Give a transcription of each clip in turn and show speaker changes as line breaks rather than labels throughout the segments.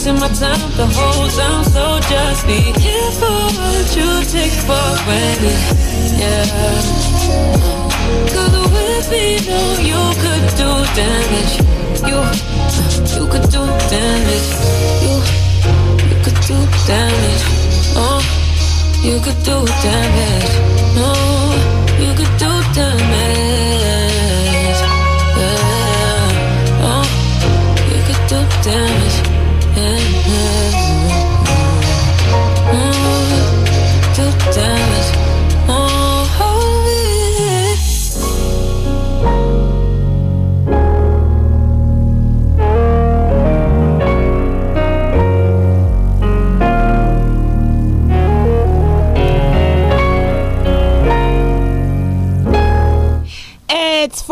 wasting my time the whole time,
so just be careful what you take for granted. Yeah. Cause with me, no, you could do damage.
You, you could do damage. You, you could do damage. Oh, you could do damage. No, you could do damage. Yeah. Oh, you could do damage.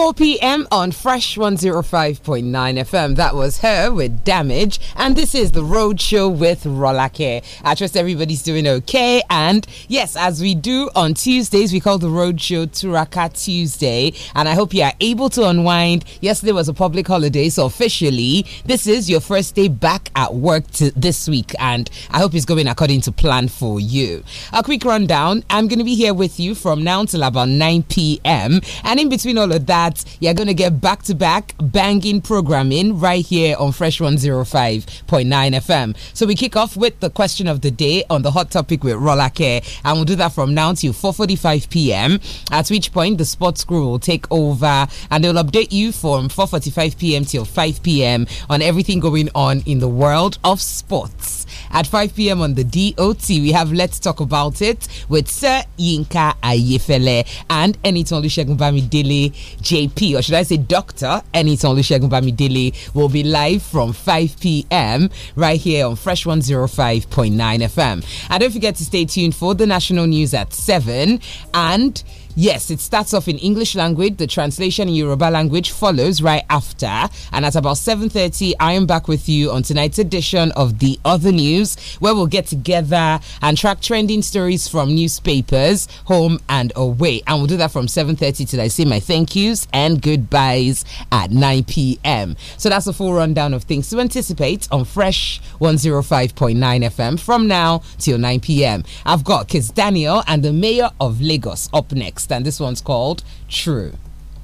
4 p.m. on Fresh 105.9 FM. That was her with Damage. And this is the Road Show with Rolake. I trust everybody's doing okay. And yes, as we do on Tuesdays, we call the Road Show Turaka Tuesday. And I hope you are able to unwind. Yesterday was a public holiday, so officially, this is your first day back at work this week. And I hope it's going according to plan for you. A quick rundown I'm going to be here with you from now until about 9 p.m. And in between all of that, you're going to get back to back banging programming right here on Fresh 105.9 FM. So we kick off with the question of the day on the hot topic with Roller Care, and we'll do that from now until 4:45 p.m. At which point the sports crew will take over and they'll update you from 4:45 p.m. till 5 p.m. on everything going on in the world of sports at 5 p.m. on the DOT. We have Let's Talk About It with Sir Yinka Ayefele and Eniton Olusegun Bamidele JP, or should I say Dr. Eniton Olusegun Bamidele, will be live from 5 p.m. right here on Fresh 105.9 FM. And don't forget to stay tuned for the national news at 7 and Yes, it starts off in English language. The translation in Yoruba language follows right after. And at about 7.30, I am back with you on tonight's edition of The Other News, where we'll get together and track trending stories from newspapers, home and away. And we'll do that from 7.30 till I say my thank yous and goodbyes at 9 p.m. So that's a full rundown of things to anticipate on Fresh 105.9 FM from now till 9 p.m. I've got Kiz Daniel and the Mayor of Lagos up next. Next, and this one's called True.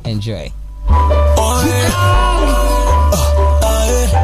Enjoy. Oh,
yeah. yeah.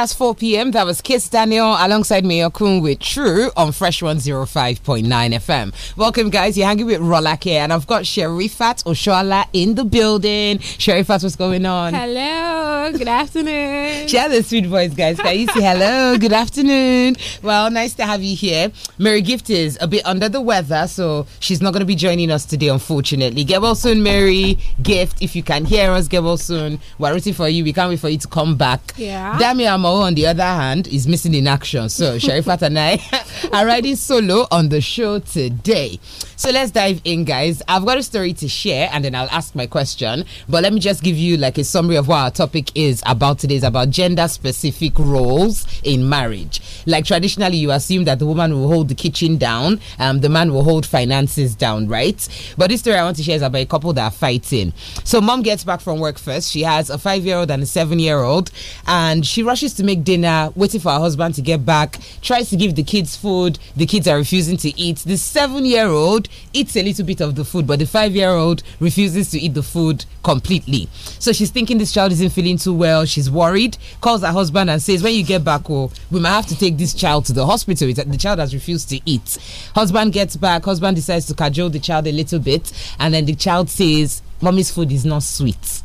past 4 p.m., that was Kiss Daniel alongside me, Okun with True on Fresh 105.9 FM. Welcome, guys. You're hanging with Rolak here, and I've got Sherifat Oshoala in the building. Sherifat, what's going on?
Hello. Good afternoon. has
the sweet voice, guys. Can you say hello? Good afternoon. Well, nice to have you here. Mary Gift is a bit under the weather, so she's not going to be joining us today, unfortunately. Get well soon, Mary. Gift, if you can hear us, get well soon. We're rooting for you. We can't wait for you to come back. Yeah. Dami Amao, on the other hand, is missing in action. So Sharifat and I are riding solo on the show today. So let's dive in, guys. I've got a story to share and then I'll ask my question. But let me just give you like a summary of what our topic is about today is about gender specific roles in marriage. Like traditionally, you assume that the woman will hold the kitchen down, um, the man will hold finances cases down, right? But this story I want to share is about a couple that are fighting. So mom gets back from work first. She has a five year old and a seven year old, and she rushes to make dinner, waiting for her husband to get back, tries to give the kids food. The kids are refusing to eat. The seven year old eats a little bit of the food, but the five year old refuses to eat the food completely. So she's thinking this child isn't feeling too well. She's worried, calls her husband and says, When you get back, oh, we might have to take this child to the hospital. The child has refused to eat. Husband gets back, husband decides to cajole the child a little bit, and then the child says, Mommy's food is not sweet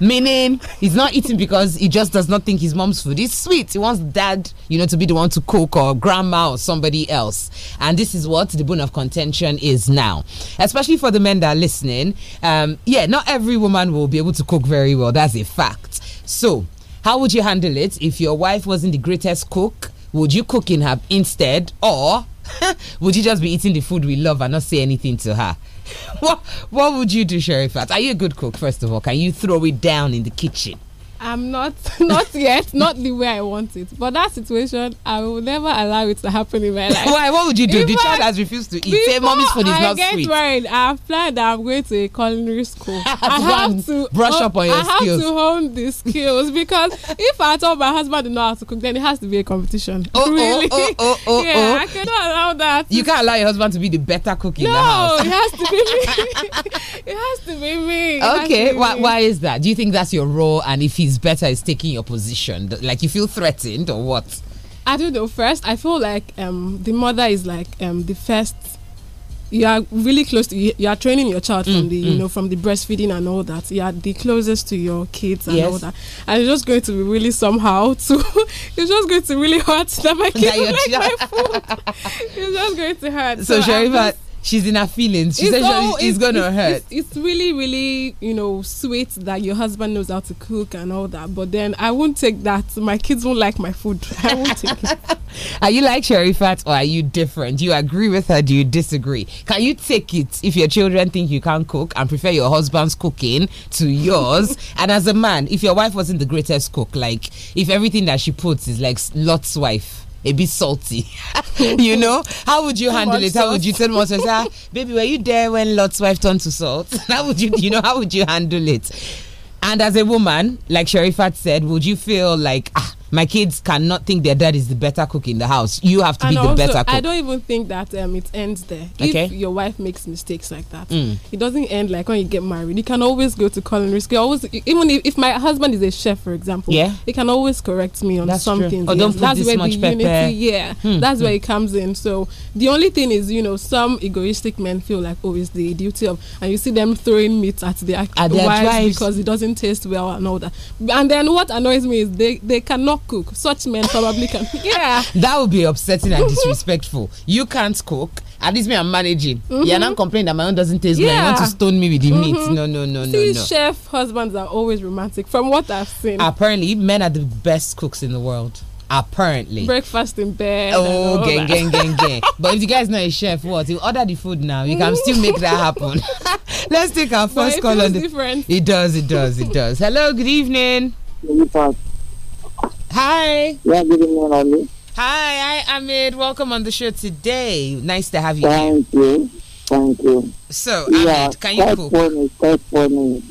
meaning he's not eating because he just does not think his mom's food is sweet. He wants dad, you know, to be the one to cook or grandma or somebody else. And this is what the bone of contention is now, especially for the men that are listening. Um, yeah, not every woman will be able to cook very well. That's a fact. So, how would you handle it if your wife wasn't the greatest cook? Would you cook in her instead, or would you just be eating the food we love and not say anything to her? what What would you do, Sherifat? Are you a good cook? First of all, can you throw it down in the kitchen?
I'm not not yet, not the way I want it. But that situation, I will never allow it to happen in my life. Why? What would you do? If the I, child has
refused to eat. Say, mommy's food is I not get
Married, I've planned that I'm going to a culinary school. I have to brush up on your I skills. I have to hone the skills because if I told my husband to know how to cook, then it has to be a competition. Oh, oh really? oh, oh, oh, oh. yeah, oh. I
cannot allow that. You can't allow your husband to be the better cook in no, the house. No, it
has to be me. it has to be me. It okay, be why, me. why is
that? Do you think that's your role? And if he's is better is taking your position? Like you feel threatened or what?
I don't know. First, I feel like um, the mother is like um, the first. You are really close to you, are training your child mm, from the you mm. know from the breastfeeding and all that. You are the closest to your kids and yes. all that, and it's just going to be really somehow to it's just going to really hurt that my kids like my food. it's just going to hurt. So, so Sharifa, she's in her feelings. She it's says all, it's, it's, gonna it's, hurt. It's, really, really, you know, sweet that your husband knows how to cook and all that. But then I won't take that. My kids won't like my food. I won't take it.
Are you like Sherifat or are you different? Do you agree with her? Do you disagree? Can you take it if your children think you can't cook and prefer your husband's cooking to yours? and as a man, if your wife wasn't the greatest cook, like if everything that she puts is like Lot's wife a bit salty. you know, how would you handle it? Salt. How would you tell Monster, ah, baby, were you there when Lot's wife turned to salt? How would you, you know, how would you handle it? And as a woman, like Sherifat said, would you feel like, ah, my kids cannot think their dad is the better cook in the house. You have to and be also, the better cook. I don't
even think that um, it ends there. Okay. If your wife makes mistakes like that, mm. it doesn't end like when you get married. You can always go to culinary school. Always, even if, if my husband is a chef, for example, yeah, he can always correct me on that's something. Oh, yes. don't put that's this where much the pepper. unity, yeah, hmm. that's hmm. where it comes in. So the only thing is, you know, some egoistic men feel like oh, it's the duty of, and you see them throwing meat at their, at their wives, wives because it doesn't taste well and all that. And then what annoys me is they they cannot cannot cook. Such men probably can. Yeah.
that would be upsetting and disrespectful. You can't cook. At least me, I'm managing. Mm -hmm. You're not
complaining that my own doesn't taste yeah. good. You want to stone
me with the mm -hmm. meat. Mm-hmm. No, no, no, See, no, no. chef
husbands are always romantic, from what I've seen.
Apparently, men are the best cooks in the world apparently.
Breakfast in bed. Oh, gang, gang, gang, gang.
but if you guy's know a chef, what? You order the food now. You can still make that happen. Let's take our first call on the. Different. It does, it does, it does. Hello, good evening.
Hi. Yeah, good morning, Ami.
Hi, I Amid. Welcome on the show today. Nice to have you. Thank
here. you. Thank you. So, Ahmed, yeah, can you cook? Funny, quite funny.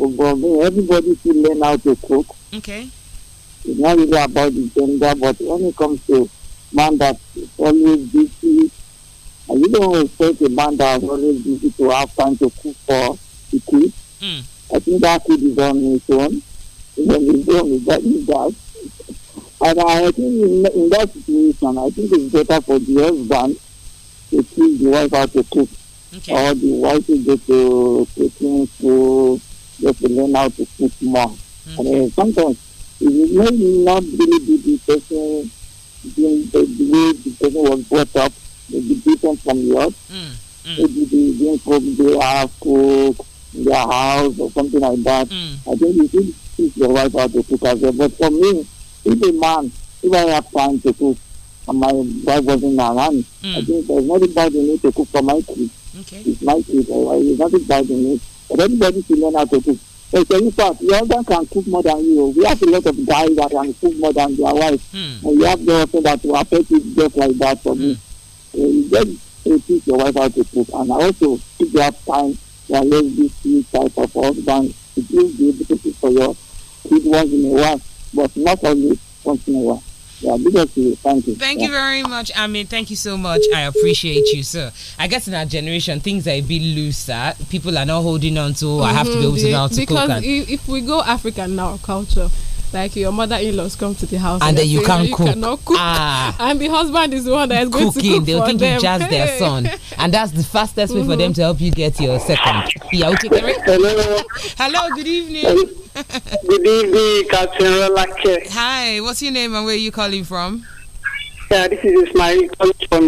Everybody should learn how to cook. Okay. It's not really about the gender, but when it comes to man that always busy, and you don't expect a man that always busy to have time to cook for the kids. Mm. I think that kid is on his own. When he's done, he's that. And I think in, in that situation, I think it's better for the husband to teach the wife how to cook. Okay. Or the wife to go to cooking to just to learn how to cook more. Okay. Mm-hmm. And uh, sometimes it may not really be the person doing the, way the person was brought up, maybe different from yours. Mm. Mm. Maybe they didn't cook, they have cook in their house or something like that. Mm. I think you should teach your wife how to cook as well. But for me, even man, if I have time to cook, and uh, my wife wasn't around, mm. I hmm. think there's nothing bad in it to cook for my kids. Okay. It's my kids. Uh, there's nothing bad in it. But everybody should learn how to cook. But so in fact, your husband can cook more than you. We have a lot of guys that can cook more than their wife. Mm. And you have girlfriend that will affect it just like that for mm. me. Uh, you just uh, teach your wife how to cook. And also, if you have time, you let this type of husband. It will be able to cook for your kids, once in a while but not only once in a while. Yeah, Thank you.
very much, Ami. Thank you so much. I appreciate you, sir. I guess in our generation, things are a bit looser. People are not holding on to, mm -hmm. I have to be mhm, able to be, Because if,
if we go African now, culture, like your mother-in-laws come to the house and, and then you can't cook. You
cook. Ah.
And the husband is the one that is Cooking. going to cook They'll think them. you just their son.
and that's the fastest way mm -hmm. for mm-hmm. them to help you get your second. Yeah, okay,
Hello. Hello, good evening. good evening,
Hi, what's your name and where are you calling from?
Yeah, this is Ismail from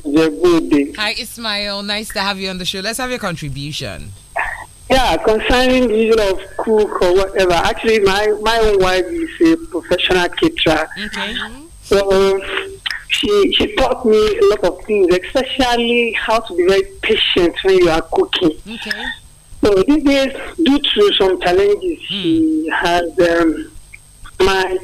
Hi, Ismail. Nice to have you on the show. Let's have your contribution.
Yeah, concerning the use of cook or whatever. Actually, my my own wife is a professional caterer. Okay. So she she taught me a lot of things, especially how to be very patient when you are cooking. Okay. So these days, due to some challenges, mm. she hmm. has um, my.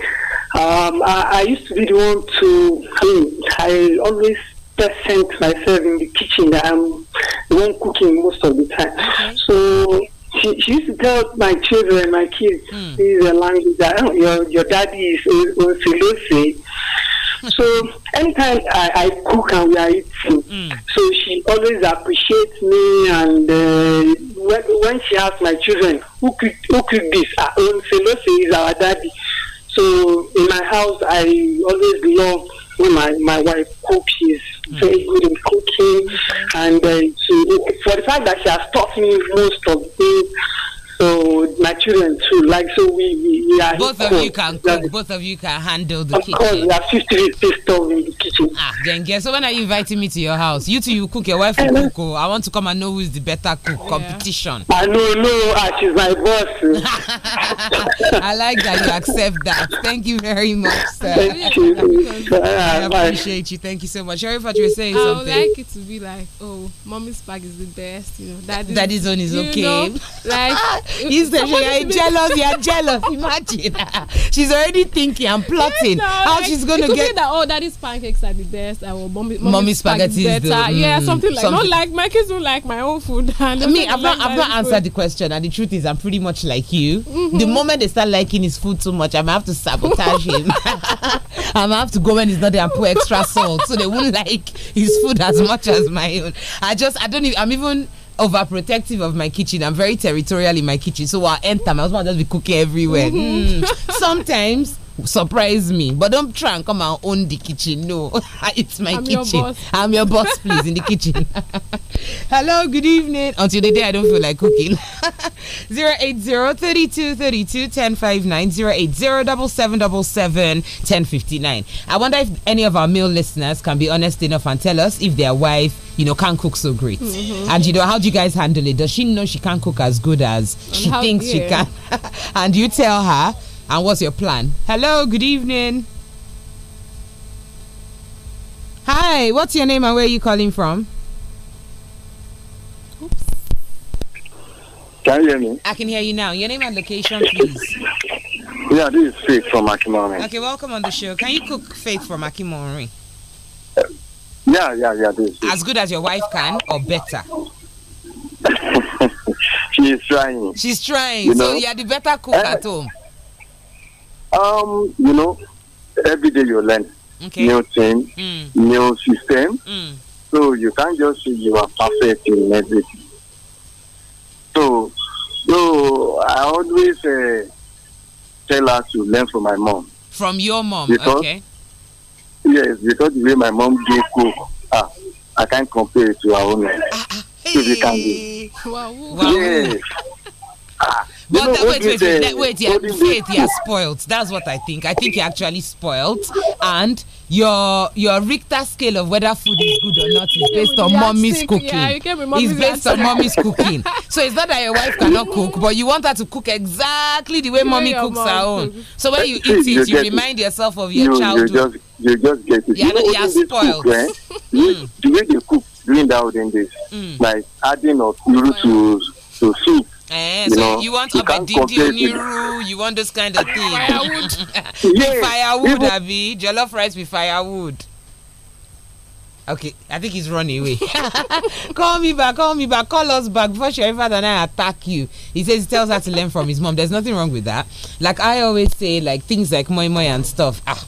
Um, I, I used to be the one to. I mean, I always percent myself in the kitchen that I'm the one cooking most of the time. Okay. So she, she, used to tell my children, my kids, mm. this is a language that oh, your, your daddy is Osilose. Mm. So anytime I, I cook and we are eating, mm. so she always appreciates me. And uh, when, when she asks my children, who could who could this? Osilose is our daddy. So in my house, I always love when my, my wife cooks. She's very good in cooking, and uh, she, for the fact that she has taught me most of the things so my children too, like so we we, we are. Both of course. you can cook. both of you
can handle
the of kitchen. Of course, we have fifty fifty
in the kitchen. Ah, then guess. So when are you inviting me to your house? You two, you cook. Your wife will cook. Oh. I want to come and know who's the better cook yeah. competition. I know, no, ah, she's my boss. I like that you accept that. Thank you very much, sir.
Thank you.
Ah,
I appreciate you. Thank you so much. Sorry, what you were saying I something. I would like
it to be like, oh, mommy's bag is the best. You know, daddy's, daddy's own is okay. Know, like. He's the, you're jealous, you're
jealous. Imagine. she's already thinking and plotting yes, no, how like, she's going to get.
That, oh, daddy's pancakes are the best. I will oh, mommy, mommy, mommy spaghetti, is better. The, mm, yeah, something like something. Not like my kids don't like my own food. I mean, I've not, I've not answered the
question. And the truth is, I'm pretty much like you. Mm -hmm. The moment they start liking his food too much, I'm going to have to sabotage him. I'm going to have to go when he's not there and put extra salt so they won't like his food as much as my own. I just, I don't even, I'm even overprotective of my kitchen. I'm very territorial in my kitchen. So I'll enter, my husband will just be cooking everywhere. Mm. Sometimes surprise me. But don't try and come and own the kitchen. No, it's my I'm kitchen. Your I'm your boss, please, in the kitchen. Hello, good evening. Until the day I don't feel like cooking. 080-3232-1059, I wonder if any of our male listeners can be honest enough and tell us if their wife you know, can't cook so great. Mm -hmm. And you know, how do you guys handle it? Does she know she can't cook as good as and she thinks yeah. she can? and you tell her and what's your plan? Hello, good
evening.
Hi, what's your name and where are you calling from?
Oops. Can
you hear me?
I can hear you now. Your name and location, please.
Yeah, this is Faith from Akimori. Okay,
welcome on the show. Can you cook Faith from Akimori?
Uh, yeah, yeah, yeah.
This as good as your wife can, or better. She's
trying. She's trying. You so know? you're the better cook uh, at eh. home um, you know, every day you learn okay. new thing, mm. new system. Mm. So you can't just say you are perfect in everything. So, so I always uh, tell her to learn from my mom.
From your mom, because,
okay. Yes, because the way my mom do cook, ah, I can't compare it to her own. hey. Ah, ah, if you can do. Wow. wow. Yes.
ah, but wait, wait, wait, wait, wait, yeah, faith, you're
spoiled. That's what I think. I think you're actually spoiled, and your your Richter scale of whether food is good or not is based on mommy's cooking. Yeah, it's based on mommy's cooking. So it's not that your wife cannot cook, but you want her to cook exactly the way mommy cooks mom. her own. So when you eat it, you, remind yourself of your you, childhood. You
just, you just get it. You're, you you're spoiled. Cook, eh? mm. The way they cook during the olden days, mm. like adding of noodles to, to soup Eh, so know, you want Abadidi
rule, you want those kind of things. firewood. yes, firewood, Abi. Jollof rice with firewood. Okay, I think he's running away. call me back, call me back, call us back before Sherifa and I attack you. He says he tells her to learn from his mom. There's nothing wrong with that. Like I always say, like things like moi moi and stuff. Ah,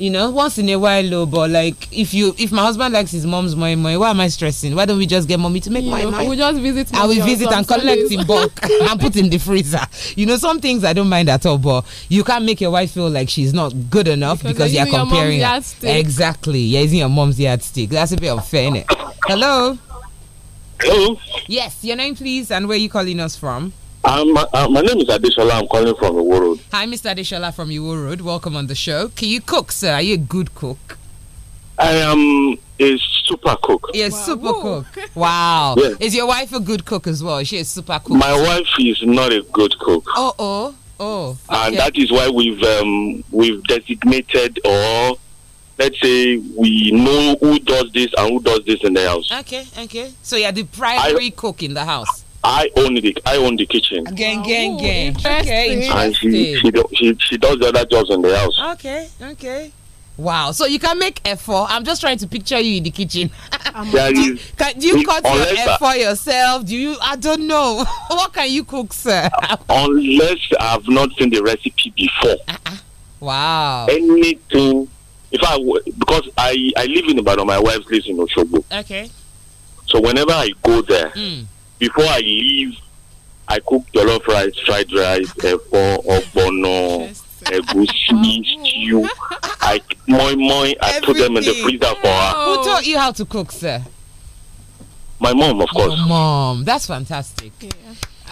you know once in a while though but like if you if my husband likes his mom's money money why am i stressing why don't we just get mommy to make my money we
just visit i will visit and collect in bulk
and put in the freezer you know some things i don't mind at all but you can't make your wife feel like she's not good enough because, because you're comparing your exactly Yeah, is using your mom's yardstick that's a bit unfair is hello hello yes your name please and where are you calling us from
um, uh, my name is Adeshola. I'm calling from Iwo Road.
Hi, Mr. Adeshola from Iwo Road. Welcome on the show. Can you cook, sir? Are you a good cook?
I am a super cook.
Yeah, wow. super Whoa. cook. Wow. Is your wife a good cook as well? She is super cook. My wife
is not a good cook.
Oh, oh, oh. Okay.
And that is why we've um, we've designated or let's say we know who does this and who does this in the house.
Okay, okay. So you're the primary I,
cook in the house. I own the I own the kitchen.
Gang, gang, gang. Okay, And she, she
she she does the other jobs in the house.
Okay, okay. Wow. So you can make effort. I'm just trying to picture you in the kitchen. do, you, can, do you cut your effort yourself? Do you? I don't know. what can you cook, sir?
unless I've not seen the recipe before. Uh -uh.
Wow.
Anything. If I because I I live in Ibadan, my wife lives in Oshobo. Okay. So whenever I go there. Mm before I leave, I cook jollof rice, fried rice, ẹ̀fọ́, ọ̀gbọ̀nọ̀, ẹ̀gúsí, stew, I moi moi. I put them in the freezer for her. Who
taught you how to cook, sir?
My mom, of course.
Your mom, that's fantastic. Yeah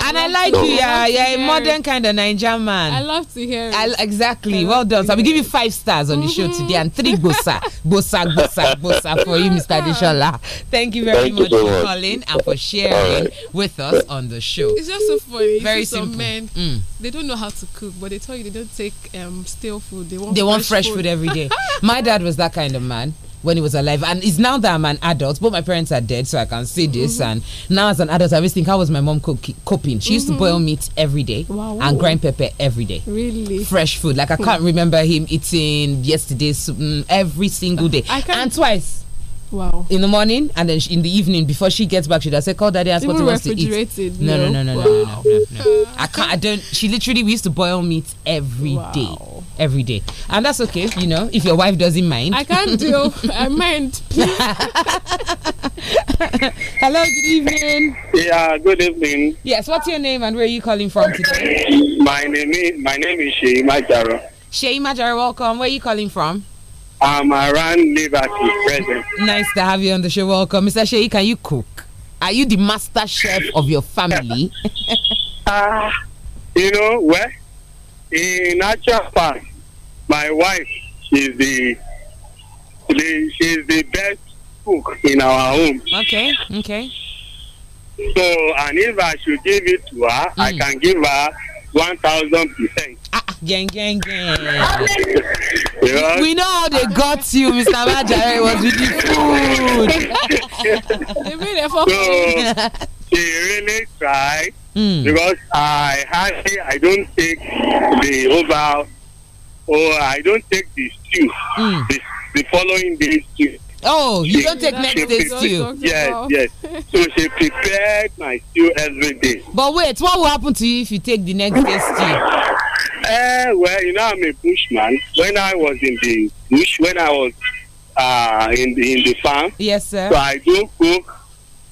and I
like you. Yeah, you're a modern
kind of Nigerian man. I love to hear. I, exactly. I well done. So I will give you five stars on the show mm-hmm. today and three bosa, bosa, bosa, bosa for you, Mr. Deshola.
Thank you very Thank much you so for much. calling and for sharing right. with us on the show. It's just so funny. Very simple. men, mm. they don't know how to cook, but they tell you they don't take um, stale food. They want they fresh want fresh food, food every
day. My dad was that kind of man when he was alive. And it's now that I'm an adult, but my parents are dead, so I can see this. Mm -hmm. And now as an adult, I always think, how was my mom coping? She used mm -hmm. to mm-hmm. boil meat every day wow. and grind pepper every day. Really? Fresh food. Like I can't hmm. remember him eating yesterday's mm, every single day. and twice. Wow. In the morning and then she, in the evening before she gets back, she does. have Call daddy, ask what he wants to eat. No, no, no, no, wow. no, no, no, no, I can't, I don't, she literally, we used to boil meat every wow. day, Every day. And that's okay, you know, if your wife doesn't mind. I can't do,
I mind,
Hello, good evening.
Yeah, good evening.
Yes, what's your name and where are you calling from today?
My name is, my name is Shea Majaro.
Shea Majaro, welcome. Where are you calling from?
I'm around Liberty present.
Nice to have you on the show. Welcome, Mr. Shei. Can you cook? Are you the master chef of your family?
uh, you know where? In actual fact, my wife is the, the she's the best cook in our home. Okay. Okay. So, and if I should give it to her, mm. I can give her one thousand percent.
Ah, ah gang, gang, gang. We know how they got you, Mr. It was with
the food. they made it for so, She really tried mm. because I hardly, I don't take the over or oh, I don't take the stew mm. the, the following day stew. Oh, you don't take next day stew. Yes, yes. So she prepared my stew every day.
But wait, what will
happen to you if you take the next day stew?
Uh, well, you know, I'm a bushman. When I was in the bush, when I was uh, in, the, in the farm. Yes, sir. So I do cook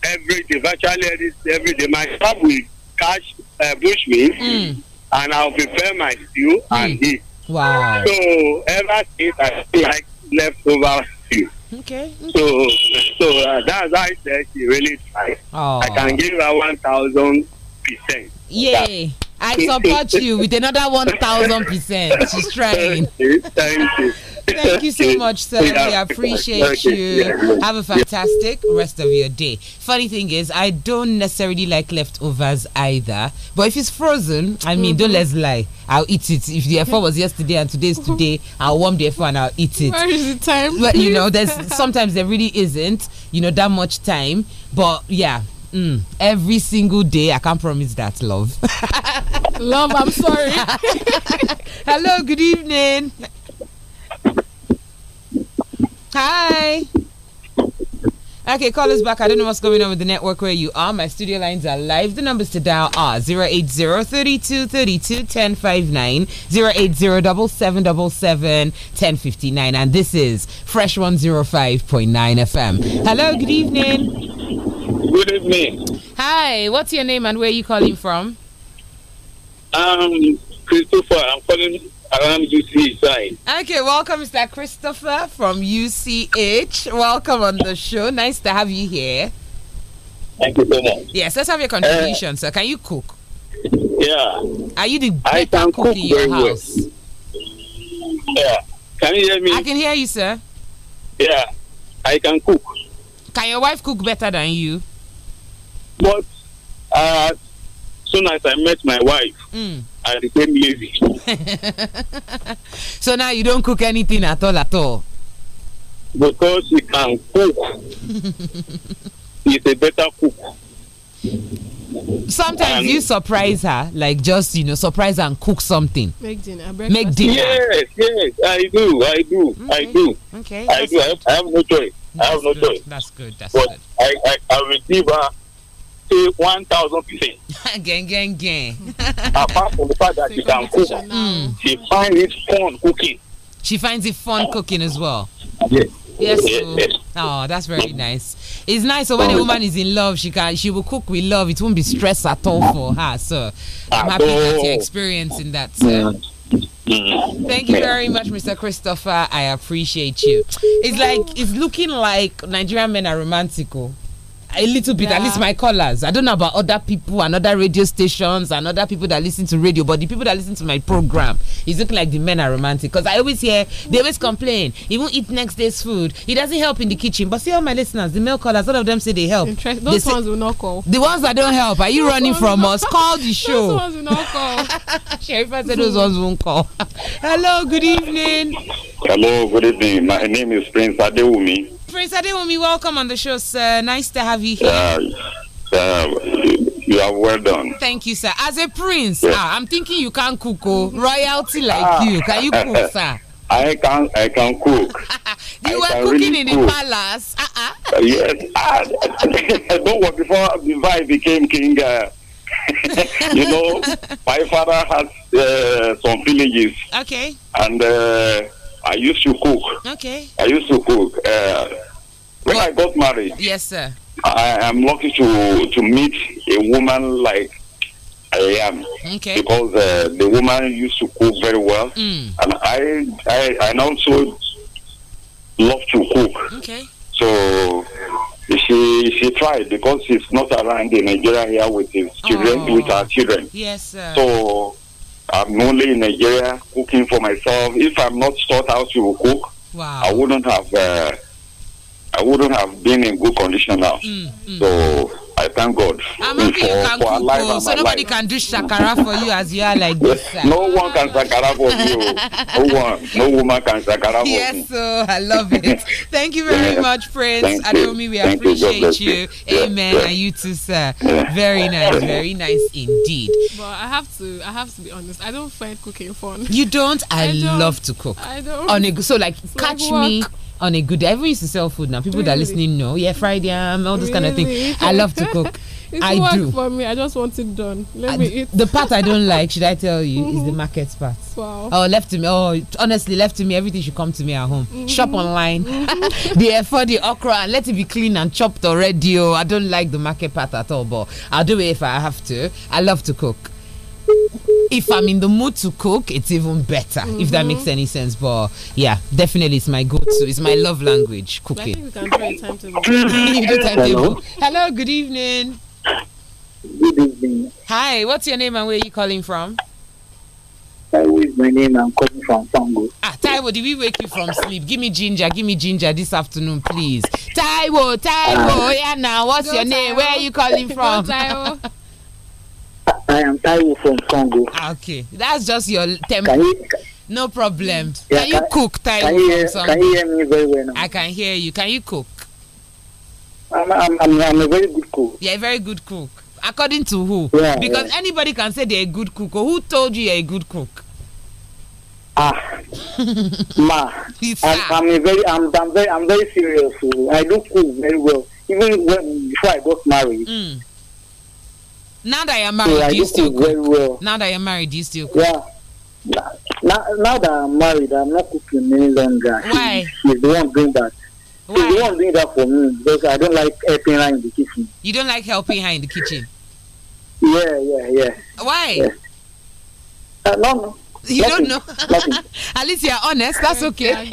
every day, virtually every day. My job will catch uh, meat, mm. and I'll prepare my stew mm. and hmm. eat. Wow. So ever since I like leftovers you. Okay. So so uh, that's why I said she really tried.
Oh.
I can
give her one thousand percent.
Yeah. I support you with another 1,000%. She's trying. Thank you. Thank you so much, sir. We appreciate you. Have a fantastic rest of your day. Funny thing is, I don't necessarily like leftovers either. But if it's frozen, I mean, mm -hmm. don't mm-hmm. let's lie. I'll eat it. If the effort was yesterday and today's mm-hmm. today, I'll warm the effort and I'll eat it. Where is the time? But you know, there's sometimes there really isn't, you know, that much time. But yeah, Mm, every single day. I can't promise that, love. love, I'm sorry. Hello, good evening. Hi. Okay, call us back. I don't know what's going on with the network where you are. My studio lines are live. The numbers to dial are 080 32 32 1059, 080 1059. And this is Fresh 105.9 FM. Hello, good
evening. Good evening.
Hi, what's your name and where are you calling from?
Um, Christopher. I'm calling around UCH
Okay, welcome, Mr. Christopher from UCH. Welcome on the show. Nice to have you here. Thank you so much. Yes, let's have your contribution, uh, sir. Can you cook?
Yeah. Are you the best cook, cook in your house?
Well. Yeah. Can you hear me? I can hear you, sir.
Yeah, I can cook.
Can your wife cook better than you?
But uh, soon as I met my wife, mm. I became lazy.
so now you don't cook anything at all, at all? Because she can cook. She's a better cook. Sometimes and you surprise her, like just, you know, surprise her and cook something.
Make dinner. Make dinner. Yes, yes, I
do, I do, okay. Mm-hmm. I do.
Okay. I do, I have,
I have, no choice. That's I have no good. choice. That's good, that's but good. I, I, I receive her pay one thousand percent.
Gang, gang, gang.
Apart from the fact that she can cook,
mm.
she finds it fun cooking.
She finds it fun cooking as well. Yes.
Yes.
Oh, that's very nice. It's nice. So when a woman is in love, she can she will cook with love. It won't be stress at all for her. So I'm happy that you're experiencing that, sir. Mm. Mm. Thank you very much, Mr. Christopher. I appreciate you. It's like it's looking like Nigerian men are romantical. Oh a little bit, yeah. at least my callers. I don't know about other people and other radio stations and other people that listen to radio, but the people that listen to my program, it's looking like the men are romantic. Because I always hear, they always complain, he won't eat next day's food, he doesn't help in the kitchen. But see, all my listeners, the male callers, all of them say they help. Those they ones say,
will not call. The
ones that don't help, are you those running from us? Call the show. Those ones will not call. said those ones won't call. Hello, good evening.
Hello, good evening. My name is Prince Adewumi.
Prince Adewumi, welcome on the show, sir. Nice to have you here.
Uh, you are well done.
Thank you, sir. As a prince, yes. ah, I'm thinking you can cook, oh, royalty like ah. you. Can you cook, sir?
I can I can cook. you I were cooking really in cook. the
palace. Uh uh yes,
I, ah, don't work before before I became king. Uh, you know, my father has uh, some villages. Okay. And uh, I used to cook. Okay. I used to cook. Uh, when well, I got married. Yes, sir. I am lucky to to meet a woman like I am. Okay. Because uh, the woman used to cook very well, mm. and I I I also love to cook. Okay. So she she tried because she's not around in Nigeria here with his children oh. with her children. Yes. Sir. So I'm only in Nigeria cooking for myself. If I'm not taught how to cook, wow. I wouldn't have uh, I wouldn't have been in good condition now. Mm, mm. So I thank God Amaki, for, you can for cook, oh. So nobody
life. can do shakara for you as you are like this. Sir. No one
can shakara for you. No one, no woman can shakara for you. Yes,
so oh, I love it. Thank you very yeah. much, Prince thank Adomi. We thank appreciate you. you. Amen. Yeah. And you too, sir. Very nice, very nice indeed.
But I have to, I have to be honest. I don't find cooking fun. You don't? I, I don't, love to cook. I don't.
On a, so like, so catch me on a good day. I used to sell food now. People really? that are listening know. Yeah, Friday, I'm all this really? kind of thing. I love to cook. it's I work do. for
me. I just want it done. Let I, me eat.
The part I don't like, should I tell you, is the mm-hmm. market part. Wow. Oh, left to me. Oh, honestly, left to me. Everything should come to me at home. Mm -hmm. Shop online. Mm -hmm. the for the okra, and let it be clean and chopped already. Oh, I don't like the market part at all, but I'll do it if I have to. I love to cook if I'm in the mood to cook, it's even better. Mm -hmm. If that mm-hmm. makes any sense, but yeah, definitely it's my go-to. It's my love language, cooking. I think we can try Hello. Hello. Good evening. Good evening. Hi. What's your name and where are you calling from?
Taiwo is my name. I'm calling from Sango.
Ah, Taiwo, did we wake you from sleep? Give me ginger, give me ginger this afternoon, please. Taiwo, Taiwo, uh, yeah now. What's your Taiwo. name? Where are you calling from? Taiwo.
I am Taiwo from Congo. okay,
that's just your temper. You, no problem. Yeah, can, can, you cook, Taiwo? Can you, from can you hear me very well now? I can hear you. Can you cook?
I'm, I'm, I'm, I'm a very good
cook. Yeah, very good cook. According to who? Yeah, because yeah. anybody can say they're a good cook. Or who told you you're a good cook? Ah,
ma, I'm, I'm, a very, I'm, I'm very, I'm very serious. I do cook very well.
Even when, before I got married, mm.
Now that you're married, yeah, do you
still cook? Well.
Now that you're married, do you still cook?
Yeah. Now, now that I'm married, I'm not cooking any longer. Why? She, she's the one doing that. Why? She's the one doing that for me because I don't like helping her in the kitchen.
You don't like helping her in the kitchen?
Yeah, yeah, yeah.
Why? Yeah. Uh, no, no you nothing, don't know. At least you're honest. That's okay.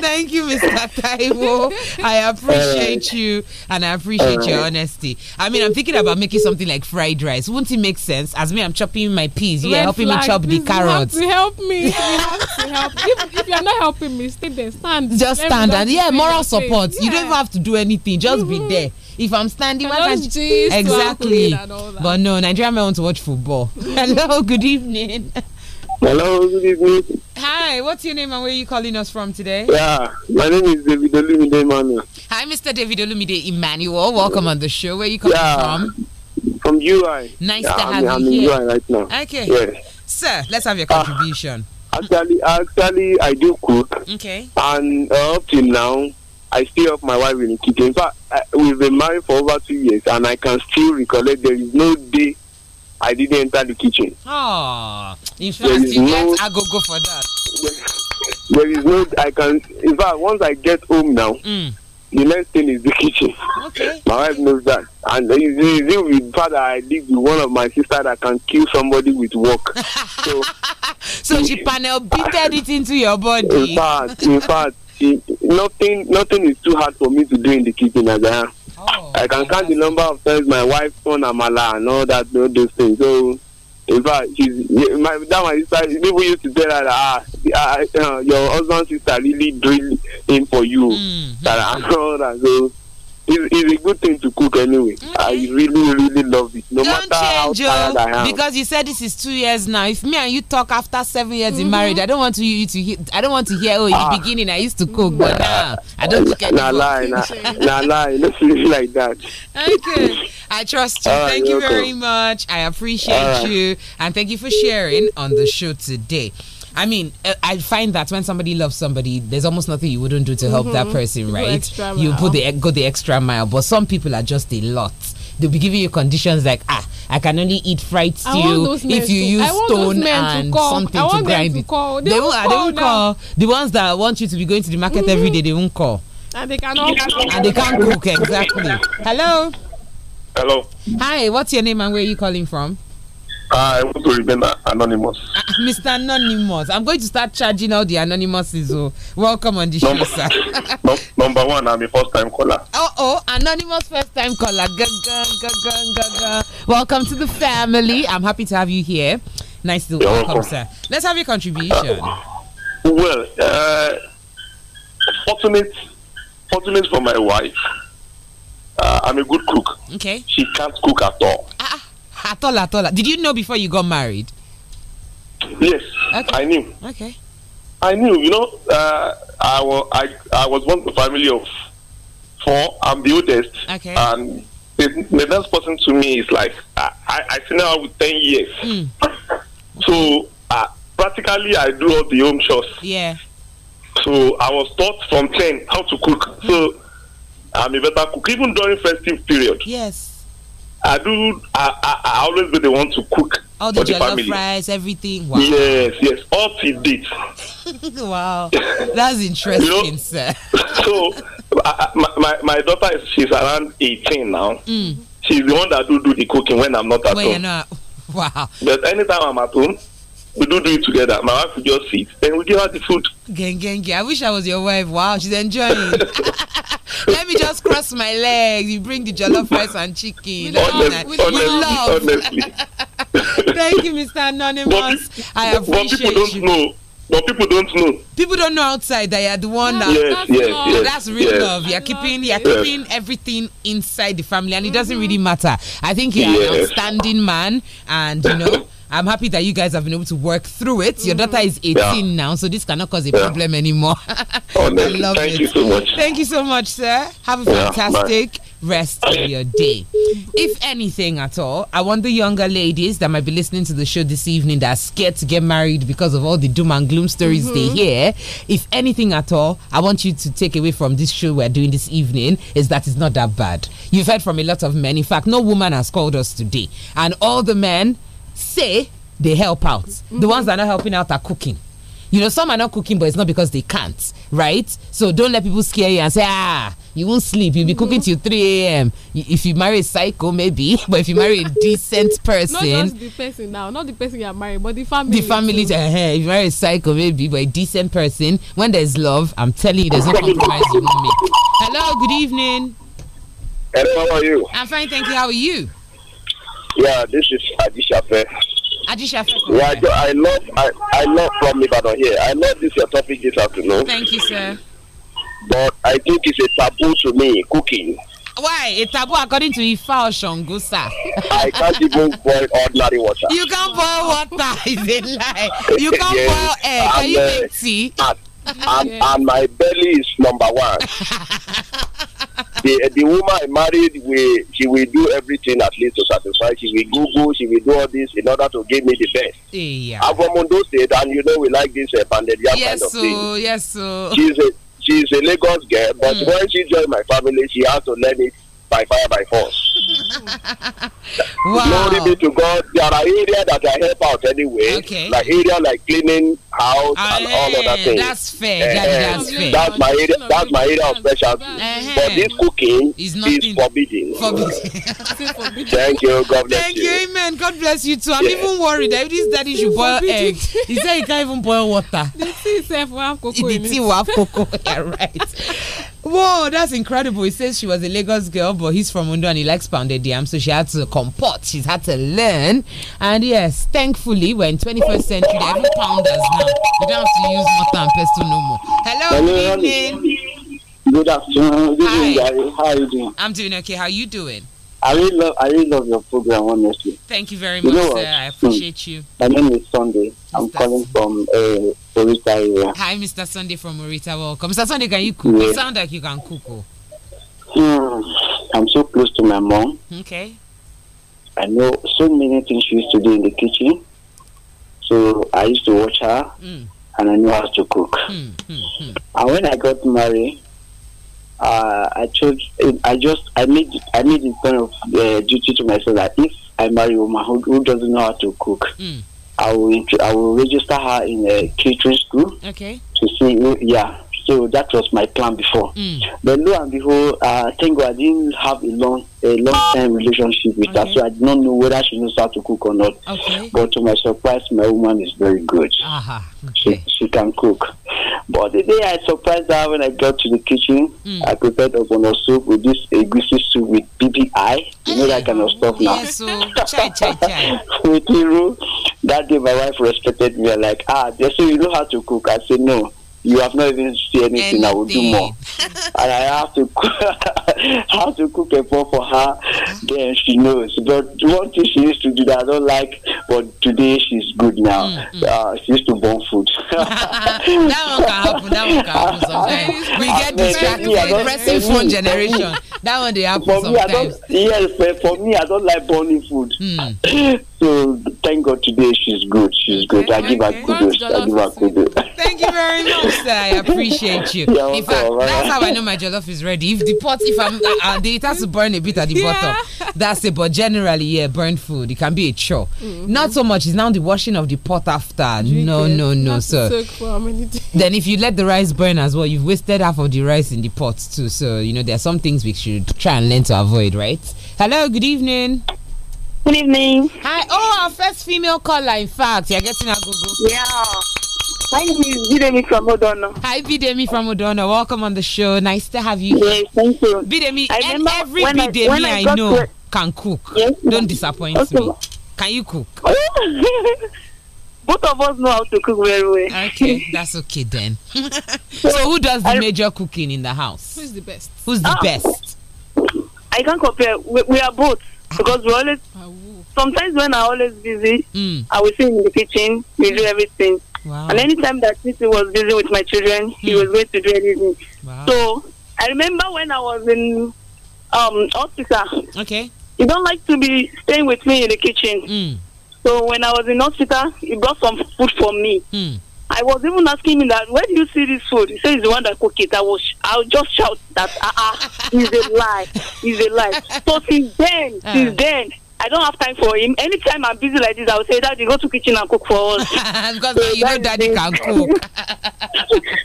Thank you, Mr. Taiwo. I appreciate uh, you and I appreciate uh, your honesty. I mean, I'm thinking about making something like fried rice. Wouldn't it make sense? As me, I'm chopping my peas. You're helping flag. me chop Please, the carrots. You
have to help me. You have to help. If, if you're not helping me, stay there. Stand. Just stand. And yeah, moral support. Yeah. You don't even
have to do anything. Just mm -hmm. be mm-hmm. there if I'm standing, Hello, geez, exactly. But no, Nigerian men want to watch football. Hello, good evening.
Hello, good evening.
Hi, what's your name and where are you calling us from today? Yeah,
my name is David Olumide
Emmanuel.
Hi, Mr. David Olumide Emmanuel. Welcome on the show. Where are you coming yeah,
from? From UI.
Nice yeah, to I'm, have I'm you here. I'm in UI right now. Okay. Yes. Sir, let's have your ah, contribution.
Uh, actually, actually, I do cook. Okay. And uh, up till now, I stay up my wife in kitchen. In fact, I, we've been married for over two years, and I can still recollect there is no day I didn't enter the kitchen.
Ah, oh, in
fact, there is you no, get go for that. There, there is no, I can, in fact, once I get home now, mm. the next thing is the kitchen. Okay. my wife knows that. And it's easy with father, I live with one of my sister that can kill somebody with work. so, so she panel beated it into your body. In fact, in fact, nothing nothing is too hard for me to do in the kitchen as I am. Oh, I can count the number of times my wife turned amala and all that, all those things. So, in fact, she's, my, that my sister, people used to tell her that ah, ah uh, your husband's sister really drilled in for you, mm -hmm. that and all that. So, it's, a good thing to cook anyway. Mm-hmm. I really, really love it. No Don't matter change, how tired oh, I am. Because
you said this is two years now. If me and you talk after seven years mm -hmm. in mm-hmm. marriage, I don't want you to hear. I don't want to hear. Oh, in ah. the beginning, I used to cook, but mm-hmm.
now I don't cook at Nah, lie, nah, nah, lie. Don't feel like that. Okay,
I trust you. Right, thank you very much. I appreciate right. you, and thank you for sharing on the show today. I mean, eh, I find that when somebody loves somebody, there's almost nothing you wouldn't do to mm -hmm. help that mm-hmm. person, right? You put the go the extra mile, but some people are just a lot they'll be giving you conditions like ah i can only eat fried stew if you use stone and to something to grind to it they, they, won't, call, they won't call the ones that want you to be going to the market mm -hmm. every day they won't call and they cannot and they can't cook exactly hello hello hi what's your name and where are you calling from
Ah, I want to remain anonymous.
Uh, Mr. Anonymous, I'm going to start charging all the anonymouses. Oh, welcome on the number, show,
sir. no, number one, I'm a first time caller.
Oh, oh, anonymous first time caller. Gun, gun, gun, gun, gun, gun. Welcome to the family. I'm happy to have you here. Nice to welcome, welcome, sir. Let's have your contribution.
Uh, well, uh, fortunate, fortunate for my wife. Uh, I'm a good cook. Okay. She can't cook at all. Ah
at all, at all. Did you know before you got married?
Yes, okay. I knew. Okay. I knew. You know, uh, I was I I was one of family of four. I'm the oldest. Okay. And the, the next person to me is like I I, I seen her with ten years. Mm. so uh, practically, I do all the home chores. Yeah. So I was taught from ten how to cook. Mm. So hmm. I'm a better cook even during festive period. Yes I do. I, I, I always be the one to cook. All the, for the family. fries,
everything. Wow.
Yes, yes, all to date.
wow, that's interesting, you know, sir.
so, I, my, my, my daughter is she's around eighteen now. Mm. She's the one that do do the cooking when I'm not at Wait, home. Not, wow. But anytime I'm at home, we do it together. My wife will just sit and we give her the food.
Gen, gen, gen. I wish I was your wife. Wow, she's enjoying. Let me just cross my legs. You bring the jollof rice and chicken. Honestly, with, love. Honestly. Thank you, Mr. Anonymous. But, I appreciate but people don't you. know. But people don't know. People don't know outside that you're the one that. Yes, yes, yes, yes, That's real yes. love. You're keeping, you're keeping everything inside the family, and it doesn't really mm-hmm. matter. I think you're an outstanding man, and you know. I'm happy that you guys have been able to work through it. Your daughter is 18 yeah. now, so this cannot cause a yeah. problem anymore. oh,
I love Thank it. you so
much. Thank you so much, sir. Have a fantastic rest of your day. If anything at all, I want the younger ladies that might be listening to the show this evening that are scared to get married because of all the doom and gloom stories mm -hmm. they mm-hmm. hear. If anything at all, I want you to take away from this show we're doing this evening is that it's not that bad. You've heard from a lot of men. In fact, no woman has called us today, and all the men say they help out. Mm -hmm. The mm-hmm. ones that are not helping out are cooking. You know, some are not cooking, but it's not because they can't, right? So don't let people scare you and say, ah, you won't sleep. You'll be mm -hmm. cooking till 3 a.m. If you marry a psycho, maybe, but if you marry a decent person. not
the person now, not the person you're marrying, but the family. The family, too.
Uh, if you marry a psycho, maybe, but a decent person, when there's love, I'm telling you, there's no compromise you won't make. Hello, good evening.
Hello, how are you?
I'm fine, thank you. How are
you? Yeah, this is Adi Shafe.
Yeah,
I, I love I, I love from Lebanon here. I love this your topic this afternoon.
Thank you, sir.
But I think it's a taboo to me cooking.
Why? A taboo according to Ifa Oshongo, sir.
I can't even boil ordinary water. You
can't boil water, is it like? You can't yes. boil
egg. Can you make uh, tea? And, and, and my belly is number one. the, the woman I married will she will do everything at least to satisfy. She will Google, she will do all this in order to give me the best. Yeah. I'm from Ondo State, and you know we like this uh, banded yes, kind of so, thing. Oh,
yes, so oh. she's
a she's a Lagos girl, but mm. when she joined my family, she has to learn it by fire by force. wow. Glory be to God. There are areas that I help out anyway, okay. like area like cleaning house uh, and all other eh, things. That's fair. Uh, eh, that's, eh. that's fair. That's my area. That's my area of specialty. Uh, uh-huh. but this cooking is forbidden. Forbidden. Thank you. God bless Thank
you. Thank you. Amen. God bless you too. I'm even worried that this daddy should boil egg. He said he can't even boil water.
The tea itself will have cocoa. The tea will have cocoa. Yeah, right.
Whoa, that's incredible. He says she was a Lagos girl, but he's from Undo and he likes pounded yam, so she had to comport. She's had to learn. And yes, thankfully, we're in 21st century. Every pounders now. You don't have to use mortar and pestle no more.
Hello, good evening.
Good afternoon.
Good Hi. How are you doing?
I'm doing okay. How are you doing?
I really love I really love your program, honestly.
Thank you very you much, sir. I appreciate you.
My name is Sunday. Mr. I'm calling from uh, Morita area.
Hi, Mr. Sunday from Morita. Welcome. Mr. Sunday, can you cook? Yeah. You sound like you can cook. Oh.
Mm, I'm so close to my mom. Okay. I know so many things she used to do in the kitchen. So I used to watch her mm. and I knew how to cook.
Mm, mm,
and when I got married, uh, I chose. I just I made I made it kind of uh, duty to myself that if I marry a woman who, who doesn't know how to cook, hmm. I will I will register her in a catering school. Okay. To see, yeah, so that was my plan before. Mm. But lo and behold, uh, thank God I didn't have a long, a long time relationship with okay. her, so I did not know whether she knows how to cook or not. Okay. But to my surprise, my woman is very good. Uh-huh. Okay. She, she can cook. But the day I surprised her when I got to the kitchen, mm. I prepared a ogbono soup with this egusi soup with BBI. You know that kind of stuff now. Yes, so. Oh, chai, chai, chai. that day my wife respected me. I'm like, ah, they say you know how to cook. I said, no you have not even said anything, I will do more. and I have to I have to cook a pot for her. Then she knows. But one thing she used to do that I don't like, but today she's good now. Mm-hmm. Uh, she used to burn food.
that one can happen. That one can happen sometimes. We get distracted with pressing phone generation. that one they happen for me, sometimes. I don't,
yes, for me, I don't like burning food. Mm. so thank God today she's good. She's good. Okay, I give her kudos. I give her kudos.
Thank you very much. Sister, I appreciate you. in fact, that's how I know my jollof is ready. If the pot, if I'm, uh, uh it has to burn a bit at the yeah. bottom. That's it. But generally, yeah, burnt food. It can be a chore. Mm -hmm. Not so much. It's now the washing of the pot after. Drink no, it. no, no, sir. then if you let the rice burn as well, you've wasted half of the rice in the pot too. So you know there are some things we should try and learn to avoid, right? Hello. Good evening. Good evening. Hi. Oh, our first female caller. In fact, you're getting a go go. Yeah. My name is Bidemi from Odono. Hi, Bidemi from Odono. Welcome on the show. Nice to have you. Yes, thank you. Bidemi, I and every Bidemi I, I, I know to... can cook. Yes, Don't disappoint okay. me. Can you cook? Both of us know how to cook very well. Okay, that's okay then. so, who does the I... major cooking in the house?
Who's the best? Who's the ah. best?
I can't compare. We, we are both because we always. Ah, sometimes when i always busy, mm. I will sit in the kitchen. We do everything Wow. And anytime that Titi was busy with my children, mm. he hmm. was going to do anything. Wow. So I remember when I was in um hospital. Okay. He don't like to be staying with me in the kitchen. Mm. So when I was in hospital, he brought some food for me. Mm. I was even asking him that where do you see this food? He said he's the one that cooked it. I was I'll just shout that ah uh, ah, uh, is a lie, is a lie. So since then, uh. since ah. then I don't have time for him. Anytime I'm busy like this, I'll say, Daddy, go to kitchen and cook for us. because so you know Daddy can cook.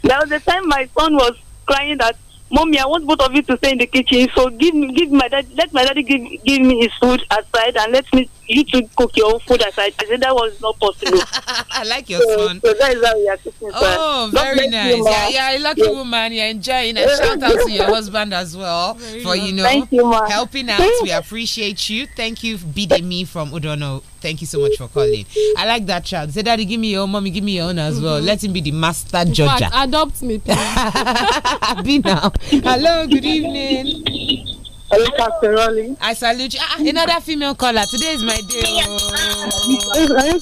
there was a time my son was crying that, Mommy, I want both of you to stay in the kitchen. So give me, give my dad, let my daddy give give me his food outside and let me you to cook your own food aside. I said that was not possible. I like your so, son. So that is how we are cooking. Oh, sir. very nice. You, yeah, yeah, lucky yeah.
woman. You're enjoying it. Shout out to your husband as well very for nice. you know you, helping out. We appreciate you. Thank you, Bidemi from Udono. Thank you so much for calling. I like that child. Say, Daddy, give me your own, mommy, give me your own as mm -hmm. well. Mm-hmm. Let him be the master judge. Adopt me, please. be now. Hello, good evening. Hello, I salute you. Ah, another female caller. Today is my
day. Oh.
I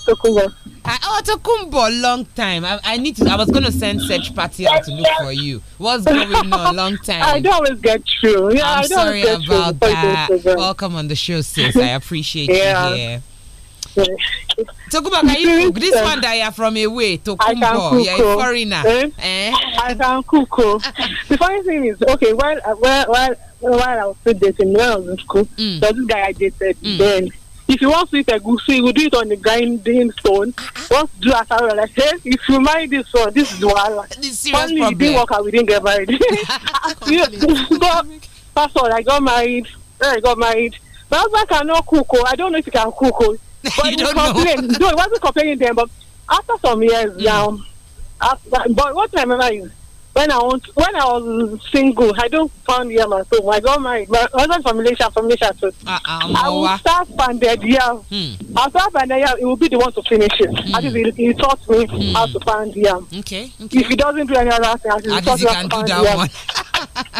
oh, Tokumbo, long time. I, I need to. I was going to send search party out to look for you. What's going on? Long time. I don't always get through. Yeah, I'm I am sorry about that. Welcome on the show, sis. I appreciate yeah. you here. Tokubaga Ibu, this one that you are from away, Tokumbo, you're a oh. foreigner. Eh?
Eh? I can cook. Oh. the funny thing is, okay, while, uh, while, while, while I was still dating, when I was in school, mm. there this guy I dated mm. then if you want to eat egusi you go do it on the grinding stone once uh-huh. you do asaro like hey if you mind this one this is wahala finally problem. it didn't work out we did get married pastor i got married i got married my husband cannot cook oh i don't know if he can cook oh But you don't complain. know. no, it wasn't complaining then, but after some years mm. Um, after, but what I remember is when I was when I was single, I don't found him at So I got married. My husband from Malaysia, from Malaysia so Uh, um, I will start banded yeah.
Hmm.
I'll start banded yeah. It will be the one to finish it. Hmm. At he, he taught me how hmm. to find yeah. Okay, okay. If he doesn't do any other thing, I will he taught me how to find yeah.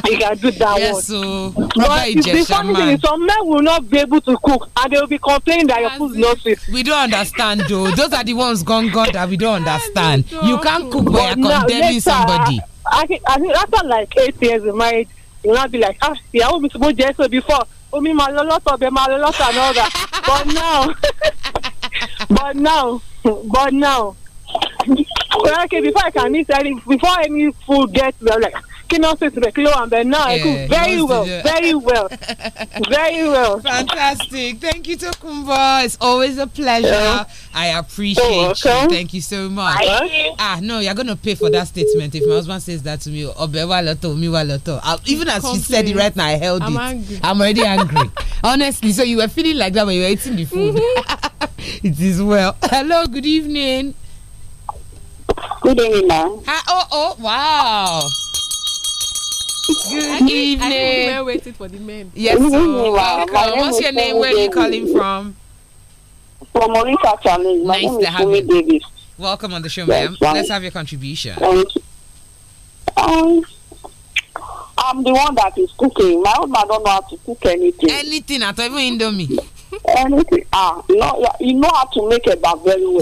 they can do that yes, one.
So,
but it's the funny thing is
some men will not be able to cook and they will be complaining that
your food is not sweet. We don't understand though. Those are the ones gone gone that we don't understand. you can't
cook by you're condemning somebody. I think, I think after like eight years of marriage, you'll not be like, ah, yeah, I was supposed to so before. Oh, me, my lolota, be my lolota, and all that. But now, but now, but now, okay, before I can eat any, before any food gets, i like, Kino Beklo and Bernard yeah, very well, very well, very well. Fantastic. Thank you, Tokumba.
It's always a pleasure. Yeah. I appreciate you. Thank you so much. Bye. Ah, no, you're going to pay for that statement. If my husband says that to me, Obewaloto, Miwaloto. Ah, even as she said it right now, I held I'm it. Angry. I'm already angry. Honestly, so you were feeling like that when you were eating the food. Mm -hmm. it is well. Hello, good evening. Good evening, ma'am. Oh, oh, wow. Good evening. I
think waiting for the men. Yes. So, wow. What's your name? Where are you calling
from? From Orisa Challenge. nice to have you. Davis.
Welcome on the show, ma'am. Let's have your contribution. Um,
I'm the one that is cooking. My own man don't know how to cook anything. Anything at all, even Indomie anything ah you know you know how to make a bag very well.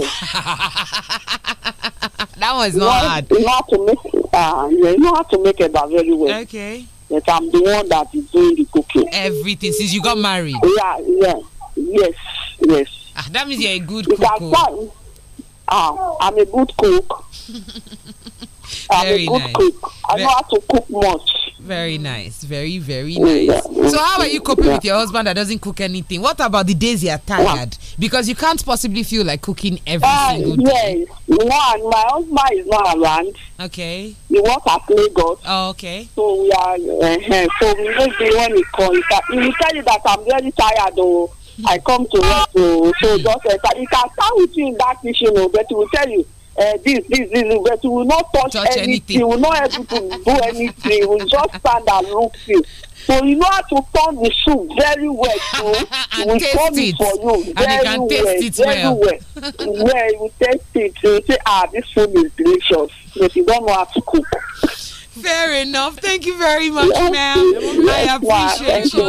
that was not well, hard. You know how to make ah uh, you know how to make a bag very well. Okay. But I'm the one that is doing the cooking. Everything since you got married. Yeah yeah yes yes. Ah, that means you're a good cook. Oh. Ah, I'm a good cook. I'm very a good nice. cook. I know how to cook much.
Very nice. Very,
very nice.
So, how are you coping with your husband that doesn't cook anything? What about the days you're tired? Because you can't possibly feel like cooking every uh, single
day. Yes. One, my husband is not around. Okay. He works at Lagos. Oh, okay. So, we are, uh, so maybe when he calls, he will tell you that I'm very tired though. I come to work, oh. so, so hmm. just, uh, he can start with you in that issue, you oh, but he will tell you uh, this, this, this, but you will not touch, touch anything. anything. You will not able to do anything. You will just stand and look you. So you know how to turn the soup very well too. So will turn it for you very and you can taste well,
it
very well. well,
you taste it. You say, ah, this soup is delicious, but you don't know how to cook.
fair enough thank you very much ma'am i appreciate you.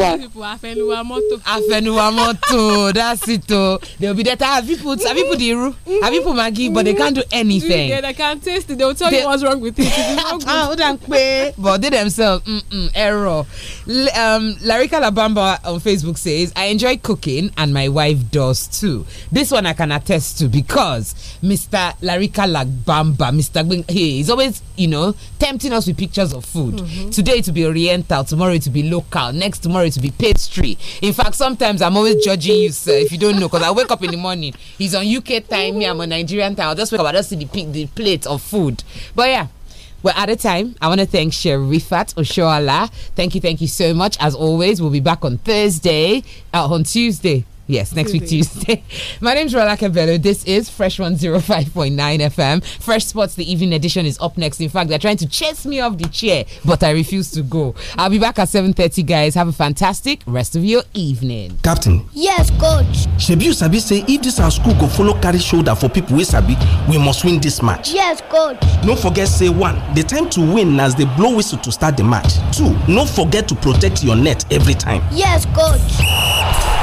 àfẹnuwa mọ́tò.
àfẹnuwa mọ́tò that's it they will be there have you put have you put iru have you put maggi but they can't do anything. Yeah,
they can taste
it they will tell they, you what's wrong with it it is not ah, good. but they themselves mm -mm, error. Um, Larika Labamba on Facebook says I enjoy cooking and my wife does too. This one I can attest to because Mr. Larika Labamba Mr. Bing, hey, he's always you know tempting us with pictures of food. Mm -hmm. Today to be oriental, tomorrow to be local, next tomorrow to be pastry. In fact, sometimes I'm always judging you, sir, if you don't know, because I wake up in the morning. He's on UK time, me, I'm on Nigerian time. I'll just wake up, I just see the, the plate of food. But yeah. We're out of time. I want to thank Sherifat Oshoala. Thank you, thank you so much. As always, we'll be back on Thursday, uh, on Tuesday. Yes, next Tuesday. week Tuesday. My name is Rolaka Bello. This is Fresh 105.9 FM. Fresh Sports, the evening edition is up next. In fact, they're trying to chase me off the chair, but I refuse to go. I'll be back at 7.30, guys. Have a fantastic rest of your evening.
Captain. Yes, coach. Shebu sabi
say if this our school go follow carry shoulder for people we sabi, we must win this match.
Yes, coach.
No forget say one, the time to win as they blow whistle to start the match. Two, no forget to protect your net every time.
Yes, coach.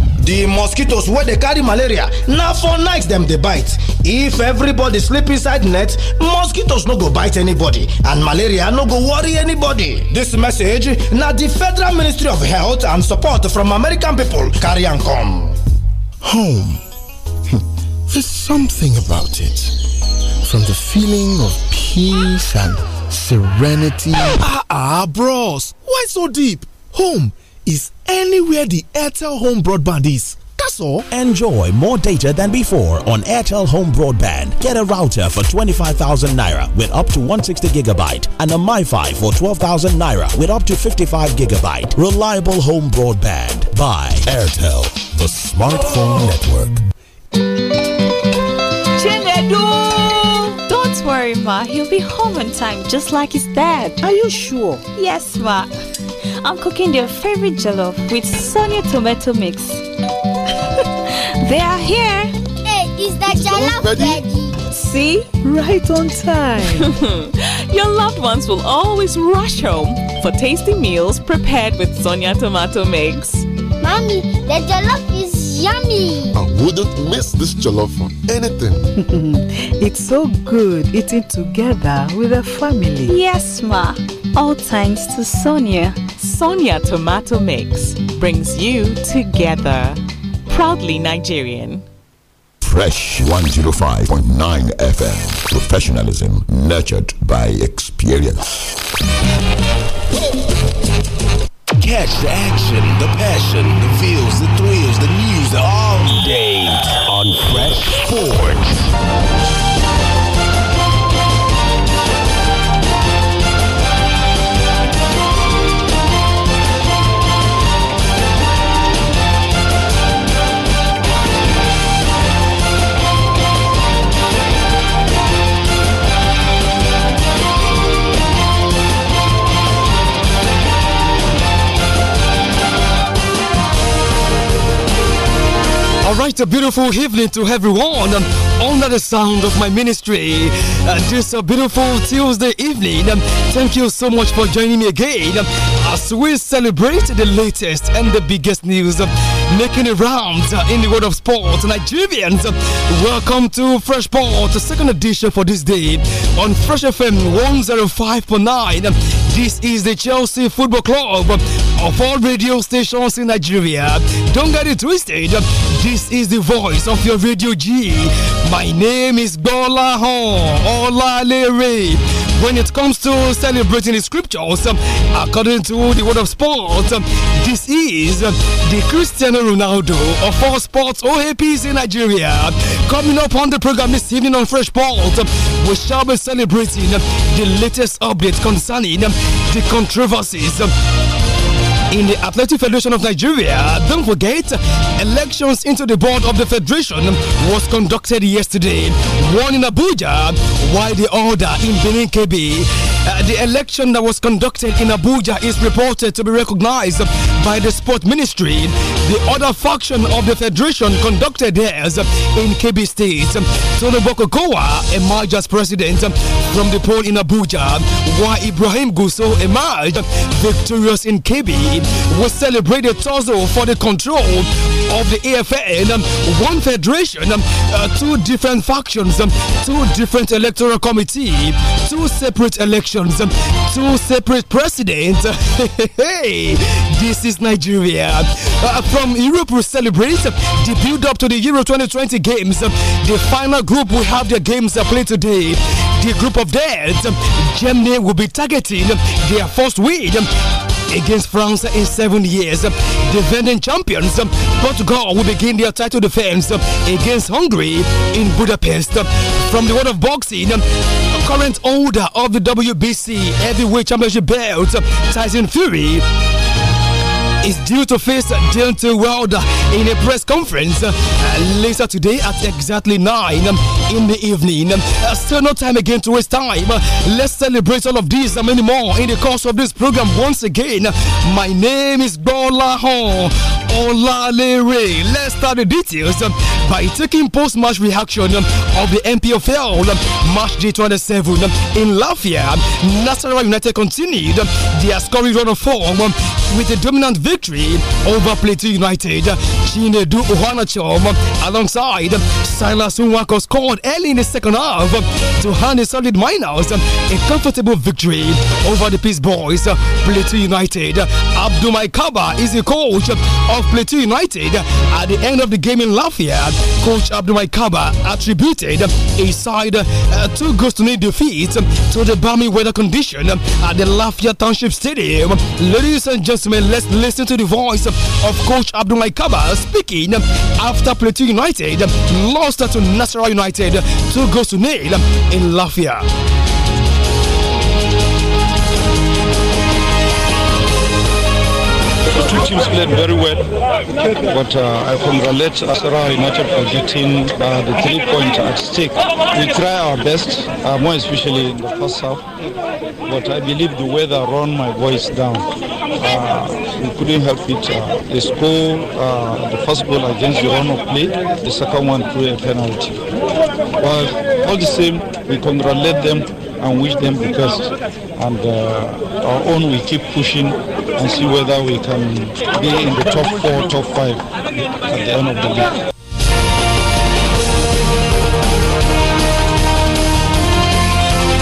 the mosquitoes wey dey carry malaria na for night dem dey bite if everybody sleep inside net mosquitoes no go bite anybody and malaria no go worry anybody dis message na di federal ministry of health and support from american pipo carry am come. home hmm. there's something about it from the feeling of peace and serenity. ah ah bros why so deep home is anywhere the Airtel home broadband is. That's all. Enjoy more data
than before on Airtel Home Broadband. Get a router for 25,000 naira with up to
160 gigabyte and a MiFi for 12,000 naira with up to 55 gigabyte. Reliable home broadband by Airtel, the smartphone network.
Chinedu! Don't worry, Ma. He'll be home on time just like his dad. Are you sure? Yes, Ma. I'm cooking their favorite
jollof with
Sonia tomato mix. they are here. Hey, is that jollof ready? See, right on time.
Your loved ones will always rush home for tasty meals prepared with Sonia tomato mix.
Mommy,
the jollof
is yummy. I
wouldn't miss
this jollof for anything.
it's so good eating together with
a family. Yes, ma. All thanks to Sonia Sonia Tomato
Mix brings you together. Proudly Nigerian.
Fresh 105.9 FM. Professionalism nurtured by experience. Catch the action, the passion, the feels, the thrills, the news all day on Fresh Sports.
All right, a beautiful evening to everyone um, under the sound of my ministry. Uh, this a uh, beautiful Tuesday evening. Um, thank you so much for joining me again um, as we celebrate the latest and the biggest news um, making a round uh, in the world of sports. Nigerians, uh, welcome to Fresh Sports, second edition for this day on Fresh FM 105.9. This is the Chelsea Football Club of all radio stations in Nigeria. Don't get it twisted. This is the voice of your radio G. My name is Bola Hon Olalere. When it comes to celebrating the scriptures, according to the word of sport, this is the Cristiano Ronaldo of all sports OAPs in Nigeria. Coming up on the program this evening on Fresh Sport, we shall be celebrating the latest update concerning the controversies in the Athletic Federation of Nigeria. Don't forget, elections into the board of the federation was conducted yesterday. One in Abuja, while the other in Benin Kebi. Uh, the election that was conducted in Abuja is reported to be recognized by the sport ministry. The other faction of the federation conducted theirs in Kebbi State. Tony Bokokoa emerged as president from the poll in Abuja, while Ibrahim Gusso emerged victorious in Kebbi. Was celebrated also for the control of the AFN, one federation, uh, two different factions, two different electoral committee, two separate elections elections, um, two separate presidents. hey, this is Nigeria. Uh, from Europe, we celebrate the build up to the Euro 2020 games. Um, the final group will have their games played today. The group of death, um, Germany will be targeting their first win against France in seven years. Defending champions, Portugal will begin their title defense against Hungary in Budapest. From the world of boxing, current holder of the WBC Heavyweight Championship belt, Tyson Fury, is due to face Deontay Wilder in a press conference uh, later today at exactly 9 um, in the evening. uh, still no time again to waste time. Uh, let's celebrate all of these and many more in the course of this program once again. My name is Bola Hon. Olalere. Let's start the details um, by taking post-match reaction um, of the MPFL um, match day 27 um, in Lafayette. Um, National United continued um, their scoring run of form with a dominant victory over Plateau United. Chinedu Ohanachom alongside Silas Nwako scored early in the second half to hand a solid minus a comfortable victory over the Peace Boys. Uh, Plateau United. Abdul Kaba is the coach of of Plateau United at the end of the game in Lafayette. Coach Abdul Kaba attributed a side uh, two goals to nil defeat to the balmy weather condition at the Lafayette Township Stadium. Ladies and gentlemen, let's listen to the voice of Coach Abdul Kaba speaking after Plateau United lost to Nassau United two goals to nil in Lafayette.
The two teams played very well, but uh, I congratulate Asara United for getting uh, the three points at stake. We try our best, uh, more especially in the first half, but I believe the weather run my voice down. Uh, we couldn't help it. Uh, they score uh, the first goal against the run play, the second one through a penalty. But all the same, we congratulate them and wish them the
best. And uh, our own, we keep pushing and see whether we can be in the top four, top five at the end of the league.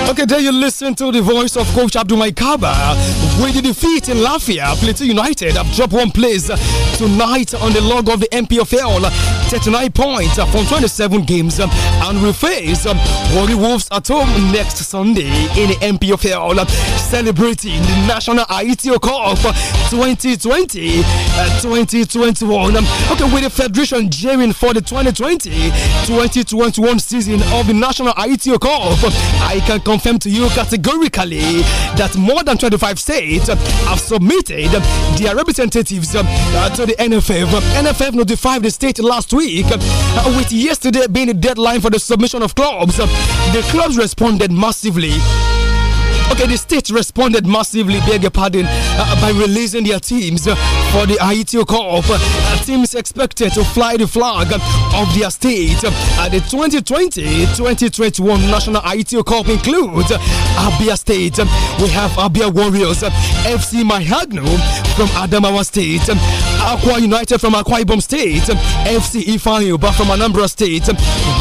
Okay, there you listen to the voice of Coach Abdul Maikaba with the defeat in Lafia, Plateau United have dropped one place tonight on the log of the MPFL. 39 points from 27 games and will face Holy Wolves at home next Sunday in the MPFL celebrating the National ITO Cup 2020 2021. Uh, okay, with the Federation jamming for the 2020 2021 season of the National ITO Cup, I can confirm to you categorically that more than 25 states State have submitted their representatives uh, to the NFF. NFF notified the state last week, uh, with yesterday being the deadline for the submission of clubs. The clubs responded massively. Okay, the state responded massively, beg your pardon. Uh, by releasing their teams for the Haiti Cup. Uh, teams expected to fly the flag of their state at uh, the 2020-2021 National Haiti Cup include Abia State. We have Abia Warriors, FC Mahagno from Adamawa State, Aqua United from Aqua Ibom State, FC Ifani from Anambra State,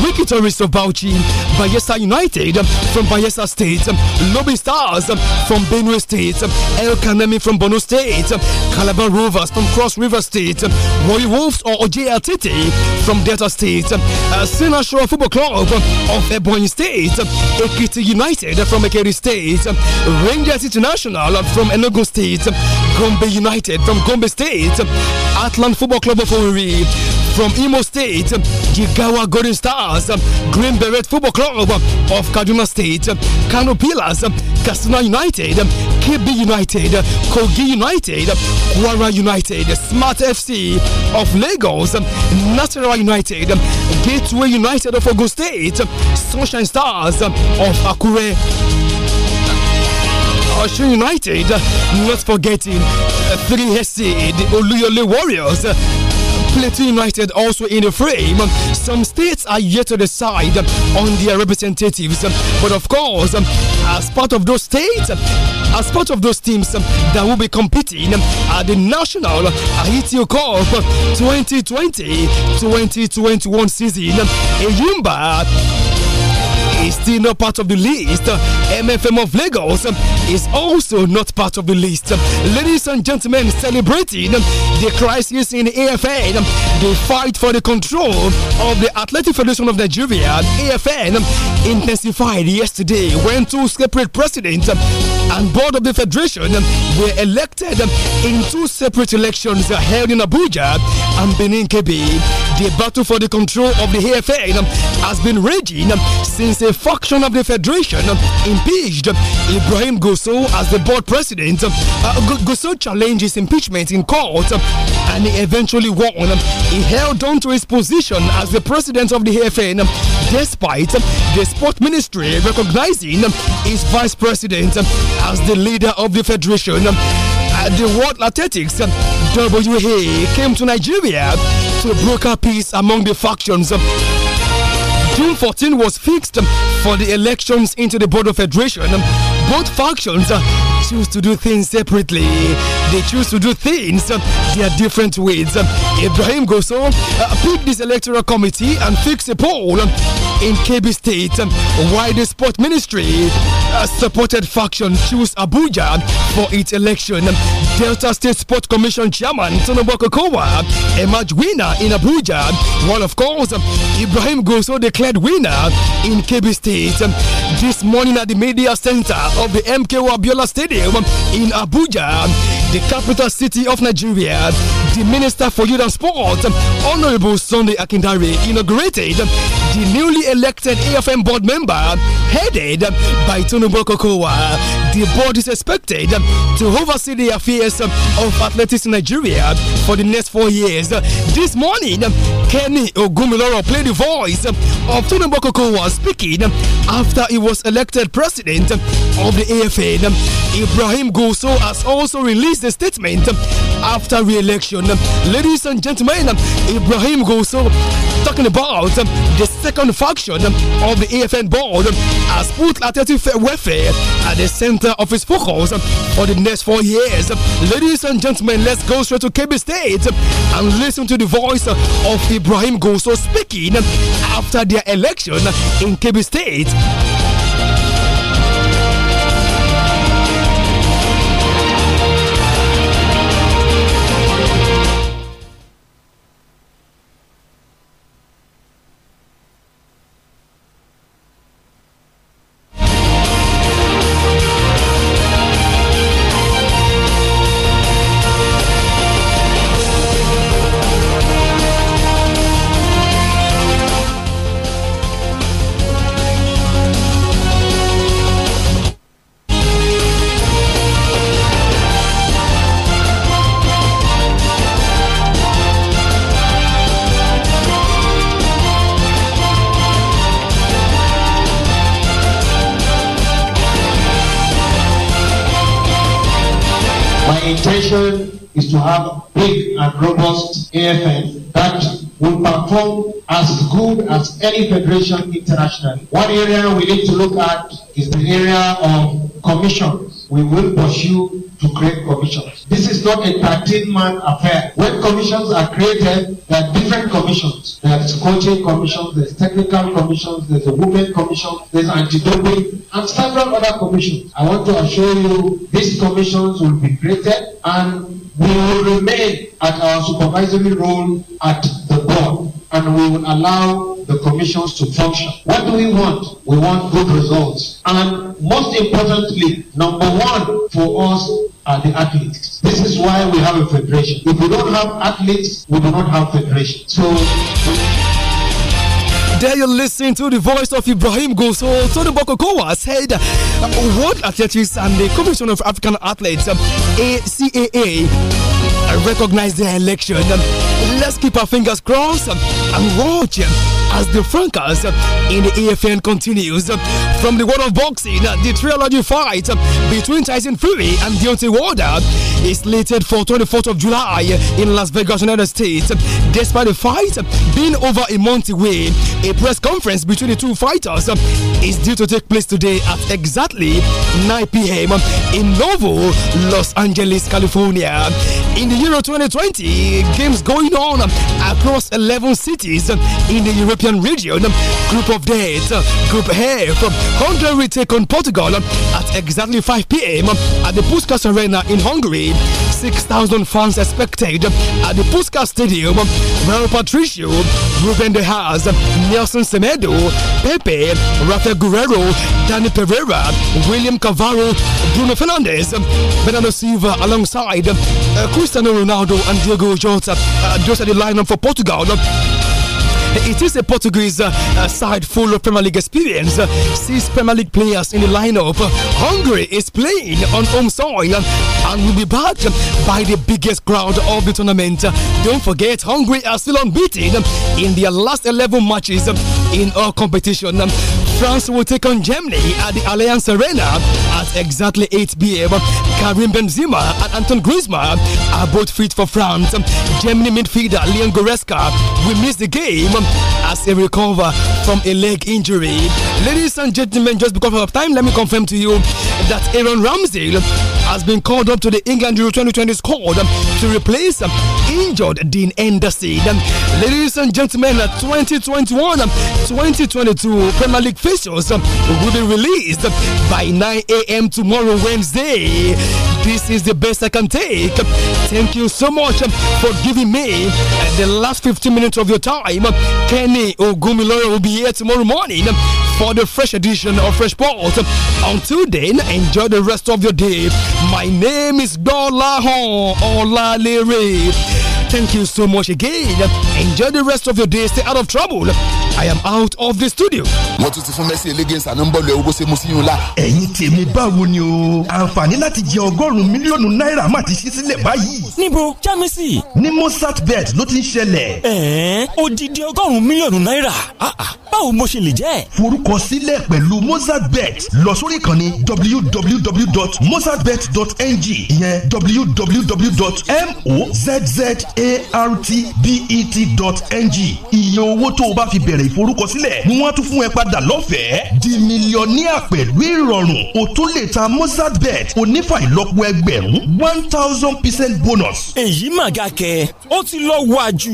Wiki of Bauchi, Bayesa United from Bayesa State, Lobby Stars from Benue State, El Kanemi from from Bono State, Calabar Rovers from Cross River State, Royal Wolves or OJLTT from Delta State, uh, Football Club of Ebony State, Ekiti United from Ekiti State, Rangers International from Enugu State, Gombe United from Gombe State, Atlant Football Club of Ori, from Imo State, Gigawa Golden Stars, Green Beret Football Club of Kaduna State, Kano Pillars, Kasuna United, KB United, Kogi United, Kwara United, Smart FC of Lagos, Natural United, Gateway United of Ogun State, Sunshine Stars of Akure. Osun United, not forgetting 3SC, the Oluyole Warriors, Plateau United also in the frame. Some states are yet to decide on their representatives, but of course, as part of those states, as part of those teams that will be competing at the National Ahitio Cup 2020-2021 season, Ayumba is still not part of the list. MFM of Lagos is also not part of the list. Ladies and gentlemen, celebrating the crisis in AFN, the fight for the control of the Athletic Federation of Nigeria, AFN, intensified yesterday when two separate presidents and board of the federation were elected in two separate elections held in Abuja and Benin Kebbi. The battle for the control of the AFN has been raging since a faction of the Federation impeached Ibrahim Goso as the board president. Uh, Goso challenged his impeachment in court uh, and he eventually won. He held on to his position as the president of the AFN despite the sport ministry recognizing his vice president as the leader of the federation. Uh, the World Athletics WA came to Nigeria to broker peace among the factions June 14 was fixed um, for the elections into the Board of Federation. Um, both factions uh, choose to do things separately. They choose to do things um, their different ways. Ibrahim Goso uh, picked this electoral committee and fixed a poll in KB State why the sport ministry supported faction choose Abuja for its election. Delta State Sports Commission Chairman Sonobo Kokowa emerged winner in Abuja, while of course Ibrahim Goso declared winner in KB State. This morning at the media center of the MK Wabiola Stadium in Abuja, the capital city of Nigeria, the Minister for Youth and Sport, Honorable Sunday Akindare, inaugurated the newly elected AFM board member headed by Tunubo Kokowa. The board is expected to oversee the affairs of athletics in Nigeria for the next four years. This morning, Kenny Ogumiloro played the voice of Bokoko Kokowa speaking after he was elected president of the AFN. Ibrahim Gusso has also released released a statement after re-election. Ladies and gentlemen, Ibrahim Goso talking about the second faction of the AFN board has put alternative welfare at the center of its focus for the next four years. Ladies and gentlemen, let's go straight to KB State and listen to the voice of Ibrahim Goso speaking after their election in KB State.
robust AFN that will perform as good as
any federation
internationally.
One area we need to look at is the area of commissions. We will pursue to create commissions. This is not a 13-man affair. When commissions are created, there are different commissions. There's coaching commissions, there's
technical commissions, there's a women commission, there's anti-doping, and several other commissions. I want to assure you these commissions will be created and we will remain at our supervisory role at
the board and we will allow the commissions to function. What do we want? We want good results. And most importantly, number one for us are the athletes. This is why we have a federation. If we
don't have athletes, we do not have federation. So. There you listen to the voice of Ibrahim Goso. Tony Bokokowa said World Athletics and the Commission of African Athletes, ACAA, recognize the election. let's keep our fingers crossed and watch as the Frankers in the AFN continues. From the world of boxing, the trilogy fight between Tyson Fury and Deontay Wilder is slated for 24th of July in Las Vegas, United States. Despite the fight being over a month away, a press conference between the two fighters is due to take place today at exactly 9 p.m. in Novo, Los Angeles, California. In the Euro 2020, games going on across 11 cities in the European European region. Group of dates, Group A from Hungary will take on Portugal at exactly 5 p.m. at the Puskas Arena in Hungary. 6,000 fans expected at the Puskas Stadium. Real Patricio, Ruben De Haas, Nelson Semedo, Pepe, Rafael Guerrero, Danny Pereira, William Cavallo, Bruno Fernandes, Bernardo Silva alongside uh, Cristiano Ronaldo and Diego Jota. Uh, those are the lineup for Portugal. It is a Portuguese uh, side full of Premier League experience. Six Premier League players in the lineup. Hungary is playing on home soil and will be backed by the biggest crowd of the tournament. Don't forget, Hungary are still unbeaten in their last 11 matches in all competition. Um, France will take on Germany at the Allianz Arena at exactly 8 p.m. Karim Benzema and Anton Griezmann are both fit for France. Um, Germany midfielder Leon Goretzka will miss the game um, as he recovers from a leg injury. Ladies and gentlemen, just because of time, let me confirm to you that Aaron Ramsey has been called up to the England Euro 2020 squad to replace injured Dean Anderson. Ladies and gentlemen, 2021 2022 Premier League fixtures will be released by 9 a.m. tomorrow, Wednesday. This is the best I can take. Thank you so much for giving me the last 15 minutes of your time. Kenny Ogumiloro will be here tomorrow morning for the fresh edition of Fresh Port. Until then, enjoy the rest of your day. My name is Dolahon Olalere. Thank you so much again. Enjoy the rest of your day. Stay out of trouble. I am out
of the studio. Wọ́n tún ti fún Mercy Elegance àná ń bọ̀ lọ ewúko ṣe mu sí yín la. Ẹ̀yin tèmi báwo ni o? Àǹfààní láti jẹ ọgọ́rùn-ún mílíọ̀nù náírà má ti ṣí sílẹ̀ báyìí. Níbo Jámẹ́sì? Ní Mozart bet ló ti ń ṣẹlẹ̀. Ẹ̀ẹ́n odidi ọgọ́rùn-ún mílíọ̀nù náírà. Ah, ah, báwo mo ṣe lè jẹ́? Forúkọ sílẹ̀ pẹ̀lú Mozart bet lọ sórí ìkànnì www.mozartbet.ng ìyẹn www.mozzartbet.ng iye owó tó o bá fi bẹ̀rẹ̀ ìforúkọsílẹ̀ ni wọ́n tún fún ẹ padà lọ́fẹ̀ẹ́ di mílíọ̀níà pẹ̀lú ìrọ̀rùn o tún lè ta mozart bet onífà ìlọ́po ẹgbẹ̀rún one thousand percent bonus. èyí mà ga kẹ ó ti lọ wá jù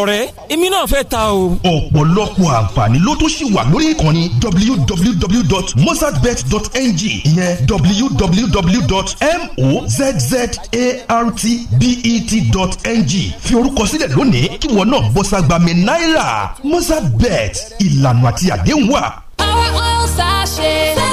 ọ̀rẹ́ èmi náà fẹ́ ta o. ọ̀pọ̀lọpọ̀ àǹfààní ló tún ṣì wà lórí ìkànnì www.mozartbet.ng ìyẹn www.mozzartbet.ng fi orúkọ sílẹ̀ lónìí kí wọn náà bọ́sàgbàmí náírà mozart bet ìlànà àti àdéhùn wà.
our oil sachet.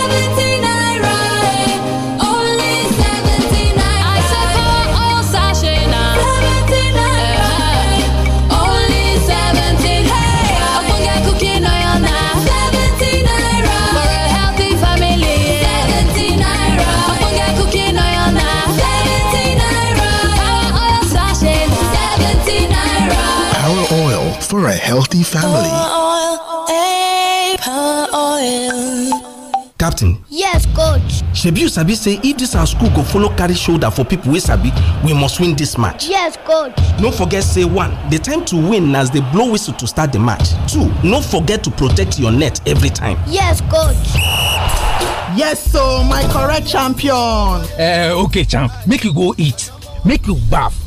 for a healthy family.
Oil, oil, captain yes coach
shebi you
sabi say if this our school go follow carry shoulder for people, wey sabi we must win this match
yes coach
no forget say one The time to win as they blow whistle to start the match two no forget to protect your net every time
yes coach yes so my correct
champion eh okay champ make you go eat make you bath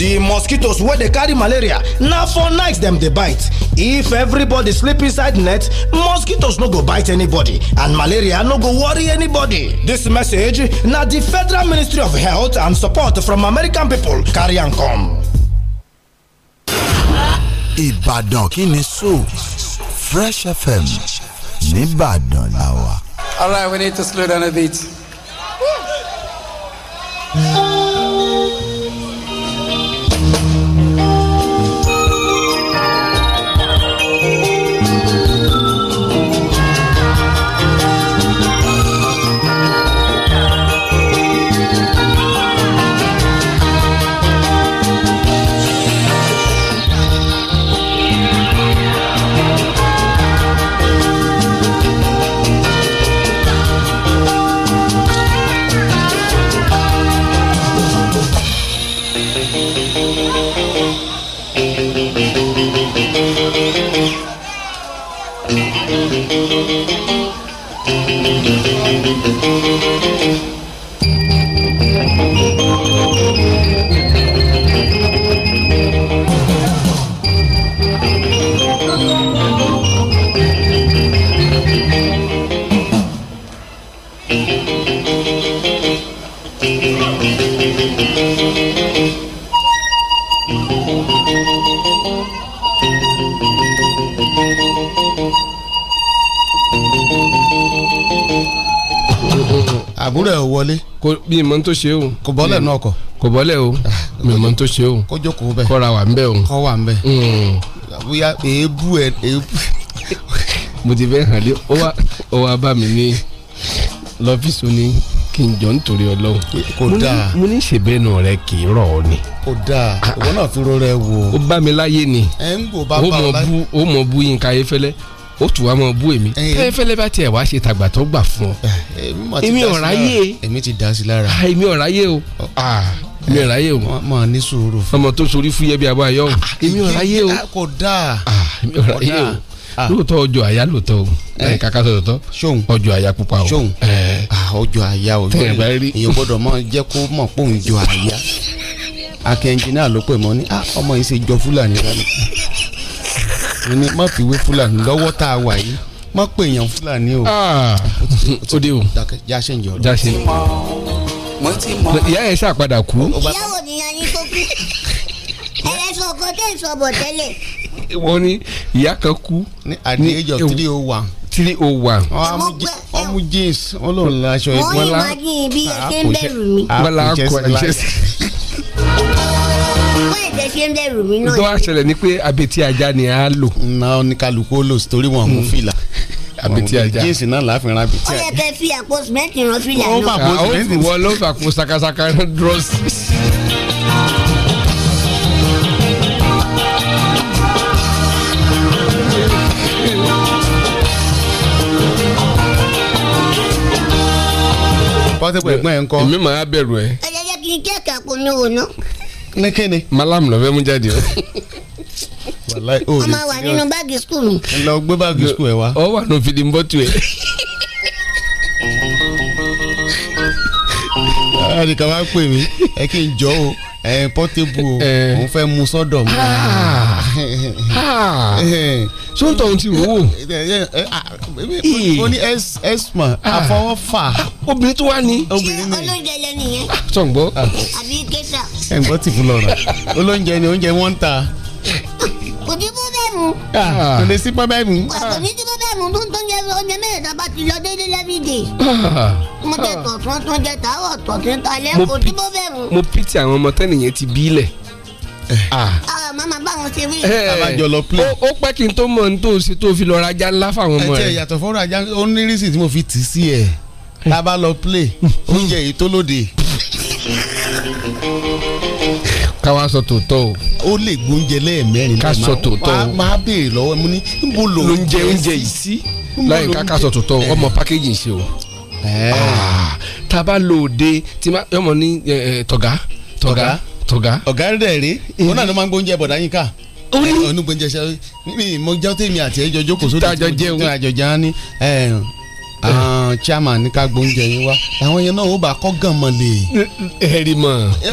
The mosquitoes wey dey carry malaria na for night dem dey bite if everybody sleep inside net mosquitoes no go bite anybody and malaria no go worry anybody dis message na di federal ministry of health and support from american pipo carry am come.
ìbàdàn kí ni so fresh fm
nìbàdàn la all right we need to slow down a bit. Mm. Thank you. wọlé. kò bí ìmọ̀ tó ṣe o. kò bọ́lẹ̀ náà kọ. kò bọ́lẹ̀ o ah, mi ìmọ̀ tó ṣe o. kó jókòó bẹ́ẹ̀. kọ́ra wà ń bẹ̀ o. kọ́ wà ń bẹ̀. Hmm. bóyá èébú ẹ èébú. mo ti fẹ́ hàn dé ó wá ó wá bá mi ní lọ́fíìsì ní kí n jọ nítorí ọlọ́run. kò dáa mo ní ìṣèbẹ́nu rẹ kì í rọ̀ ọ́ ni. kò
dáa ah, ìwọ náà fi
rọrẹ wò. ó bá mi láyé ni. ẹ ń bò bá bá ọ láyé. ó mọ bú yín káyé fẹ́lẹ́ ó tù wá mọ bú èmi fẹlẹfẹlẹ bá tiẹ̀ wá ṣe tàgbà tó gbà fún ọ èmi ò ráyè èmi ti dá sí lára ah, èmi ò ráyè o ah, èmi ò ráyè o mọ ní sùúrù fún ọmọ tó sorí fúyẹ́ bí abọ́ ayọ́ o ah, èmi ò ráyè o kò dáa èmi ò ráyè o lóòótọ́ ọjọ́ àyà lóòótọ́ o ẹ kàkà sọ̀tọ̀ ọjọ́ àyà pupa o ọjọ́ àyà o èèyàn gbọ́dọ̀
mọ jẹ́ kó mọ̀ pé òun jọ àyà akẹ́ńjì náà ló pè mọ́ ní ọmọ yìí ṣe jọ fúlàní rárá mo ní má fi wé fúlàní lọ́wọ́ tá a wà yìí má pè yàn fúlàní
o. Ah, ó dé o jáṣe ń jọ lọ. jáṣe ìyá yẹn ṣàpadà kú. ìyá
wo ni yanni tó kú ẹlẹ́sọ̀ ọkọ tẹ̀ ń sọ bọ̀ tẹ́lẹ̀.
wọ́n ní ìyá kan kú. ní àdé age of three oh one three oh
one. ọmú jeans ọlọ́run aṣọ ìgbọ́nlá. wọ́n yìí wá ní ibi ṣé ń bẹ̀rù mi. wọ́n là á kọ ẹ̀ṣẹ̀
sí
ìjẹ́ ṣé ń dẹ̀rù mí náà. tó
ṣẹlẹ̀ ni pé abetí ajá ni a lò. náà ní kálukú lò torí wọn mú hmm. fìlà abeti ajá jíǹsì náà la fi abeti
ajá. ó
yẹ kẹ́ fi àpò sìmẹ́ǹtì ran fìlà náà. ó fà àpò sìmẹ́ǹtì wọ ló fà àpò
sakasaka dúrọ́sì. pọ́sibú ẹ̀gbọ́n ẹ̀ ń kọ́. èmi máa bẹ̀rù ẹ̀.
ẹ jẹ́ kí n kí ẹ̀ka kò ní òun náà
ní kíni. malam lọ fẹ́ mú jáde o. wàláì o
lè ti ọmọ wà nínú báàgì skul.
lọ gbé báàgì skul ẹ wá. ọ wà nù fìdí mbọ́tù
ẹ. ẹnìkan wá pè mí ẹ kí n jọ o ẹ eh, eh, pọ́tébù o eh. òun fẹ́ mu sọ́dọ̀ mu. sóńtọ̀ ah. ohun ti wò wò. o ní ẹsùmọ̀ àfọwọ́fà. Ah. obìnrin tó wà ní. olóúnjẹ lẹ nìyẹn. sọ̀ǹgbọ́. àbí kẹsà. ẹ̀ ń gbọ́ ah. tìfún lọ́rọ̀ olóúnjẹ ni oúnjẹ wọn ń ta.
kò ní bọ́ bẹ́ẹ̀ mu. kò lè
sí bọ́ bẹ́ẹ̀ mu. kò
ní sí bọ́ bẹ́ẹ̀ mu mẹ́rùn-ún tó ń tó ń jẹ oúnjẹ mẹ́rẹ̀ẹ́ta bá ti yọ déédéé lẹ́fídé. mo tẹ tọ̀tún tó jẹ tàárọ̀ tọ̀tún talẹ́ kò tí mo fẹ́ mu. mo
pìtì àwọn ọmọ tẹ́nìyẹn ti bí lẹ̀. Eh. ara ah.
ah, màmá bá wọn ṣe wí. Eh. abájọ
lọ play. ó pẹ́ kí n tó mọ̀ ní tó tó fi lọ rajà ńlá fáwọn ọmọ rẹ̀. ẹ jẹ́ ìyàtọ̀ fọ́nrán ajá
ó ní rísì tí mo fi tì sí ẹ̀ tá lọ play oúnjẹ yìí káwa sọ tòótọ́ o. ó lè gbóúnjẹ lẹ́ẹ̀mẹ́rin lẹ́ẹ̀ma ká sọ tòótọ́ o máa
béèrè lọ́wọ́ mo ní níbo ló ń jẹ oúnjẹ yìí sí. láyé ká ká sọ tòótọ́ o ọmọ pákéjì ń ṣe o. Ah, tá a bá lo òde tí ọmọ ní tọ̀gá tọ̀gá tọ̀gá. ọ̀gá rẹ̀ rí eh. òun náà ló máa ń gbóúnjẹ bọ̀dá yín ká
oní gbóúnjẹ ṣe mi mo jẹ́ tèmi àti ẹjọ́ jókòó sódì tí mo jẹ́ àjọjà ni àwọn ah, chairman ní ká gbóúnjẹ yín wá làwọn yẹn náà ó bá kọ́ gan mọ̀ lè. ẹ rí mọ.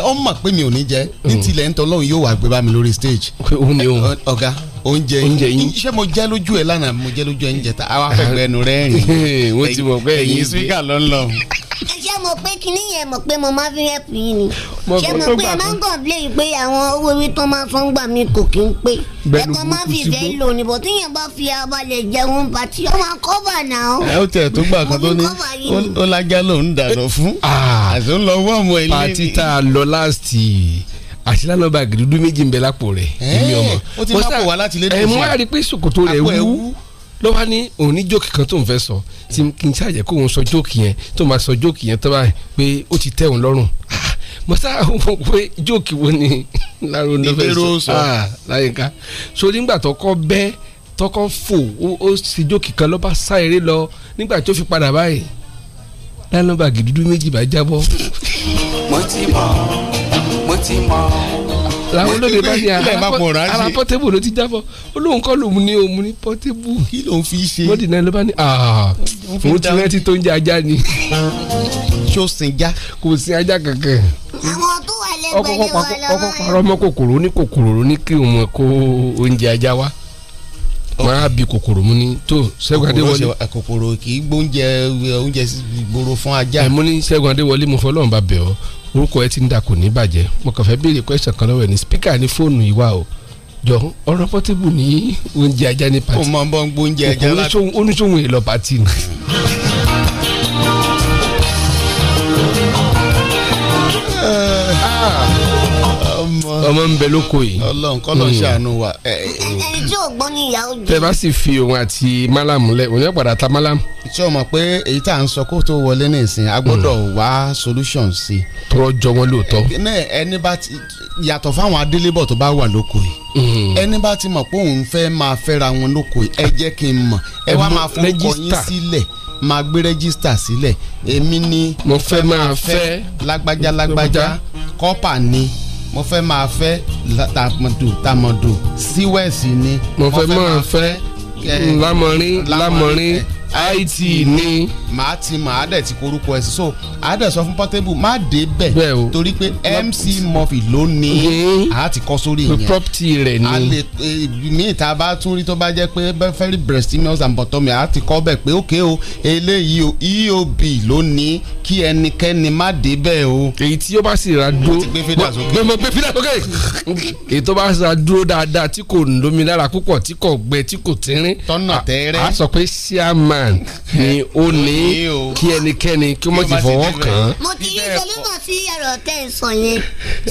ọ mọ̀ pé mi ò ní jẹ ní mm. tilẹ̀ ń tọ́lọ́run yóò wá gbé bá mi lórí stage. òun ni òun. ọ̀gá oúnjẹ yín ṣé mo jẹ́ lójú ẹ̀ lánàá mo jẹ́ lójú ẹ̀ ń jẹta àwa fẹ̀gbẹ́ ẹnu rẹ̀ rìn wọ́n ti mọ̀ pé ẹ̀yin spika ló ń lọ.
ṣé mo pé kinní yẹn mọ̀ pé mo máa fi rẹ́pù yín ni ṣé mo pé máa ń gàn bílẹ̀ yìí pé àwọn owó orí tán máa san gbà mí kò kí ń pé ẹ̀kọ́ máa fi ìfẹ́ lò ní bọ̀ tí yẹn bá fi abalẹ̀ jẹun pàtí ó máa kọ́bà náà. ẹ ó tẹ̀ tó gbà kan tó ní
ó lájá lòún dànù fún ah, àti ó lọ wọ́ọ̀mù ẹ̀ lé àṣìlá nọ́mbà gidi méjì ń bẹ lápò rẹ̀ èmi ọmọ ó ti máa pò láti lé nípa mo wá rí i wú ló wá òun ní jókì kan tó ń fẹ́ sọ tí kì í ṣàjẹ́ kó òun sọ jókì yẹn tó máa sọ jókì yẹn tó bá pé ó ti tẹ́ òun lọ́rùn mo sáà mọ̀ pé jókì wo ni láró ló fẹ́ sọ ah, láyìnká sórí ńgbà tó kọ́ tọkọ fò ó sì jókì kan ló sá eré lọ nígbà tó fi padà báyìí lánàá bàgì dúdú méjì bá jábọ́.
mo ti mọ̀ ti mọ̀. làwọn olóde bá ní ara
pọ́tébù ló ti jábọ̀ olóhùn kọ́ lòun ní òun ní pọ́tébù. kí ló fi ṣe. bọ́dì náà ló bá ní òun ah, ti rántí tó ń jẹ ajá ni. ṣó sin já. kò sin ajá kankan. àwọn
tó wà lẹ́gbẹ̀ẹ́
kòkòrò ní kòkòrò ní kí òun kó oúnjẹ ajá wá máa bi kòkòrò mu ni tó Ṣẹ́gun Adéwọlé kòkòrò kì í gbóúnjẹ oúnjẹ gbòòrò fún ajá. ẹ mú ní Ṣẹ́gun Adéwọlé mo fọlọ́run bá bẹ̀ ọ́ orúkọ ẹ ti ń dà kò ní bàjẹ́ mo kàn fẹ́ béèrè question kan lọ́wọ́ ẹ ní speaker ní fóònù ìwà o jọ ọ̀rọ̀ pọ́tébù ní oúnjẹ ajá ní pati. ó mọ bọ́ ń gbóúnjẹ ajá oníṣòwò èlò pati ọmọ ń bẹ lóko yìí. Ọlọ́run kọ́ ló ń hmm. wa. ẹni
tí ò gbọ́ ní ìyàwó jẹ. tẹ bá
sì fi òun àti malam lẹ òun yóò padà ta malam.
ṣé o mọ̀ pé èyí tá à ń sọ kó tó wọlé ní ìsìn a gbọ́dọ̀ hmm. wá solution sí. tọrọ jọ wọn lóòótọ́. ẹni bá ti yàtọ̀ fáwọn adélébọ̀ tó bá wà lóko yìí hmm. ẹni bá ti mọ̀ pé òun fẹ́ máa fẹ́ra wọn lóko yìí ẹ jẹ́ kí n mọ̀ ẹ wá máa forúkọ yín sílẹ̀ máa gbé rẹ́gísítà sílẹ̀ èmi ni mo fẹ́ máa fẹ́ lágbájá lágbájá kọ́pà ni mo fẹ́ máa fẹ́ tàmọ̀dù tàmọ̀dù síwẹ̀sì ni mo fẹ́ máa fẹ́ lámọ̀rín lámọ̀rín IT ni màá ti màá dẹ̀ ti korúkọ ẹ̀ sí so àá dẹ̀ sọ fún Portable má dé bẹ̀ torí pé MC Murphy ló ní àá ti kọ́ sórí yẹn property rẹ̀ ni a lè mi ìta bá tún rí tó bá jẹ́ pé very breast emails and bottom àá ti kọ́ bẹ̀ pé òkè o eléyìí o EOB ló ní kí ẹnikẹ́ni má dé bẹ̀ o. èyí tí ó
bá sì ra dúró mo mo gbé fídà sókè èyí tó bá sì ra dúró dáadáa tí kò lómi lára púpọ̀ tí kò gbẹ tí kò tínrín tọ́nà tẹ́rẹ́ àá a máa. Quran ni ó ní kí ẹnikẹ́ni kí wọ́n ti fọwọ́ kàn án. mo
ti yí solúbọ̀ sí ẹ̀rọ tẹ́ ẹ sọ yẹn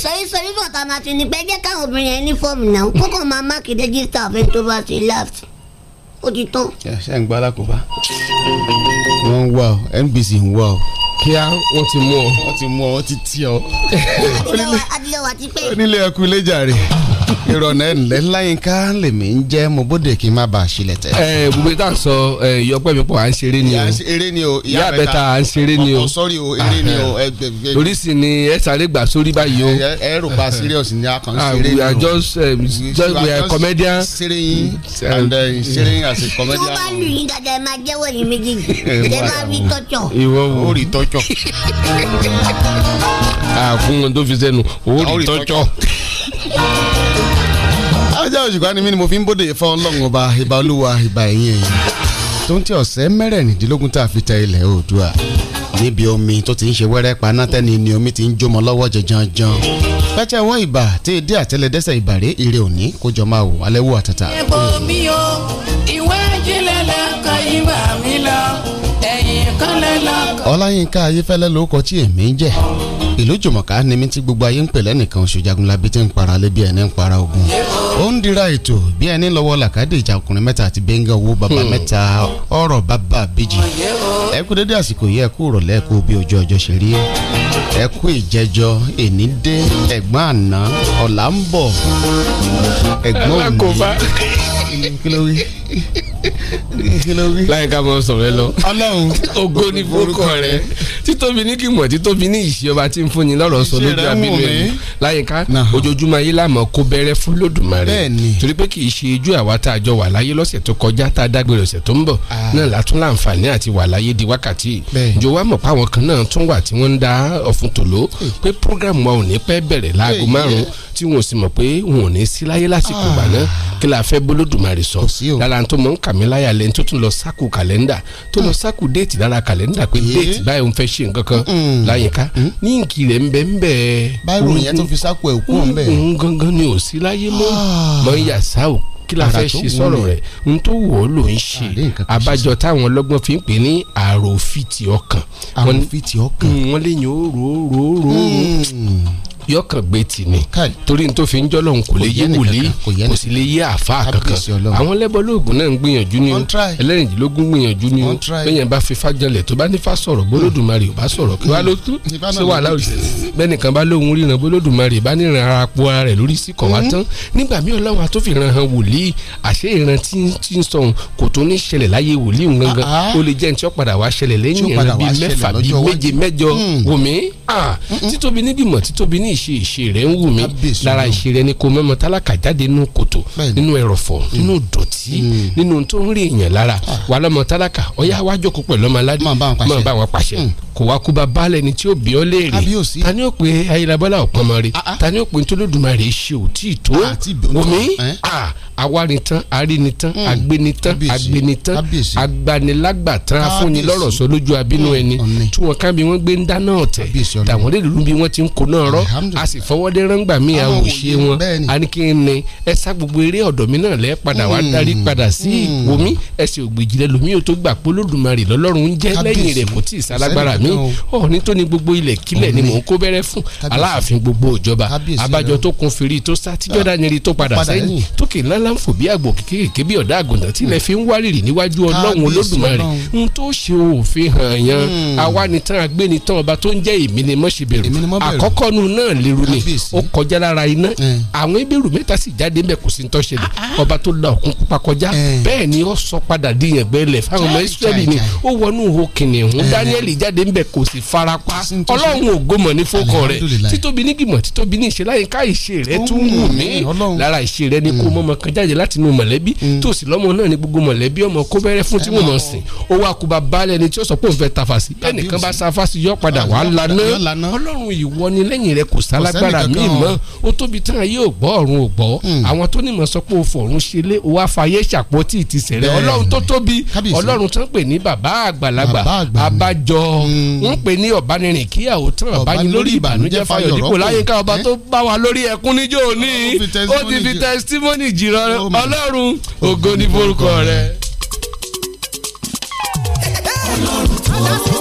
sọrí solúbọ̀ tá a máa ti ní pẹ́ jẹ́ káwọn obìnrin yẹn ní fọ́ọ̀mù náà kókò máa máàkì rẹ́gísítà ọ̀fẹ́ tó bá ti láàfin ó ti tán.
ṣé ń gbọ́ alákòóbá wọ́n ń wá ọ NBC ń wá ọ kíá wọ́n ti mú ọ. wọ́n ti mú ọ wọ́n ti tí ọ. onílé ẹkú ilé jàre ìrọ̀lẹ́ ńlẹ́ láyínká lèmi ń jẹ́ mo bóde kí n má bàa sílẹ̀ tẹ́. ẹ
gbogbo ìta sọ ìyọpẹ́ mi pọ̀ à ń ṣeré ni o eré ni o ìyá àbẹ̀ta à ń ṣeré ni o lórí sì ni ẹ sáré gbà sórí báyìí o. ẹ rò pa serious ni a kàn ah, ṣeré ni o. Eh, we are just uh, just we are comedian. ṣeré yín mm. and eh, ṣeré yín as a comedian.
tí wọ́n bá
lù yín dáadáa ẹ máa jẹ́wọ́ ní méjèèjì
eh, ẹ tọ́jọ́. àfún ohun tó fi sẹ́nu ó rí tọ́jọ́. ajá òṣùpá
ni mí ni mo fi ń bóde ìfọ́ ọlọ́run ọba ìbá olúwa ìbá ẹ̀yìn ẹ̀yìn tó ń tẹ ọ̀sẹ̀ mẹ́rẹ̀ẹ́nìdínlógún tá a fi tẹ ilẹ̀ oòdùà níbi omi tó ti ń ṣe wẹ́rẹ́ panátẹ́ni ni omi ti ń jómọ lọ́wọ́ jẹjanjan pẹ́tẹ́ wọ́n ìbà tí èdè àtẹlẹdẹ́sẹ̀ ìbàrẹ́ ire òní kó jọ máa wò alẹ́ wò àtàtà.
ẹ̀bùn mi o ìwé ìjìnlẹ̀ lẹ́kọ̀ọ́ ìbà mi lọ
ọláyínká ayéfẹ́lẹ́ ló kọ tí èmi ń jẹ́ ìlú jùmọ̀ká ni mi ti gbogbo ayé ń pè lẹ́nìkan oṣù jagunlabi tí ń para lé bí ẹni ń para ogun ó ń dira ètò bí ẹni lọ́wọ́ làkàdé ìjà ọkùnrin mẹ́ta àti bẹ́ńgà owó bàbá hmm. mẹ́ta ọ̀rọ̀ bàbá bèjì ẹ kú dédé àsìkò yìí ẹ kú rọ̀lẹ́ ẹ kú bí ojú ọjọ́ ṣe rí ẹ kú ìjẹjọ èní dé ẹ̀gbọ́n àná ọ̀la ń bọ̀ ẹ̀gbọ́n òní kí ló wí
láyé ká mọ sọ̀rọ̀ ẹ lọ. ọlọ́run ògo ni forúkọ rẹ títóbi ní kí mọ̀ títóbi ní ìṣe ọba tí ń fún yín lọ́rọ̀ sọ lójú abínú ẹ̀ láyé ká ojoojúmọ́ ayé lámọ̀ kó bẹ̀rẹ̀ fún lódùmarè torí pé kì í ṣe ojú àwa tá a jọ wà láyé lọ́sẹ̀ tó kọjá tá a dágbére ọ̀sẹ̀ tó ń bọ̀ ah. náà látún láǹfààní àti wà láyé di wákàtí jọ wá mọ̀ páwọn kan náà tún wà tí wọ́n ń da ọ̀fun tòló hmm. pé prógráàmù wa ò ní pẹ́ bẹ̀rẹ̀ láago márùn-ún tí wọn ò sì mọ̀ pé wọn ò ní sí láyé lásìkò ìgbà ah. kí la fẹ́ bólódùmarè sọ lára tó mọ̀ ń kà mí láyà lẹ́ni tó tún lọ sákù kàlẹ́ndà tó lọ ah. sákù déètì lára kàlẹ́ndà pé eh. déètì báyìí òun fẹ́ ṣe nǹkan kan láyìíká ní nkì rẹ̀ ń báyìí òun yẹn tó fi sákù ẹ̀ kú ọ̀n òun gangan ni ò sí láyé mọ́ ah. mọ́ ń yà sáwù kí la fẹ́ ṣe sọ̀rọ̀ rẹ̀ n tó wọ̀ ọ́ ló ń ṣe àbájọ táwọn ọlọ́gbọ́n fi ń pè ní àròfìtì ọkàn àròfìtì ọkàn wọ́n lè yàn mm, ó rò ó rò mm yọkàn gbé tì ní torí n tó fi ń jọ́ lọ́hùn kò lè yé wòlíì kò sì lè yé àáfàá kankan àwọn lẹ́bọ̀lóògùn náà ń gbìyànjú ni o ẹlẹ́rìndínlógún gbìyànjú ni o bẹ́yẹn bá fi fájọlẹ̀ tó bá ní fa sọ̀rọ̀ bólódùmarè ò bá sọ̀rọ̀ kí wàá ló tú ṣé wàá láwùjọ bẹ́nìkan bá lóhun ríran bólódùmarè bá níran ara po ara rẹ̀ lórí sí kọ̀ wá tán nígbà míì ọlọ́run a tó fi ran han ìṣe ìṣe rẹ̀ ń wù mí lára ìṣe rẹ̀ ni kò mẹ́mọ tálákà jáde nínú kòtò nínú ẹ̀rọ̀fọ̀ hmm. nínú dọ̀tí hmm. nínú tó ń rí èèyàn lára ah. wà lọ́mọ tálákà ọ̀yá wá jókòó pẹ̀lú ọmọ aládé máa bá wọn pàṣẹ hmm. kò wá kú bá baálẹ̀ ni tí ó bí ọ léèrè ta ni ó pe ayélabọ́lá ọ̀pọ̀ ọmọ rẹ̀ ah, ah. ta ni ó pe ntolódùmarè ṣe ò tí ì tó omi eh? awárintan arínitán agbénitán agbénitán agbanilágbàtán afúnilọ́rọ̀ sọ lójú abínú ẹni tí wọn ká bí wọ́n gbé ń dáná ọ̀tẹ̀ tàwọn lè lù bí wọ́n ti ń kó náà rọ́ a sì fọwọ́dé rángbà mi àwòṣe wọn a ní kí n ní ẹ sá gbogbo eré ọ̀dọ̀ mi náà lẹ́ padà wá hmm. darí padà sí ìwò hmm. mi ẹ sì ògbèjì lẹ lómi ò tó gbà pé Olódùmarè lọ́lọ́run ń jẹ́ lẹ́yìn rẹ̀ kò tí ì sálágbára mi ọ̀ nítorí gbogbo ilẹ̀ kílẹ̀ ni mò ń kó bẹ́rẹ́ fún aláàfin gbogbo ìjọba abájọ tó kun fèrè tó sá tíjọ́dá yẹnri tó padà sẹ́yìn tókè ńláńlá ń fò bí àgbò kékeré bí ọ̀dà àgùntàn tilẹ̀ fi ń wárìrì níwájú Ọlọ́run Olódùmarè ń tó ṣe òfin hàn yan hmm. àwa nìtàn agbénitàn ọba tó ń jẹ́ èmi ni mọ́ ṣe léru ni ó kọjá lára iná àwọn ebèrú mẹ́ta sì jáde ńbẹ̀ kò sí ń tọ́ṣẹlẹ̀ ah, ah. ọba tó la òkun pupa kọjá bẹ́ẹ̀ ni ó sọ padà di ẹ̀gbẹ́ lẹ̀ fáwọn ọmọ israẹli ni ó wọnú ihò kìnìún daniel jáde ńbẹ̀ kò sì farapa ọlọ́run ògomọ̀ ní fọ́kọ rẹ̀ títóbi ní gìmọ̀ títóbi ní ìṣeláyínká ìṣe rẹ̀ tún wù mí lára ìṣe rẹ̀ ni kó mm. mọ́mọ́ kan jáde láti inú mọ̀lẹ́bí mm. tó sì lọ́mọ náà ní gbogbo mọ̀lẹ́bí ọmọ kó bẹ̀rẹ̀ fún tí mo mọ̀ sìn ó wá kúba ni tí ó sọ pé òun fẹ́ tafà sí ẹnìkan bá safá sí yọ padà wà á laná ọlọ́run ìwọ ni lẹ́yìn rẹ̀ kò sálágbára mi mọ́ ó tóbi tán ayé ò gbọ́ ọ̀run ò gbọ́ hmm. àwọn tó nímọ̀ sọ pé o fọ̀run ṣe lé o wá fayé ṣàpótì ti sẹ̀rẹ̀ ọlọ́run tó tóbi ọlọ́run tó ń pè ní bàbá àgbàlagbà abájọ ń hmm. pè ní ọ̀bánirin kíyà tán ọ̀bánirin lórí ìbànújẹ́ fayọ̀ dípò láyé ká ọba eh? tó bá wa lórí ẹkún níjó òní ó ti fi tẹsítímọ́nì jìrọ̀ ọlọ́run ògo ní forúkọ rẹ̀. ọlọ́run tó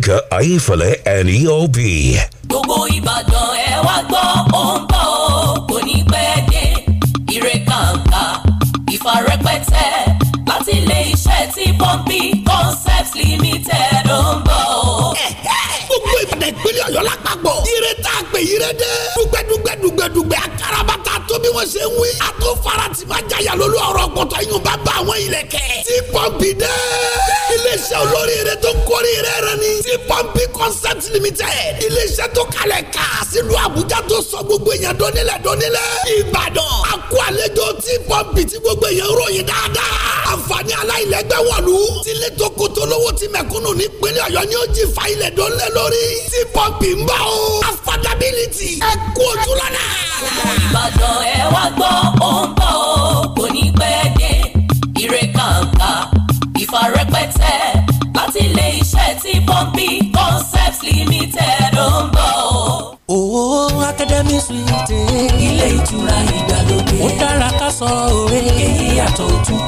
feel it.
limited iléeṣẹ́ tó kalẹ̀ kà sílùú àbújá tó sọ gbogbo èèyàn dọ́nílẹ̀ dọ́nílẹ̀ ìbàdàn àkó àlejò tí pọ́ǹpì tí gbogbo èèyàn ròyìn dáadáa àǹfààní aláìlẹ́gbẹ́ wọ̀lú tílé tó kótó lówó ti mẹ̀kúnnù nípínlẹ̀ ọ̀yọ́ ni ó jì fa ilẹ̀ dọ́nílẹ̀ lórí tí pọ́ǹpì
ń bọ̀ o affordability ẹ kú ojú ìbàdàn ẹ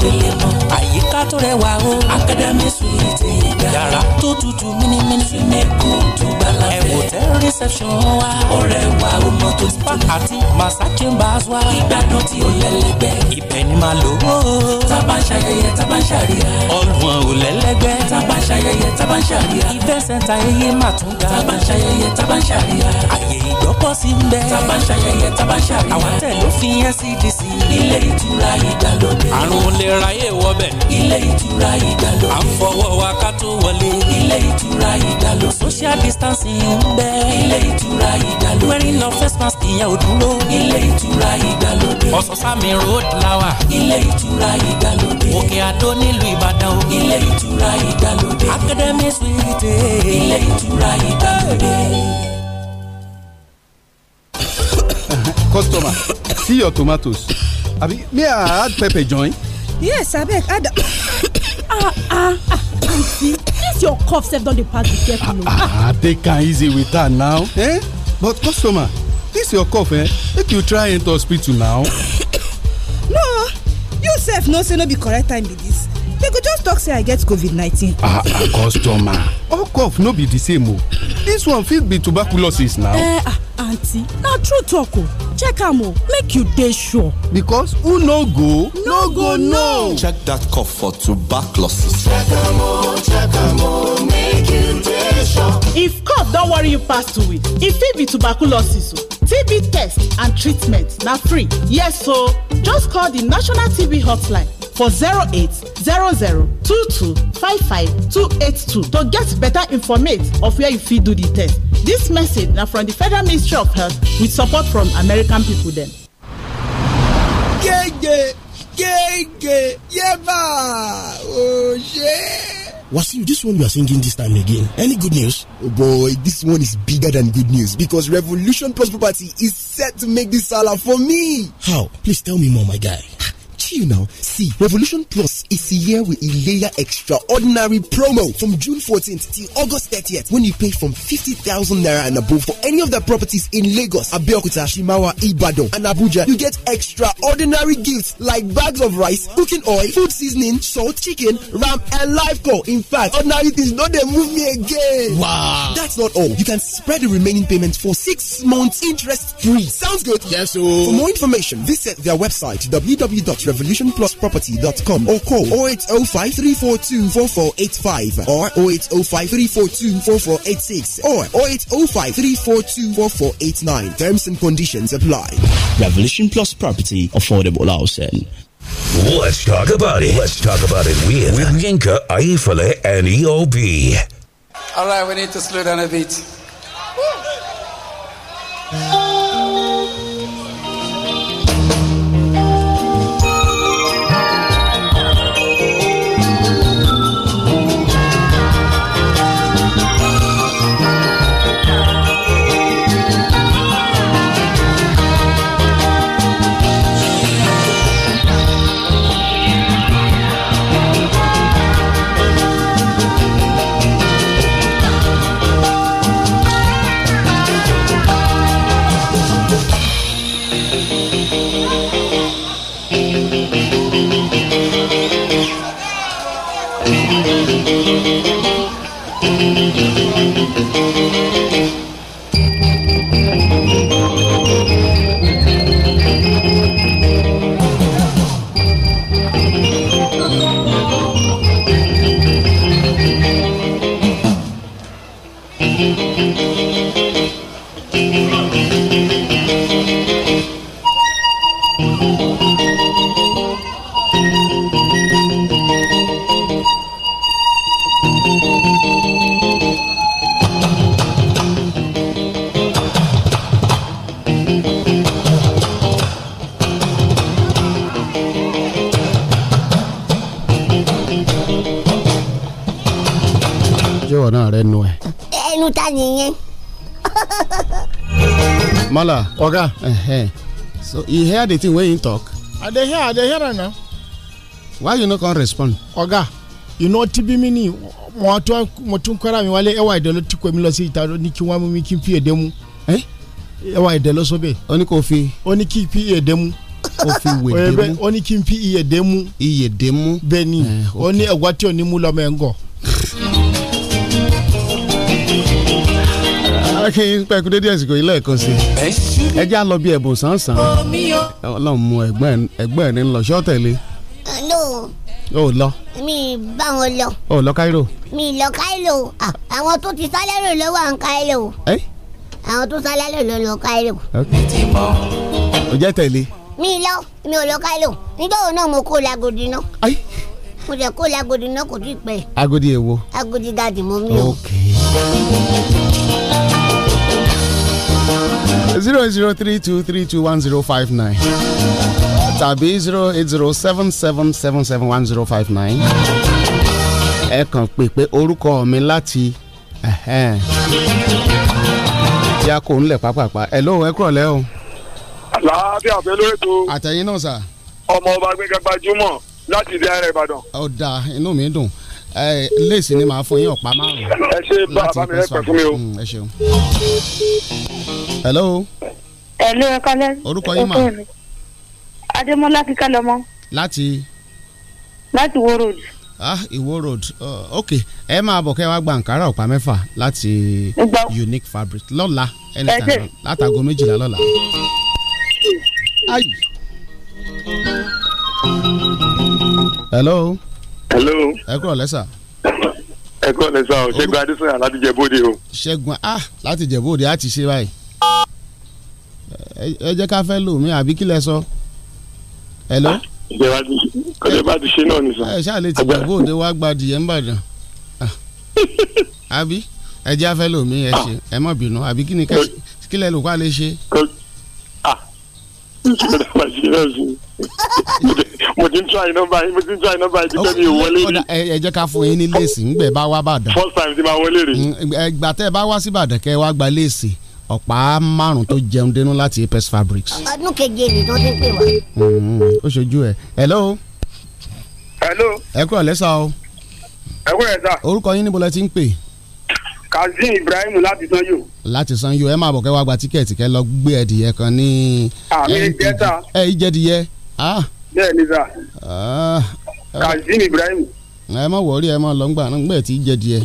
àgbéyẹ̀mọ́. àyíká tó rẹwà o. akadami suwite ìgbà. yàrá tó tutù mímímí. sinimu tó gbala fẹ́. ẹ̀wòtẹ́ reception wa. ọ̀rẹ́ wa o mọ tó ti tó. àti massa chambers wa. ìgbádùn tí ó lẹ́lẹ́gbẹ́. ibẹ̀ ni màá lò ó. taba ń ṣayẹyẹ taba ń ṣàríyá. ọ̀gbun ò lẹ́lẹ́gbẹ́. taba ń ṣayẹyẹ taba ń ṣàríyá. tún ga. taba ń àyè ìgbọ́kọ̀sí ń ń ṣayẹyẹ taba ń àwọn tẹ̀ ló fi NCDC ilé ìtura ìdàlódé. àrùn lè ráyè wọbẹ̀. ilé ìtura ìdàlódé. à ń fọwọ́ wa ká tó wọlé. ilé ìtura ìdàlódé. social distancing ń bẹ. ilé ìtura ìdàlódé. wearing no face mask ìyẹn ò dúró. ilé ìtura ìdàlódé. ọ̀sán-sámi road lawa. ilé ìtura ìdàlódé. òkè àdó nílùú ìbàdàn o. ilé ìtura ìdàlódé. academy suite. ilé ìtura ìdàlódé.
customer see your tomatoes abi may i add pepper join. yes abeg add ah
ah ah see this your cough sef don dey pass the careful o. Ah, ah
ah take am easy with her now. Eh? but customer this your cough eh? make you try enter hospital now.
no you sef know say no be correct time be this They go just talk say i get covid nineteen.
ah ah customer all cough no be the same o oh. this one fit be tuberculosis now. eh
ah aunty na true talk o. Oh. check am o make you dey sure. because who no go no go know. check dat cough for tuberculosis. check am o check am o make you dey sure. if cough don worry you pass two weeks e fit be tuberculosis o. TB test and treatment na free. Yes, so just call the National TB Hotline for zero eight zero zero two two five five two eight two to get better informate of where you fit do the test. This message na from the Federal Ministry of Health with support from American people dem.
Gege gege yeba oye. Wasim, this one you are singing this time again. Any good news? Oh boy, this one is bigger than good news because Revolution Plus Property is set to make this salah for me. How? Please tell me more, my guy see you now. See, Revolution Plus is here with a layer extraordinary promo from June 14th till August 30th when you pay from 50,000 naira and above for any of the properties in Lagos, Abeokuta, Shimawa, Ibadan, and Abuja. You get extraordinary gifts like bags of rice, cooking oil, food seasoning, salt, chicken, ram, and live call. In fact, ordinary things don't they move me again. Wow. That's not all. You can spread the remaining payment for six months interest free. Sounds good? Yes, sir. For oh. more information, visit their website www revolutionplusproperty.com or call 0805 342 4485 or 0805 342 4486 or 0805 342 4489. Terms and conditions apply. Revolution Plus Property Affordable Housing.
Let's talk about it. Let's talk about it with, with Yinka, Aifale, and EOB.
All right, we need to slow down a bit.
موسيقى
ta nìyẹn.
mala oga uh so you hear the thing wey him talk. i dey hear i dey hear am now. why you no come respond. oga you know tibi mi ni mo tún mo tún kọ́ra mi wálé ẹwà ìdẹ́lọ́ tí kò mi lọ sí ìta ní kí wọ́n mú mi kí n fi èdè mu. Eh? ẹwà ìdẹ́lọ́ sọ́bẹ̀. ó ní kò fi. ó ní kí n fi èdè mu ó fi wè dé mú ó ní kí n fi iye dé mú. iye dé mú. Eh, ní ẹ̀gbọ́n tí ò ní mú lọ́mọ ẹ̀ ń gọ̀. jẹ́ kí n pẹ́kú dédé ẹ̀sìnkò ilé ẹ̀kọ́ sí i ẹ já lọ bí ẹ̀bùn sánsan ọlọ́run mú ẹ̀gbọ́n ẹ̀ ní lọ ṣọ́ uh, o lọ.
mi bá wọn lọ. o lọ Cairo. mi lọ Cairo àwọn tó ti sálẹ́rò ló wà ní Cairo. àwọn tó sálẹ́rò ló lọ Cairo. o jẹ́ tẹ̀lé. mi lọ mi ò lọ Cairo nítorí náà mo kó lagodi náà mo jẹ kó lagodi náà kò tí ì pẹ́.
agodi èwo.
agodi dadi mo mi o
zero zero three two three two one zero five nine tàbí zero eight zero seven seven seven seven one zero five nine ẹ kàn pè pé orúkọ mi láti ya kò ń lẹ̀ pápápá ẹ lóun ẹ kúrọ̀ lẹ́ o.
láàbí àfẹ ló ètò. àtẹ̀yìn náà sà. ọmọ ọba gbẹ̀gbẹ̀ gbajúmọ̀ láti ìdí ara Ìbàdàn.
ọ̀dà inú mi dùn léèsì ni màá fún yín ọ̀pá márùn-ún. ẹ ṣe bá a bá mi rẹ fún mi o. Mm, ẹ ṣeun. hello.
hello ẹ kálẹ́. orúkọ yín mà. adémọlá kíkà lọmọ. láti. láti wo road.
ah iwo road uh, ok ẹ máa bọ̀ kẹ́ ẹ wá gba ankara ọ̀pá mẹ́fà láti unique fabric lọ́la anytime látago méjìlá lọ́la. hello hello. ẹ kúrò lẹ́sà.
ẹ kúrò lẹ́sà o ṣẹ́gun adésanya láti jẹ̀bóde o.
ṣẹ́gun a ah, láti jẹ̀bóde a ti ṣe báyìí. ẹ jẹ́ ká fẹ́ lò mí àbí kí lẹ sọ. hello.
kọ́lé bá ti ṣe náà nìsan. ẹ
ṣáà lè ti jẹ̀bóde wá gbadì ẹ̀ ń bàdàn. Ah. àbí ẹ jẹ́ afẹ́ lò mí ẹ ṣe ẹ má bínú àbí kí ni kí lẹ lò kó a lè ṣe.
ah mo ti ń try nọ́mbà yìí mo ti ń try nọ́mbà yìí títẹ́ mi ò wọlé rí.
ẹ jẹ́ ká fún yín ní léèsì ńgbẹ́ bá wá bàdàn. first time ti máa wọlé rí. Mm, ìgbà tẹ́ bá wá sí Ìbàdàn kẹ́ wá gba léèsì ọ̀pá márùn tó jẹun dénú láti Apex Fabrics.
ọdún keje ni tó ti pè wá.
Mm, mm, ó ṣojú ẹ hello. hello. ẹ kúrò lẹ́sà o. ẹ kúrò lẹ́sà. orúkọ yín níbo lẹ ti ń pè. Kazeem Ibrahim láti Sanyo. láti Sanyo ẹ máa bọ̀ kẹ́ wá gba tíkẹ́ẹ̀tì kẹ́ lọ gbé ẹ̀dìyẹ kan ní. àmì ìjẹta. ẹ ìjẹdìyẹ ah bẹ́ẹ̀ ni sà. Ah, ah. kazeem ibrahim. ẹ má wọrí ẹ má lọ ngbà náà ngbà tí ì
jẹ díẹ̀.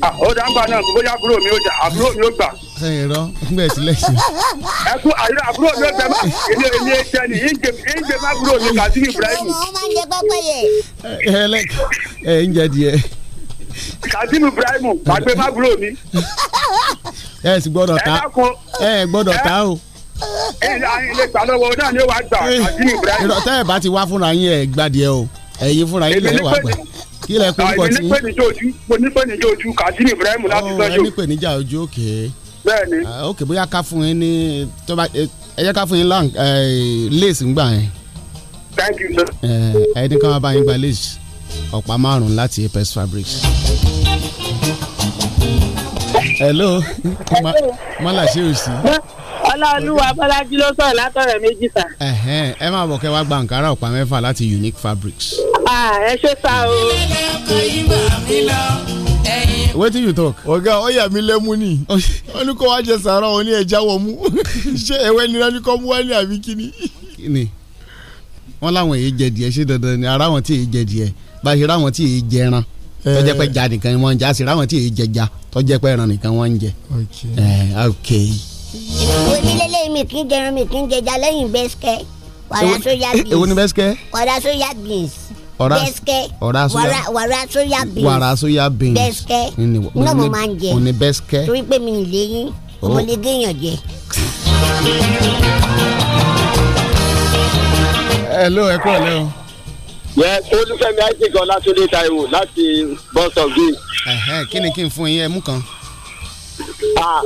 Ah, ó dá ngbà náà bóyá àbúrò mi ó jà àbúrò mi ó gbà. ẹ ẹ rọ ngbà tí
lẹ́sìn. ẹ kú àyíká àbúrò mi ó bẹ má èmi èmi ẹ jẹ ni
ìjẹ ìjẹ má
àbúrò mi kazeem ibrahim.
ẹ ẹ lẹ
ẹ ń jẹ díẹ̀. kazeem ibrahim gbàgbé má àbúrò mi. ẹ sì gbọ́dọ̀ ta ẹ gbọ́dọ̀ ta o ilé
tẹ́ ẹ̀ bá ti wá fúnra yín ẹ̀ gbadìẹ o ẹ̀yin fúnra yín lẹ̀ wà gbà kí lẹ kó kọ
tí. mo pè
níjà ojú òkè. bẹ́ẹ̀ni. òkè bóyá ká fún yín ní tọ́ba ẹ jẹ́ ká fún yín lan lace ńgbà yẹn. ẹ ní ká wá bá yín gba lace ọ̀pá márùn-ún láti Apex Fabrics
hello mọ́là ṣé o sí ọláolúwa bọ́lájí ló sọ̀rọ̀ látọ̀rẹ̀ méjì sà.
ẹ máa bọ̀ kẹ́ wá gba nkárà ọ̀pá mẹ́fà láti unique fabrics.
ẹ ṣe sá o.
wetin you talk. ọ̀gá ó yà mí lẹ́mú ni wọ́n ní kó wá jẹ sàárọ̀ òní ẹja wọ̀ mú ṣé ẹ̀wẹ́ ni wọ́n ní kó mú wá ní àbí kíni. kíni wọ́n láwọn èyí jẹ díẹ̀ ṣé dandan ni ara wọn tí èyí jẹ díẹ̀ bá a ṣe ra wọn tí èyí jẹ ẹran tó jẹ́ pé eh. ja nìkan wọ́n ń jẹ a sì ra wọn tí èyí jẹ ja tó jẹ́ pé ẹran nìkan wọ́n ń jẹ. ok. Eh, okay
èmi mi kì í jẹran mi kì í jẹja lẹ́yìn bẹ́sikẹ́ eh, wàrà sóyà beans èwo ni bẹ́sikẹ́ wàrà sóyà beans
bẹ́sikẹ́ wàrà
sóyà beans wàrà
sóyà beans bẹ́sikẹ́ náà mo máa ń jẹ òní bẹ́sikẹ́ torí
pé mi ì léyìn oh. mo lè géèyàn jẹ.
hello ẹ kúrò lẹ́wọ̀n. yẹ olúfẹ́mi isaac ọlátúndé taiwo láti boston green.
kí ni kí n fún yín ẹ mú kan
ah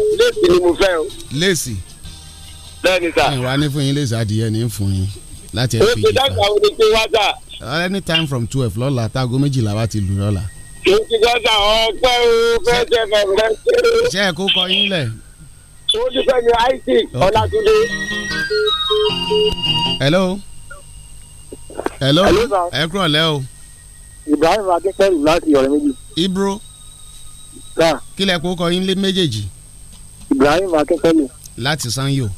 léèsì
ni mo fẹ́ o. léèsì. bẹ́ẹ̀ni sà. ẹ wá ní fún yín léèsì adìyẹ ní fún yín láti fpg. oṣù dákà wo ni ṣe wá sà. anytime from twelve lọ́la táago méjìlá wa ti lù lọ́la. oṣù dákà ọpẹ́ o fẹsẹ̀ fẹsẹ̀. ṣé ẹ kó kọ yín lẹ̀.
olùfẹ́mi isaac ọlátúndé.
hello. hello. hello sà. ẹ kúrọ̀lẹ́ o. ibrahim akẹ́kọ̀ọ́ láti ọ̀rẹ́ méjì. ibro kí lẹ kó kọ yín lé méjèèjì. Ibrahim Akínfẹ́mi. láti Sanyo.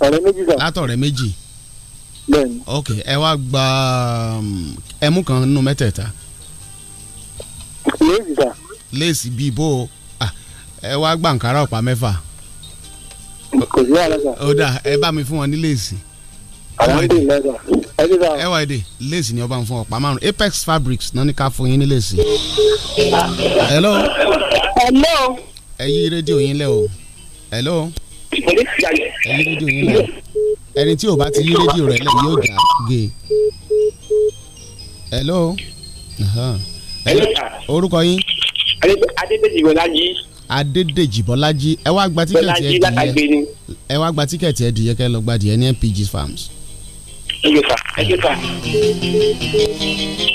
ọ̀rẹ́ méjì sà. látọ̀rẹ́ méjì. bẹ́ẹ̀ni. ok ẹ wá gba um, ẹmú kan nínú mẹ́tẹ̀ẹ̀ta. léèsì sà. léèsì bíi bó o ẹ wá gba ọ̀pá mẹ́fà. kò sí àlọ́ sà. ó dà ẹ bá mi fún wọn ní léèsì ẹ wà èdè léèsì ni ọba ń fún ọ̀pá márùn apex fabrics náà ní ká fún yín ní léèsì. hello. hello. ẹ yí rédíò yín lẹ̀ o. hello. ẹ yí rédíò yín lẹ̀ ẹni tí ò bá ti yí rédíò rẹ̀ lẹ̀ yóò dà gé. hello. Hello. orúkọ yín.
adébẹ́jì wọlá yìí.
Adédèjì Bọ́lájí ẹ wá gba tíkẹ́ẹ̀tì ẹ dìyẹ ẹ wá gba tíkẹ́ẹ̀tì ẹ dìyẹ kẹ́ lọ gba dìyẹ ní NPG Farms
ẹjọ ta ẹjọ ta.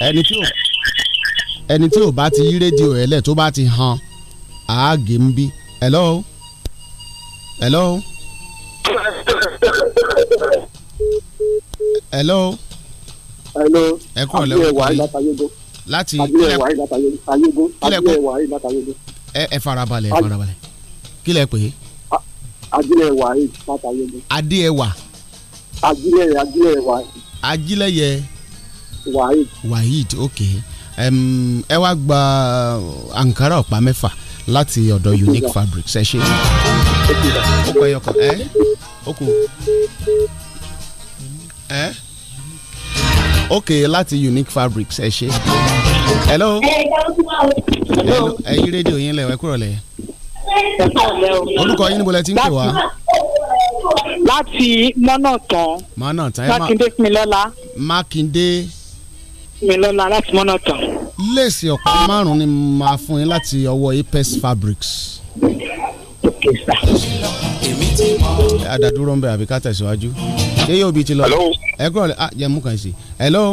ẹni tí ò ẹni tí ò bá ti yí rédíò ẹ lẹ tó bá ti hàn àágé ń bí hello hello hello. hello ẹ kọ́ lẹ́wọ́ kiri láti
kílẹ̀kùn
ẹ farabalẹ̀ ẹ farabalẹ̀ kílẹ̀ pé. adéẹwà adéẹwà
ajílẹ̀ ajílẹ̀
wahid. ajílẹ̀ yẹ. wahid. wahid ok ẹ wá gba uh, ankara ọ̀pá mẹ́fà láti ọ̀dọ̀ unique fabrics ẹ ṣe. ó kọ ẹ ó ẹ ok láti unique fabrics ẹ ṣe. hello. ẹ̀yin rédíò yín lẹ̀ wẹ́ kúrọ̀ lẹ̀. orúkọ yín níbo lẹ ti ń pè wá
láti mọ́nàtán
mọ́nàtán mákindé fúnmilọ́lá mákindé fúnmilọ́lá láti mọ́nàtán. léèsì ọ̀pá márùn-ún ni màá fún yín láti ọwọ́ apes fabrics.
ok sir.
àdàdúró ń bẹ àbí ká tẹ̀síwájú ṣé yóò bi ti lọ. ẹ kúrò lẹ ah, jẹ mú kàn sí. hello.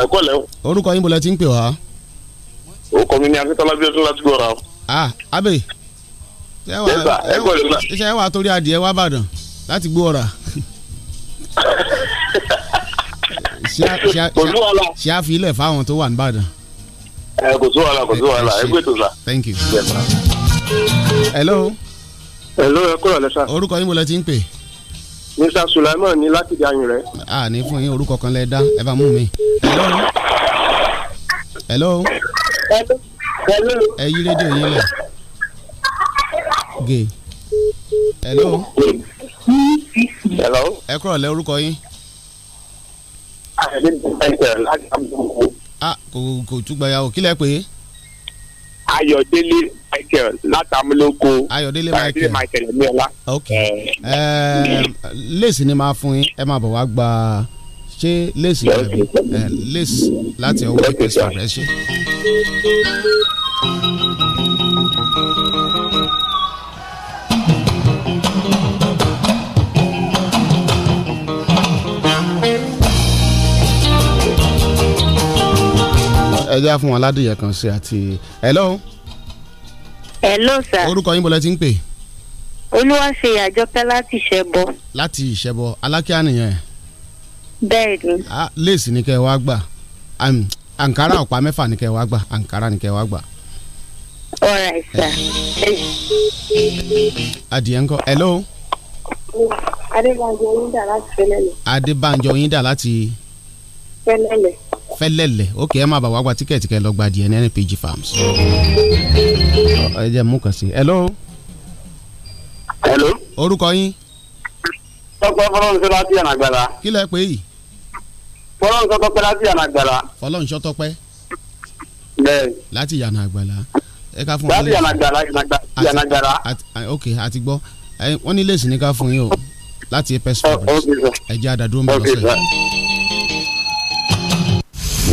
ẹ kúrò lẹ. orúkọ yín bọ̀lẹ̀ tí ń pè wá.
orúkọ mi ni akíntọ́lá bí ó tún láti gbọ́ra.
ah abe
ṣé
wàá torí adìẹ wá bàdàn láti gbó ọ̀rà. ṣé a fi ilẹ̀ fáwọn tó wà nìbàdàn. kò sí wàhálà kò sí wàhálà ẹ gbé tòun la. hello. hello ẹ kúrò lẹ́sà. orúkọ yín mo lẹ ti ń pè. mr sulaiman ni láti di ayùn rẹ. a ní fún yín orúkọ kan lẹ dá ẹ bá mú mi. hello. hello. ẹ yí rédíò yín lẹ gay. hello. hello. ẹ kúrọ̀ lẹ́ orúkọ yín. a ah, kò kò túgbà yà wò kílẹ̀ pé.
ayọ̀délé michael látàmúlógó. ayọ̀délé michael ayọ̀délé michael ẹ̀míọ́lá. ok
léèsì ni máa fún yín ẹ máa bọ̀ wá gba ṣé léèsì tàbí léèsì láti ọwọ́ express ṣe. ẹja fún wọn ládìyẹ kan sí àti hello. hello sir. orúkọ yín bọ́lá ti ń pè. olúwaṣeyì àjọpẹ́ láti ìṣẹ́bọ. láti ìṣẹ́bọ alákíá nìyẹn. bẹ́ẹ̀ ni. léèsì ni kẹ́ ẹ wá gbà àǹkárá ọ̀pá mẹ́fà ni kẹ́ ẹ wá gbà àǹkárá ni kẹ́ ẹ wá gbà.
all right sir.
adìyẹ ńkọ́ hello.
adébánjọ yín dà láti fẹlẹ́lẹ̀.
adébánjọ yín dà láti. fẹlẹ́lẹ̀ fẹ́lẹ́lẹ̀ ok ẹ má bà wá gba tíkẹ́ẹ̀tì kẹ́ ẹ lọ gba adìẹ ní NPG Farms. ẹ jẹ́ mú kàn sí. hello. hello. orúkọ yín. tọ́pẹ́ fọlọ́nṣọ́ láti ànàgbàlá. kí lẹ pè yìí. fọlọ́nṣọ́ tọ́pẹ́ láti ànàgbàlá. fọlọ́nṣọ́ tọ́pẹ́. bẹ́ẹ̀. láti ànàgbàlá. ẹ ká fún wọn. láti ànàgbàlá ànàgbàlá. ok àti gbọ́ wọ́n ní lè sí ní ká fún yín o láti apes fabric ẹ jẹ́ àdàdúró mi lọ́sẹ̀
yìí.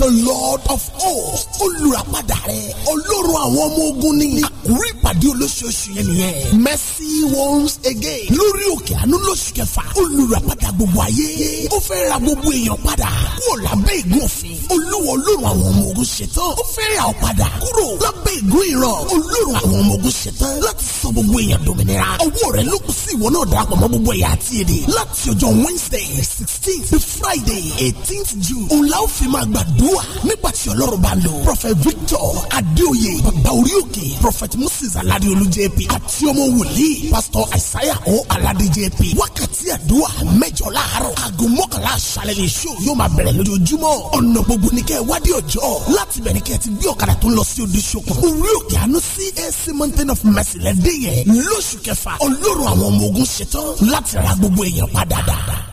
the lord of hosts olùràpadà rẹ̀ ọlọ́run àwọn ọmọ ogun ni àkúrú ìpàdé olóṣooṣù yẹn nìyẹn mercy once again lórí òkè àánú lóṣù kẹfà olùràpadà gbogbo ayé ó fẹ́ ra gbogbo èèyàn padà kúrò lábẹ́ ìgún òfin olúwa ọlọ́run àwọn ọmọ ogun ṣetán ó fẹ́ ra ọ padà kúrò lábẹ́ ìgún ìran ọlọ́run àwọn ọmọ ogun ṣetán láti sọ gbogbo èèyàn dòmìnira ọwọ́ rẹ̀ ló kù sí ìwọ to friday eighteenth june òun la wà nígbà tí ọlọ́run bá lò prophet victor adéoyè bàbá orí òkè prophet moses aládéolú jp àti ọmọ wòlíì pastor isaiah o aládé jp wákàtí àdúrà mẹ́jọ láàárọ̀ aago mọ́kànlá aṣálẹ̀ lè ṣó yóò máa bẹ̀rẹ̀ lójoojúmọ́ ọ̀nà gbogbo ní kẹ́ ẹ wádìí ọjọ́ láti bẹ̀rẹ̀ kẹ́ ẹ ti gbé ọ̀kadà tó ń lọ sí odò ṣokùn orí òkè àánú cac mountain of mercy lẹ́dẹ̀ẹ́ yẹn lóṣù kẹfà ọlọ́run
àwọn ọmọ ogun ṣetán láti ra gbogbo èèyàn padà dáadáa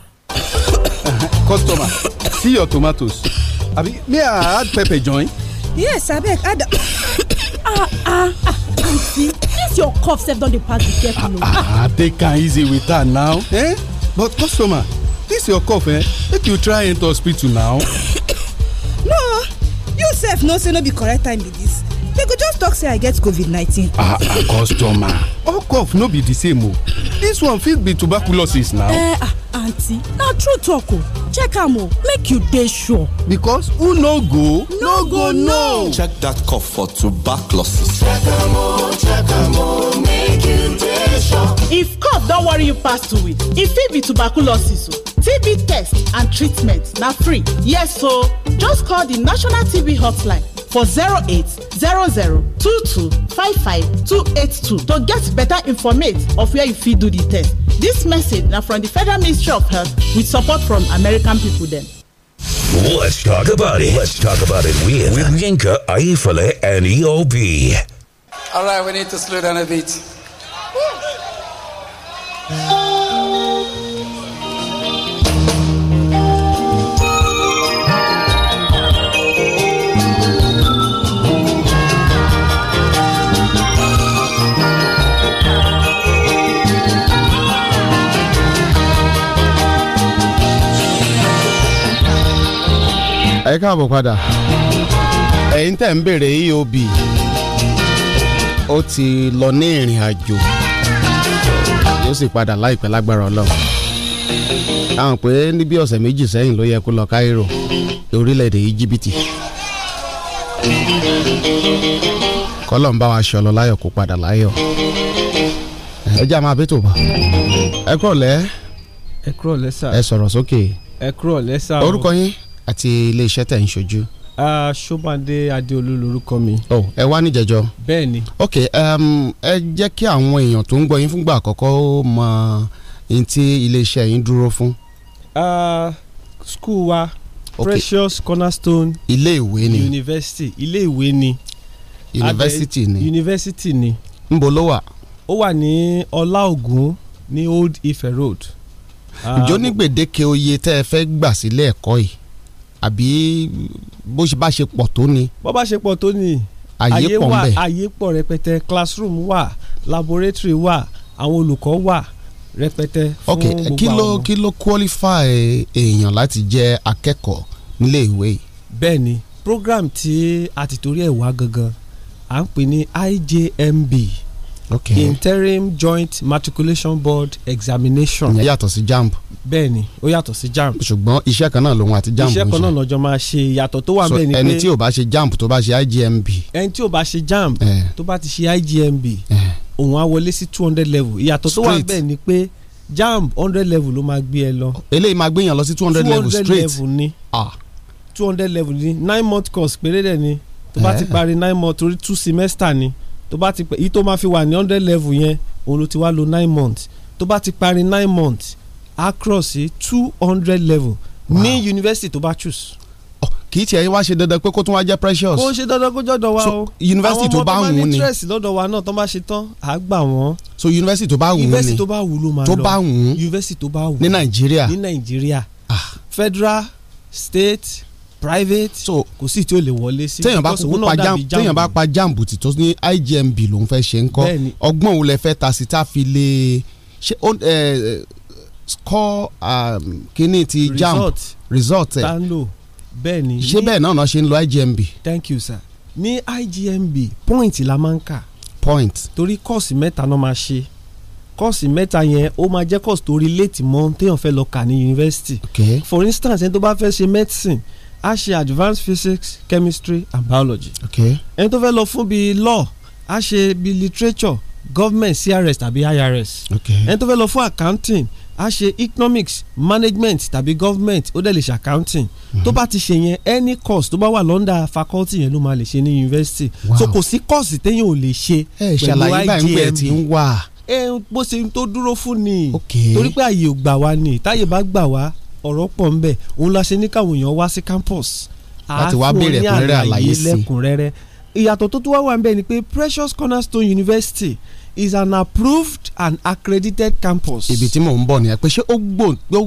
customer see your tomatoes abi may i add pepper join. yes abeg add
ah ah ah aunty this your cough sef don dey pass the get no. ah
ah take am easy with that now eh but customer this your cough eh make you try enter hospital now.
no you sef know say no be correct time be this they go just talk say i get covid nineteen.
ah ah customer all cough no be the same o oh. this one fit be tuberculosis now. Uh,
ah aunty na true talk o check am o make you dey sure because who no go no go know
check dat cough
for tuberculosis check am o check am o make you dey sure if cough don worry you pass two weeks e fit be tuberculosis o tb test and treatment na free yes so just call the national tb hotline for 08002255282 to get better informate of where you fit do the test. This message now from the Federal Ministry of Health with support from American people Then
Let's talk about it. Let's talk about it with, with Yinka, Aifale, and EOB. All right, we need to slow down a bit.
ẹ káàbọ̀ padà. ẹ̀yin tẹ̀ ń eob ó ti lọ ní ìrìn àjò yóò sì padà láìpẹ́ lágbára ọlọ́run àwọn pé ní ọ̀sẹ̀ méjì sẹ́yìn ló yẹ kó lọ Cairo orílẹ̀-èdè íjíbítì kọ́lọ̀ ń bá wa ṣọlọ láyọ̀ kó padà láyọ̀ àti iléeṣẹ́ tẹ̀ ń ṣojú.
Ṣọ́bàdé Adéolú lorúkọ mi. ọ ẹ wá níjẹjọ. bẹ́ẹ̀ni.
ok ẹ jẹ́ kí àwọn èèyàn tó ń gbọ́ yín fúngbà àkọ́kọ́ mọ ohun tí iléeṣẹ́ yín dúró fún.
school wa Precious Cornerstone. ilé ìwé ni university ilé ìwé ni. university ni. university ni. níbo ló wà. ó wà ní Ọláògùn ní Old Ife Road. ǹjọ́ ní gbèdéke oye tẹ́ ẹ fẹ́ gbà sílé ẹ̀kọ́ yìí àbí bó ṣe bá ṣe pọ̀ tó ni. bó bá ṣe pọ̀ tó ni àyè pọ̀ nbẹ̀ àyè pọ̀ rẹpẹtẹ classroom wà laboratory wà àwọn olùkọ́ wà rẹpẹtẹ okay. gbogbo àwọn. ok
kí ló qualify èèyàn láti jẹ́
akẹ́kọ̀ọ́ nílé ìwé. bẹ́ẹ̀ ni program ti torí ẹ̀ wá gangan à ń pè ní IJMB okay. interim joint matriculation board examination. ìyẹn yàtọ̀ sí jamb. bẹ́ẹ̀ni ó yàtọ̀ sí jamb. ṣùgbọ́n iṣẹ́ kan náà
lòun àti jamb ń ṣe. iṣẹ́ kan náà
lọ́jọ́ máa ṣe yàtọ̀ tó wà bẹ́ẹ̀ ni pé. ẹni tí ò bá ṣe jamb tó bá ṣe IJMB. ẹni tí ò bá ṣe jamb tó bá ti ṣe IJMB òun á wọlé sí two hundred level ìyàtọ̀ tó wà bẹ́ẹ̀ ni pé jamb hundred level ló máa gbé ẹ lọ. eléyìí máa gbé yàn lọ sí two hundred level straight. two hundred level ni two hundred level ni nine month course péré dẹ̀ ni tó bá ti parí nine month torí two semester ni tó bá ti pẹ èyí tó máa fi wà ní hundred level yẹn òun ló ti wá lo nine months tó bá ti parí nine months á cross sí two hundred level wow. ní university tó bá choose kì í tiẹ̀ wá ṣe dandan pé kó tún wá jẹ́ precious. kó ṣe dandan kó jọ́dọ̀ wa o. university tó bá wù ú ni àwọn ọmọ tó bá ní stress lọ́dọ̀ wa náà tó bá ṣe tán à gbà wọ́n. so university tó bá wù ú ni university tó bá wù ú ló máa lọ tó bá wù ú university tó bá wù ú ní nàìjíríà ní nàìjíríà ah. federal state private so kò sí tí o lè wọlé sí. téèyàn bá kúkú pa jamb téèyàn bá
pa jamb tí tó ní IJMB ló ń fẹ́ ṣe ń kọ́ ọgbọ́n òun lè fẹ́ ta sí tá a fi lè ṣe score um, kíní ti jamb result
ẹ̀ bẹ́ẹ̀ ni ṣé bẹ́ẹ̀ náà ṣe ń lo IJMB. thank you sir ní IJMB point la máa ń kà. point torí kọ́ọ̀sì mẹ́ta náà máa ṣe kọ́ọ̀sì mẹ́ta yẹn ó máa jẹ́ kọ́ọ̀sì tó relate mọ́ téèyàn fẹ́ lọ kà ní yunifásitì. okay for instance ẹni tó bá fẹ́ ṣe medicine á ṣe advanced physics chemistry and biology. ẹni tó fẹ́ lọ fún bíi law á ṣe bíi literature government CRS tàbí IRS. ẹni tó fẹ́ lọ fún accounting á ṣe economics management tàbí government ó dẹ̀ lè ṣe accounting. Mm -hmm. tó bá ti ṣe yẹn any course tó bá wà lọ́ndà faculty yẹn ló máa lè ṣe ní university. Wow. so kò sí course téyàn ò lè ṣe pẹ̀lú IJMB bó ṣe tó dúró fún ni torí pé àyè ò gbà wá ni táyè bá gbà wá ọ̀rọ̀ pọ̀ ń bẹ òun la ṣe ní káwọn èèyàn wá sí campus láti wá béèrè ẹ̀kúnrẹ́rẹ́ àlàyé sí lẹ́kùnrẹ́rẹ́ ìyàtọ̀ tó tún wá wà ń bẹ ni pé Precious Cornerstone University is an approved and accredited campus. ibi tí mò ń bọ̀ nìyẹn pé ṣé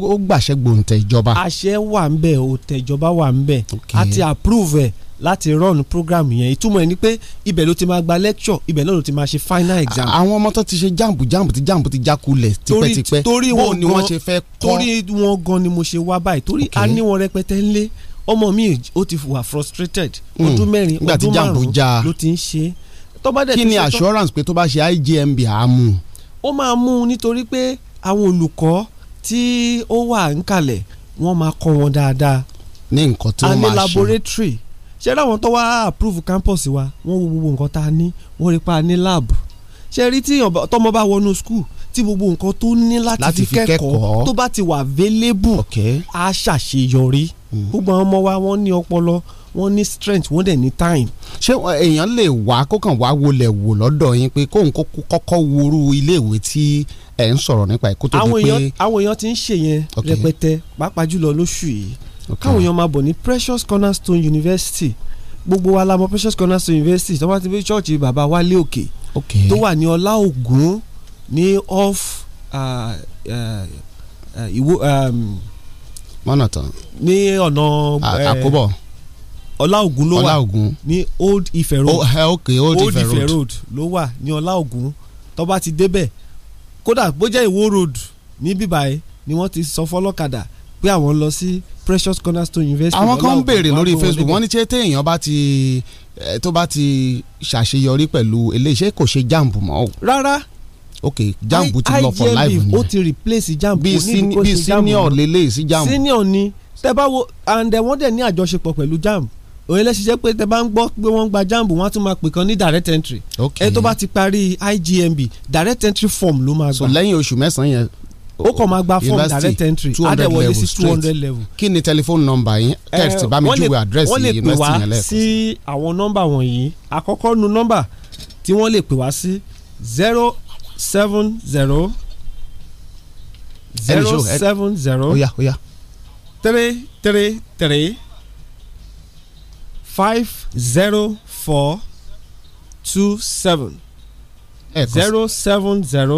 ó gbàṣẹ gbòǹtẹ̀ ìjọba. àṣẹ wà ń bẹ òtẹ̀ ìjọba wà ń bẹ àti approve ẹ̀ láti run program yẹn ìtumọ̀ ẹ̀ ni pé ibẹ̀ ló ti máa gba lecture ibẹ̀ náà ló ti máa ṣe final exam. àwọn ọmọ tó ti ṣe jàǹbù jàǹbù ti jàǹbù ti já kulẹ̀ tipẹ́tipẹ́ bó ni wọ́n ṣe fẹ́ kọ́. torí wọn gan ni mo ṣe wá báyìí torí a ní wọn rẹpẹtẹ ńlé ọmọ mi ó ti wà frustrated hmm. ọdún mẹ́rin ọdún márùn-ún ló ti ń ṣe. kí ni assurance pé tó bá ṣe IJMB á mú un. ó máa mú un nítorí pé àwọn olùkọ́ tí ó wà ń kalẹ̀ wọ́n máa kọ́ wọn dáadáa. ní nǹkan tí wọ́n máa ṣe a ní laboratory ṣe ráwọn tó wá approve campus wa wọ́n wo gbogbo nǹkan tá a ní wọ́n rí pa ní lab ṣe rí tí tọmọ bá wọnú school tí gbogbo nǹkan tó ní láti fi kẹ́kọ̀ọ́ tó bá ti wà available á ṣàṣeyọrí hmm. gbogbo ọmọ wa wọ́n ní ọpọlọ wọ́n ní strength wọ́n dẹ̀ ní time. ṣé èèyàn lè
wá kókàn wá wọlé wò lọ́dọ̀ yín pé kóun kọ́kọ́ wúru iléèwé tí ẹ̀ ń sọ̀rọ̀ nípa ẹ̀kú tó di pé.
àwọn èèyàn ti ń ṣe yẹn rẹpẹtẹ pàápàá jùlọ lóṣù yìí káwọn èèyàn máa bọ̀ ní Precious Cornerstone University gbogbo wa la mọ̀ Precious Cornerstone University tó bá ti fi ṣọ́ọ̀ṣì bàbá Wálé Òkè tó wà ní Ọlá Ògún ní off ìwó mọ́nà tán ní ọ̀nà eh, àkóbọ̀ ọlá ògùn ló wà ní old ife road oh, eh, okay, old, old ife road, road ló wà ní ọlá ògùn tó bá ti débẹ̀ kódà bó jẹ́ ìwó road ní bíbá yìí ni wọ́n ti sọ fọ́lọ́kadà pé àwọn lọ sí Precious Cornerstone University. àwọn kan ń béèrè lórí Facebook wọ́n
ní ṣé téèyàn bá ti tó bá ti ṣàṣeyọrí pẹ̀lú eléyìí kò ṣe jamb mọ́ o. rárá ok jamb ti lọ for e life nìyẹn
ó ti replace jamb bí senior lélẹ̀ sí jamb. senior ni tẹ bá wo and wọ́n dẹ̀ ní àjọṣepọ̀ pẹ̀lú jamb òye lẹ́sìṣẹ́ pé tẹ bá ń gbọ́ pé wọ́n ń gba jamb wọ́n á tún máa pè kan ní direct entry. ok ẹ tó bá ti parí IJMB direct entry form ló máa gbà. so lẹ́yìn oṣù mẹ́sàn-án yẹn ó kàn máa gba form direct entry adẹ̀wọlé sí two hundred level. kí ni telephone
number yín text eh, bá mi júwe address yìí university yẹn lẹ́ẹ̀kan. wọ́n lè pè wá
sí àwọn nọ́mbà wọ̀nyí àkọ́kọ́ nu nọ́mbà tí wọ́n lè pè wá sí zero seven zero zero seven zero three three three five zero four two seven zero seven zero.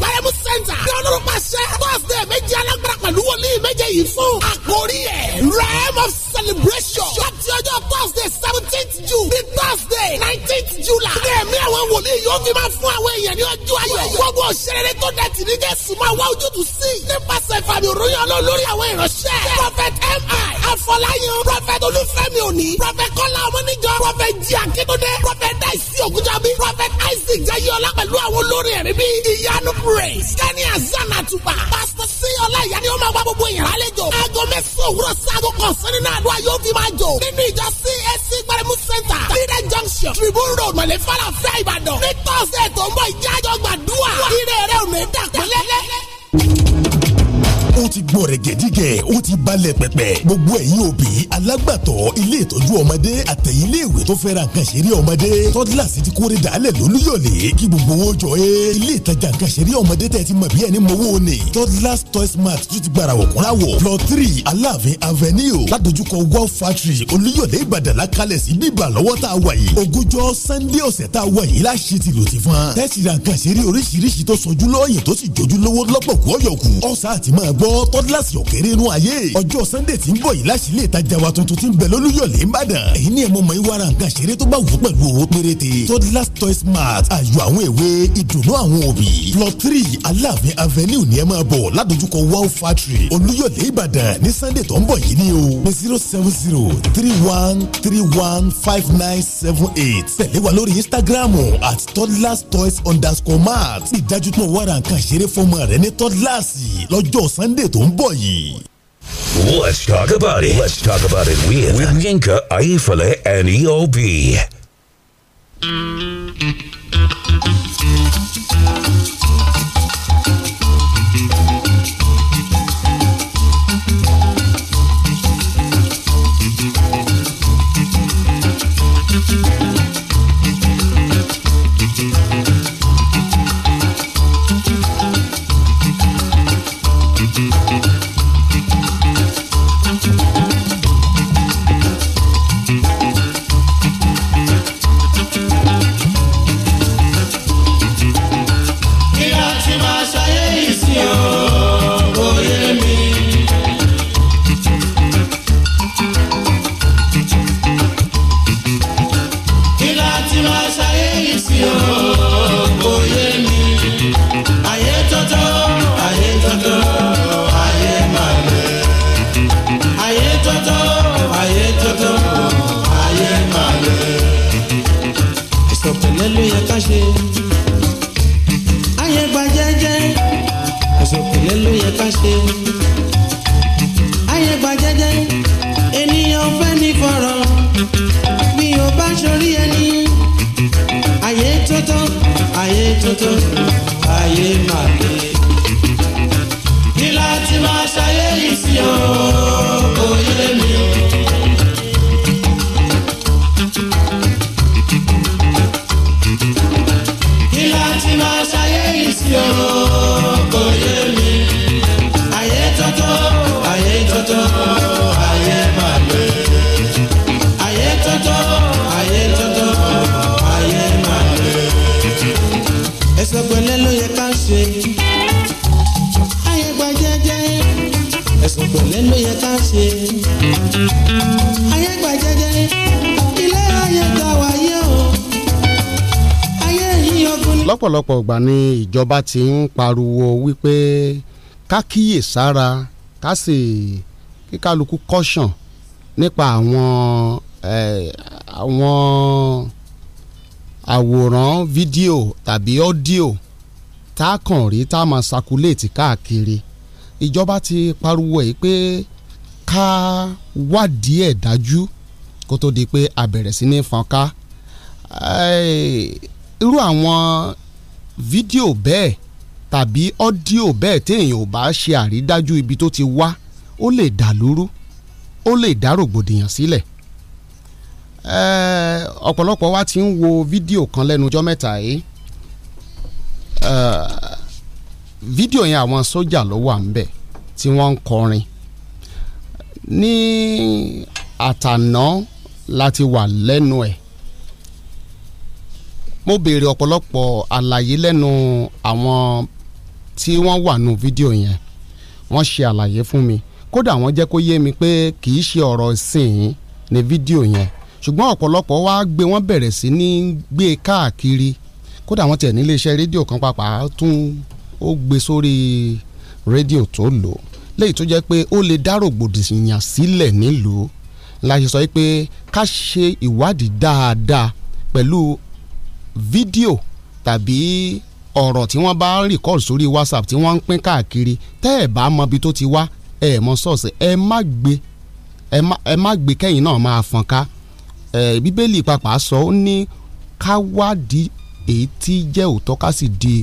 ọlọ́run pàṣẹ. tọ́sídẹ̀ẹ́ méjì alágbára pẹ̀lú yìí fún. àkórí ẹ̀ realm of celebration. láti ọjọ́ thursday seventeenth june ní thursday nineteenth july. ní ẹ̀mí àwọn wòlíì yóò fi máa fún àwọn èèyàn ní ọjọ́ ayọ̀. gbogbo òṣèré tó dẹ̀ tì ní jésù máa wá ojútùú sí. nípasẹ̀ ìfàmì òròyìn ọlọ́run lórí àwọn ìránṣẹ́. prophet mi afọláyàn prophet olúfẹ́mi òní prophet kọ́lá ọmọnìjọ prophet jí akíndúndé prophet daisy ògúnjọbí prophet isaac jayọlá pẹ̀lú àwọn olórin ẹ̀rí bíi ìyanu praise kẹ́ni azan Tuba. pastor sí ọlá ìyá ni ó máa wá gbogbo ìyàrá gbàlejò aago mẹ́sàn-án òwúrọ̀ sago kan sẹ́ni náà ló ayọ́ fi máa jò nínú ìjọ CAC gbaremu center three junction tribune road mọ̀lẹ́ falafel ìbàdàn ní tọ́sídẹ̀ẹ́ tó ń bọ̀ ìjájọ́ gbàdúrà ire rẹ̀ ò ní dàgbẹ́lẹ́
ó ti gbọ̀n rẹ̀ gẹ̀dígẹ̀ ó ti balẹ̀ pẹ̀pẹ̀ gbogbo ẹ̀yin òbí alágbàtọ́ ilé ìtọ́jú ọmọdé àtẹ̀yìnléèwé tó fẹ́ra nǹkan ṣeré ọmọdé tọ́dílàsì ti kórè dàálẹ̀ lólúyọ̀lé kí gbogbo owó jọ ẹ́ ilé ìtajà nǹkan ṣeré ọmọdé tẹ̀ ti mọ̀ bí ẹni mọ̀wó ni tọ́dílàsì toys mart tún ti gbàrà wọ̀kúnráwọ̀ plot three aláàfin avenue ládojúkọ wow factory olúyọ̀lé ìbàdàn lákàlẹ̀ sí bíbà lọ́wọ́ tá a wà yìí ogúnjọ́ sunday ọ̀sẹ̀ tá a wà yìí láṣẹ tìlù ti fún wa tẹ́sí ra nǹkan ṣeré oríṣiríṣi tó sọjú lọ́ọ̀yìn tó sì jójú lówó lọ́pọ̀ kú ọ̀yọ̀kù àti máa gbọ́ toddlers yọ̀kẹ́rẹ́ inú ayé ọjọ́ sunday tí ń bọ̀ yìí láti ilé ìtajà wa tuntun tí ń bẹ lólúyọ̀lé ìbàdàn èyí ni ẹ mọ̀ mọ̀ ìwara nǹkan ṣeré tó bá wù ú pẹ̀lú owó péréte toddlers toys smart ayọ̀ àwọn èwe ìdùnnú àwọn òbí plot three aláàfin avenue ni ẹ máa bọ̀ ládojúkọ wow factory olúyọ̀lé ìbàdàn ní sunday tó ń bọ̀ yìí ni o ní zero seven zero three one three one five nine seven eight tẹ̀lé wa lórí instagram at toddlers toys underscore mart ìdájú tó wàrà nǹkan ṣeré fọmọ rẹ ní toddlers lọ́jọ́ sunday Sunday tó ń bọ̀ yìí.
Let's talk about it. Let's talk about it with, with Yinka Ayefele and EOB. Mm-hmm.
tótó ayé màlẹ́. kí láti máa ṣayé yìí sí o. ayé gbà jẹjẹ ilé ayé gbà wáyé o ayé yìí ogun.
lọ́pọ̀lọpọ̀ ìgbà ni ìjọba ti ń pariwo wípé ká kíyè sára ká sì kíkálukú kọ́ṣàn nípa àwọn àwọn àwòrán fídíò tàbí ọ́díò tá a kàn rí tá a máa ṣàkúlẹ̀tì káàkiri ìjọba ti pariwo ẹ̀ pé ká wádìí ẹ̀ dájú kó tó di pé a sí ní fọ́n irú àwọn fídíò bẹ́ẹ̀ tàbí ọ́díò bẹ́ẹ̀ téèyàn ò bá ṣe àrídájú ibi tó ti wá ó lè dà lúrú ó lè dá rògbòdìyàn sílẹ̀ ọ̀pọ̀lọpọ̀ wa ti ń wo fídíò kan lẹ́nu ọjọ́ mẹ́ta yìí fídíò yẹn àwọn sójà ló wà ń bẹ̀ tí wọ́n ń kọrin ní àtàná láti wà lẹ́nu ẹ̀ mo béèrè ọ̀pọ̀lọpọ̀ àlàyé lẹ́nu àwọn tí wọ́n wà nù fídíò yẹn wọ́n ṣe àlàyé fún mi kódà wọ́n jẹ́ kó yé mi pé kì í ṣe ọ̀rọ̀ ìsìn ní fídíò yẹn ṣùgbọ́n ọ̀pọ̀lọpọ̀ wá gbé wọ́n bẹ̀rẹ̀ sí ní gbé káàkiri kódà wọ́n tẹ̀ nílé rédíò kan pàápàá tún ó gbé sórí rédíò tó lò ó léyìí tó jẹ́ pé ó lè dá rògbòdìyàn sílẹ̀ nílùú la ṣe sọ pé ká ṣe ìwádìí dáadáa pẹ̀lú fídíò tàbí ọ̀rọ̀ tí wọ́n bá record sórí WhatsApp tí wọ́n ń pín káàkiri tẹ́ ẹ̀ bá mọ ibi tó ti wá ẹ̀ mọ sọ́ọ̀sì ẹ má gbé ẹ má gbé kẹ́yìn náà máa fọn ká bíbélì pàápàá sọ ó ní ká wádìí èyí tí jẹ́ òótọ́ ká sì di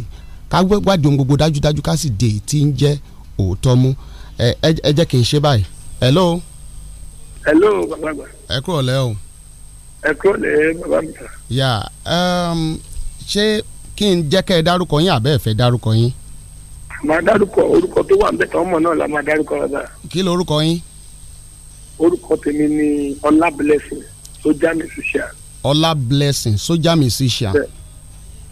ká wádìí ohun gbogbo dájúdájú ká sì di èyí tí ń jẹ́ òótọ́ mú ẹ jẹ́ kì í ṣe báyìí. hello.
hello bàbá àgbà. ẹ kúrò lẹ́ o. ẹ kúrò lẹ́ bàbá mi.
yà um, ṣé kí n jẹ́ kẹ́ ẹ dárúkọ yín àbẹ́ ẹ fẹ́ dárúkọ yín.
màá dárúkọ orúkọ tó wà ń bẹ̀ tán ọmọ náà la máa dárúkọ bàbá. kí ló orúkọ yín. orúkọ tèmi ni ọlá blessing sójà musician.
ọlá blessing sójà musician.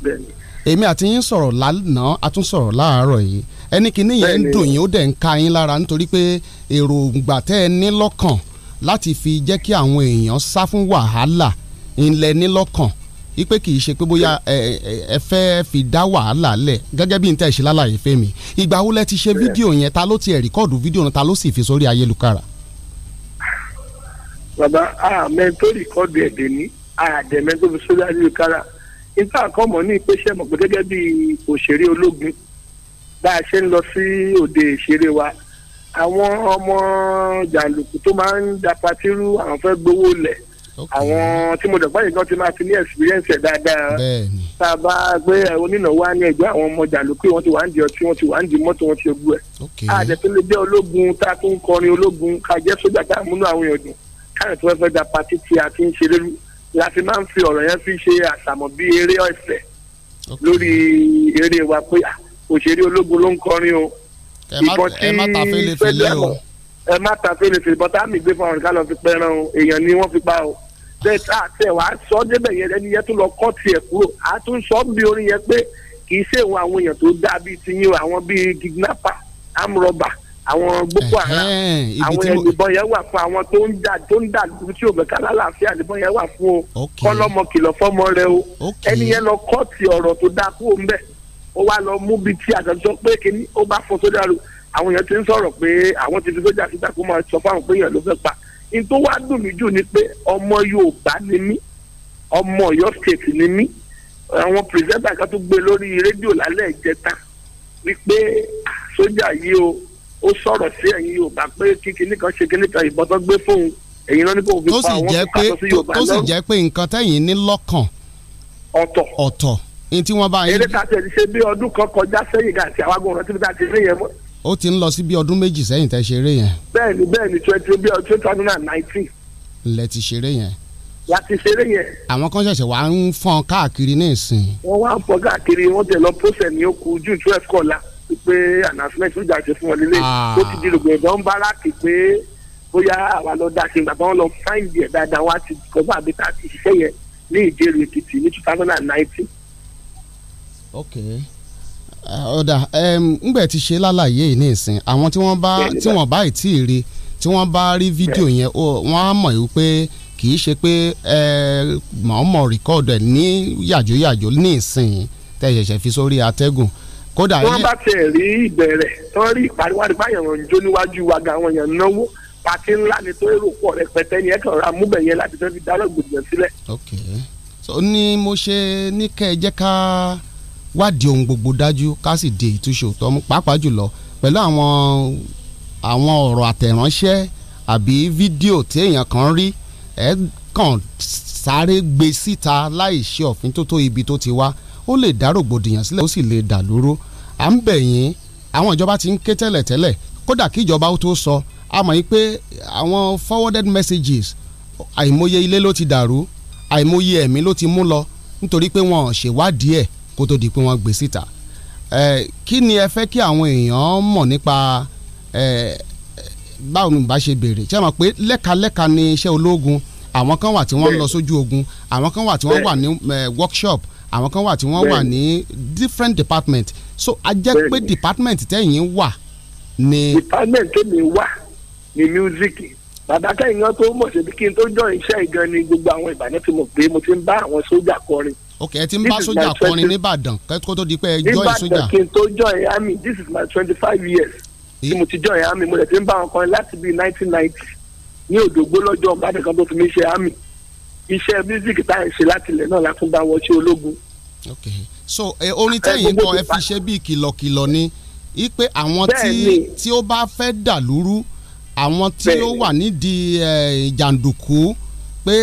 bẹ́ẹ̀ni. èmi àti yín sọ̀rọ̀ lánàá a tún sọ̀rọ̀ láàárọ̀ yìí ẹni kìíní yẹn ń dùn yín ó dẹ̀ ń ka yín lára nítorí pé èròǹgbà tẹ́ ẹ ní lọ́kàn láti fi jẹ́ kí àwọn èèyàn sá fún wàhálà ńlẹ̀ ní lọ́kàn ipe kì í ṣe pé bóyá ẹ fẹ́ fi dá wàhálà lẹ̀ gẹ́gẹ́ bí n tẹ̀ ṣe lálàyé fẹ́mi ìgbà wo lẹ ti ṣe fídíò yẹn ta ló ti ẹ̀ rìkọ́ọ̀dù fídíò náà ta ló sì fi sórí ayélujára.
bàbá àmẹ́ tó rìkọ́ọ̀dù ẹ̀ dè ní tó fi sórí ayélujára nípa àkọ́mọ̀ ní ìpèsè mọ̀ pé gẹ́gẹ́ bí òṣèré ológun bá a ṣe ń lọ sí òde ìṣeré wa àwọn ọmọ jàǹdùkú tó máa ń da patirú àwọn fẹ́ gbowó lẹ̀ àwọn tí mo dọ̀gbọ́n yìí kan ti máa ti ní experience ẹ̀ dáadáa tá a bá gbé onínáwó á ní ẹgbẹ́ àwọn ọmọ jàǹdùkú wọn ti wà ń di ọtí wọn ti wà ń di mọ́tò wọn ti gbú ẹ̀ àdẹ̀tún lè jẹ́ ológun tá a tún kọrin ológun ká jẹ́ sójà tá a múnú àwọn èèyàn dùn káyọ̀ tí wọ́n fẹ́ da patí tí a ti ń ṣeré la fi máa ń fi ọ̀rọ̀ yẹn fi ṣe àṣàmọ̀ bíi eré ọ̀sẹ̀ lórí eré wa pé à òṣèré ológun ló ń kọrin o. ìbọn tí fẹlẹ ẹ má ta fèlèfèlè bọ́tà mi gbé fún àwọn ìkàlọ́ fi pẹ́ràn o èèyàn ni wọ́n fi pa o. bẹ́ẹ̀ tá a tẹ̀ wá sọ débẹ̀ yẹn ẹni yẹn tún lọ kọ́ tiẹ̀ kúrò a tún sọ bí orin yẹn pé kì í ṣe ìwọ àwọn èèyàn tó dáa bíi tiyín o àwọn bíi kidnapper amrọ̀bà àwọn Boko Haram àwọn ẹnìbọn yẹn wà fún àwọn tó ń dà tó ń dà lórí tí òbẹ kálá láàfin àdìbọn yẹn wà fún o kọlọmọ kìlọ̀ fọmọ rẹ o ẹni yẹn lọ kọ́ọ̀tì ọ̀rọ̀ tó dáa kúrò ń bẹ́ẹ̀ ó wá lọ mú bíi tí àjọṣọ pé kíní ó bá fọ sójà lò àwọn èèyàn ti ń sọ̀rọ̀ pé àwọn ti fi sójà síta kó máa sọ fáwọn pé èèyàn ló fẹ́ pa n tó wá dùn mí jù ni pé ọmọ Yorùbá ni mí ọmọ Ọ̀yọ́ state ni mí àwọn pírẹsẹ̀tà kan tó gbé lórí rédíò lálẹ́ ìjẹta wípé sójà yìí o ó sọ̀rọ̀ sí ẹ̀yin Yorùbá pé kí kinní kan ṣe kinní kan ìbọn tó gbé fóun èyí ló ní kó fi pa àwọn kó kàtó sí Yorùbá lọ́rùn. tó sì jẹ́
pé nǹkan tẹ́yìn ní lọ́kàn ọ̀tọ̀
ní tí wọ́n bá yín. eré tàṣẹ ṣe bí ọdún kan kọjá sẹ́yìn gan àti àwọn agbóhùn rántí bí tàṣẹ eré yẹn mọ́.
ó ti ń lọ sí bí ọdún méjì sẹ́yìn tẹ́ ṣe eré yẹn.
bẹ́ẹ̀ni bẹ́ẹ̀ni twenty bí two thousand and nineteen.
lẹ ti ṣeré yẹn.
la ti ṣeré yẹn.
àwọn kan ṣẹ̀ṣẹ̀ wá ń fọn káàkiri ní ìsìn.
wọ́n wá ń fọn káàkiri wọ́n tẹ̀ lọ pósẹ̀ ní okùn june twelve kọ́lá pé announcement ló jà ṣe fún wọn lélẹ̀ ah. ó ti di rògbòdì tó ń bára kì pé bóyá àwa lọ da ṣe gbàgbọ́ lọ fáìndì ẹ̀ dáadáa wá ti kọ́ bá àbí tá a ti ṣiṣẹ́ yẹn ní ìjẹ́rù èkìtì ní two thousand and nineteen
ok ah, ọ̀dà ńgbẹ̀ ti ṣe lálàyé yìí ní ìsìn àwọn tí wọ́n bá tí wọ́n bá ìtì rí tí wọ́n bá rí fídíò yẹn wọ́n á mọ̀ wípé kì í ṣe pé mọ̀ọ́mọ̀ rìkọ́ọ̀dù ẹ̀ ní yàjóyàjó ní ìsìn tẹ̀yẹ̀ṣẹ̀ fi sórí atẹ́gùn kódà yìí. wọ́n bá
tiẹ̀ rí ìbẹ̀rẹ̀ tán rí ìpariwo àdìgbà yẹn jó níwájú wa àwọn yẹn náwó pàtí ńlá ni tó èrò pọ̀ rẹpẹtẹ ni ẹ kàn ra múbẹ̀ láti fẹ́ fi dá lọ́gbọ̀dìyàn sílẹ̀. ok
so ni mo ṣe ní kẹ́ ẹ jẹ́ ká wádìí ohun gbogbo dájú ká sì di ìtúnṣe òótọ́ mú pàápàá jùlọ pẹ̀lú àwọn àwọn ọ̀rọ̀ àtẹ̀ránṣẹ́ àbí fídíò tí èèyàn kan rí ẹ̀ kàn sáré gbé síta láì ṣe òfin tó tó ibi tó ti wá ó lè dá rògbòdìyàn sílẹ̀ ó sì lè dà lóró à ń bẹ̀ yín àwọn ìjọba ti ń ké tẹ́lẹ̀tẹ́lẹ̀ kódà kí ìjọba ó tó sọ a mọ̀ yín pé àwọn forwarded messages àìmọye ilé ló ti dàrú àìmọye ẹ̀mí ló ti mú lọ nítorí pé wọn ò ṣèwádìí ẹ̀ kó tó di pé wọ́n gbé síta kí ni ẹ fẹ́ kí àwọn èèyàn mọ̀ nípa báwo ni bá ṣe béèrè ṣé mọ̀ pé lẹ́kalẹ́ka ni iṣẹ́ ológun àwọn kan wà tí wọ́n lọ sójú ogun àwọn kan wà tí wọ́n wà ní workshop àwọn kan wà tí wọ́n wà ní different department so a jẹ́ pé department tẹ̀yin wà ni.
department tẹ̀mi wà ni music bàbá kẹ́yìn kan tó mọ̀ ṣe bí kí n tó jọ iṣẹ́ ìgan ni gbogbo àwọn ìbànú tí mo gbé mo ti ń bá àwọn sójà kọrin
ok ẹ ti ń bá sójà kọrin nìbàdàn kó tó di pé ẹ jọ ẹ sójà. nìbàdàn kí n
tó jọ ẹ àmì this is my twenty five years tí eh? mo ti jọ ẹ àmì mo lè ti ń bá wọn kọrin láti bíi nineteen ninety ní òdògbó lọ́jọ́ ọ̀gbádùn kan tó fi mí ṣe àmì iṣẹ́ music tá à ń ṣe láti ilẹ̀ náà láti bá wọn ṣe ológun.
ok so orin tẹ̀yìn kan ẹ fi ṣe bíi kìlọ̀kìlọ̀ ni ipe àwọn tí ó bá fẹ́ dàlúrú àwọn tí ó wà nídìí jàǹdùkú pé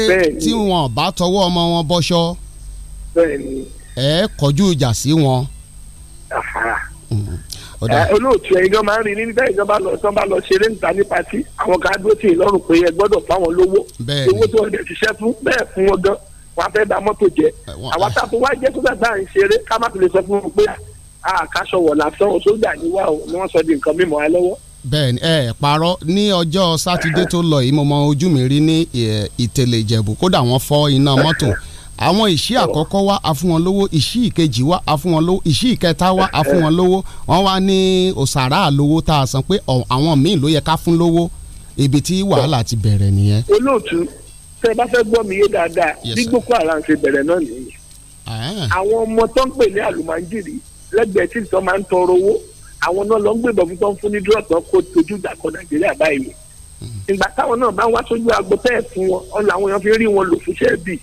tí wọn bá tọwọ́ ọmọ wọn bọ́ṣọ́ bẹ́ẹ̀ni. ẹ kọjú ìjà sí wọn. Mm-hmm. olóòtú
ẹ̀yin gan máa ń rí nígbà ìjọ bá lọ tó bá lọ ṣeré níta ní patí àwọn kan á dúró tì í lọ́rùn pé ẹ gbọ́dọ̀ fáwọn lówó owó tó ọdẹ ṣiṣẹ́ fún bẹ́ẹ̀ fún wọn gan wọn á fẹ́ da mọ́tò jẹ àwọn ah. táàpù wá jẹ́ sódà tá à ń ṣeré ká má fi sọ fún wọn pé àkàṣọwọ̀ làásán sódà ni wà ó ni wọ́n sọ di nǹkan mímọ́ ẹ lọ́wọ́
bẹ́ẹ̀ni ẹ eh, parọ́ ní ọjọ́ sátidé tó lọ yìí mo mọ ojú mi rí ní ìtẹ̀lẹ̀ ìjẹ̀bù kódà wọ́n fọ́ iná mọ́tò àwọn ìṣí àkọ́kọ́ wá a fún wọn lówó ìṣí ìkejì wá a fún wọn lówó ìṣí ìkẹta wá a fún wọn lówó wọ́n wá ní òsàrà lówó tá a san pé àwọn míì ló yẹ ká fún lówó ibi tí wàhálà ti bẹ̀rẹ̀ nìyẹn.
olóòtú tẹ bá fẹ́ gbọ́ mi yé dáadáa bí Boko Haram ṣe bẹ̀rẹ̀ náà nìyẹn àwọn ọmọ tó ń pè ní àlùmájìrì lẹ́gbẹ̀ẹ́ tí ìtàn máa ń tọrọ owó àwọn náà lọ ń gbébọn fún tó ń fún ní dúrọ̀tàn ìgbà táwọn náà bá ń wá sójú agbo tẹ́ ẹ̀ fún wọn ọ̀nà àwọn èèyàn fi rí wọn lò fún iṣẹ́ bì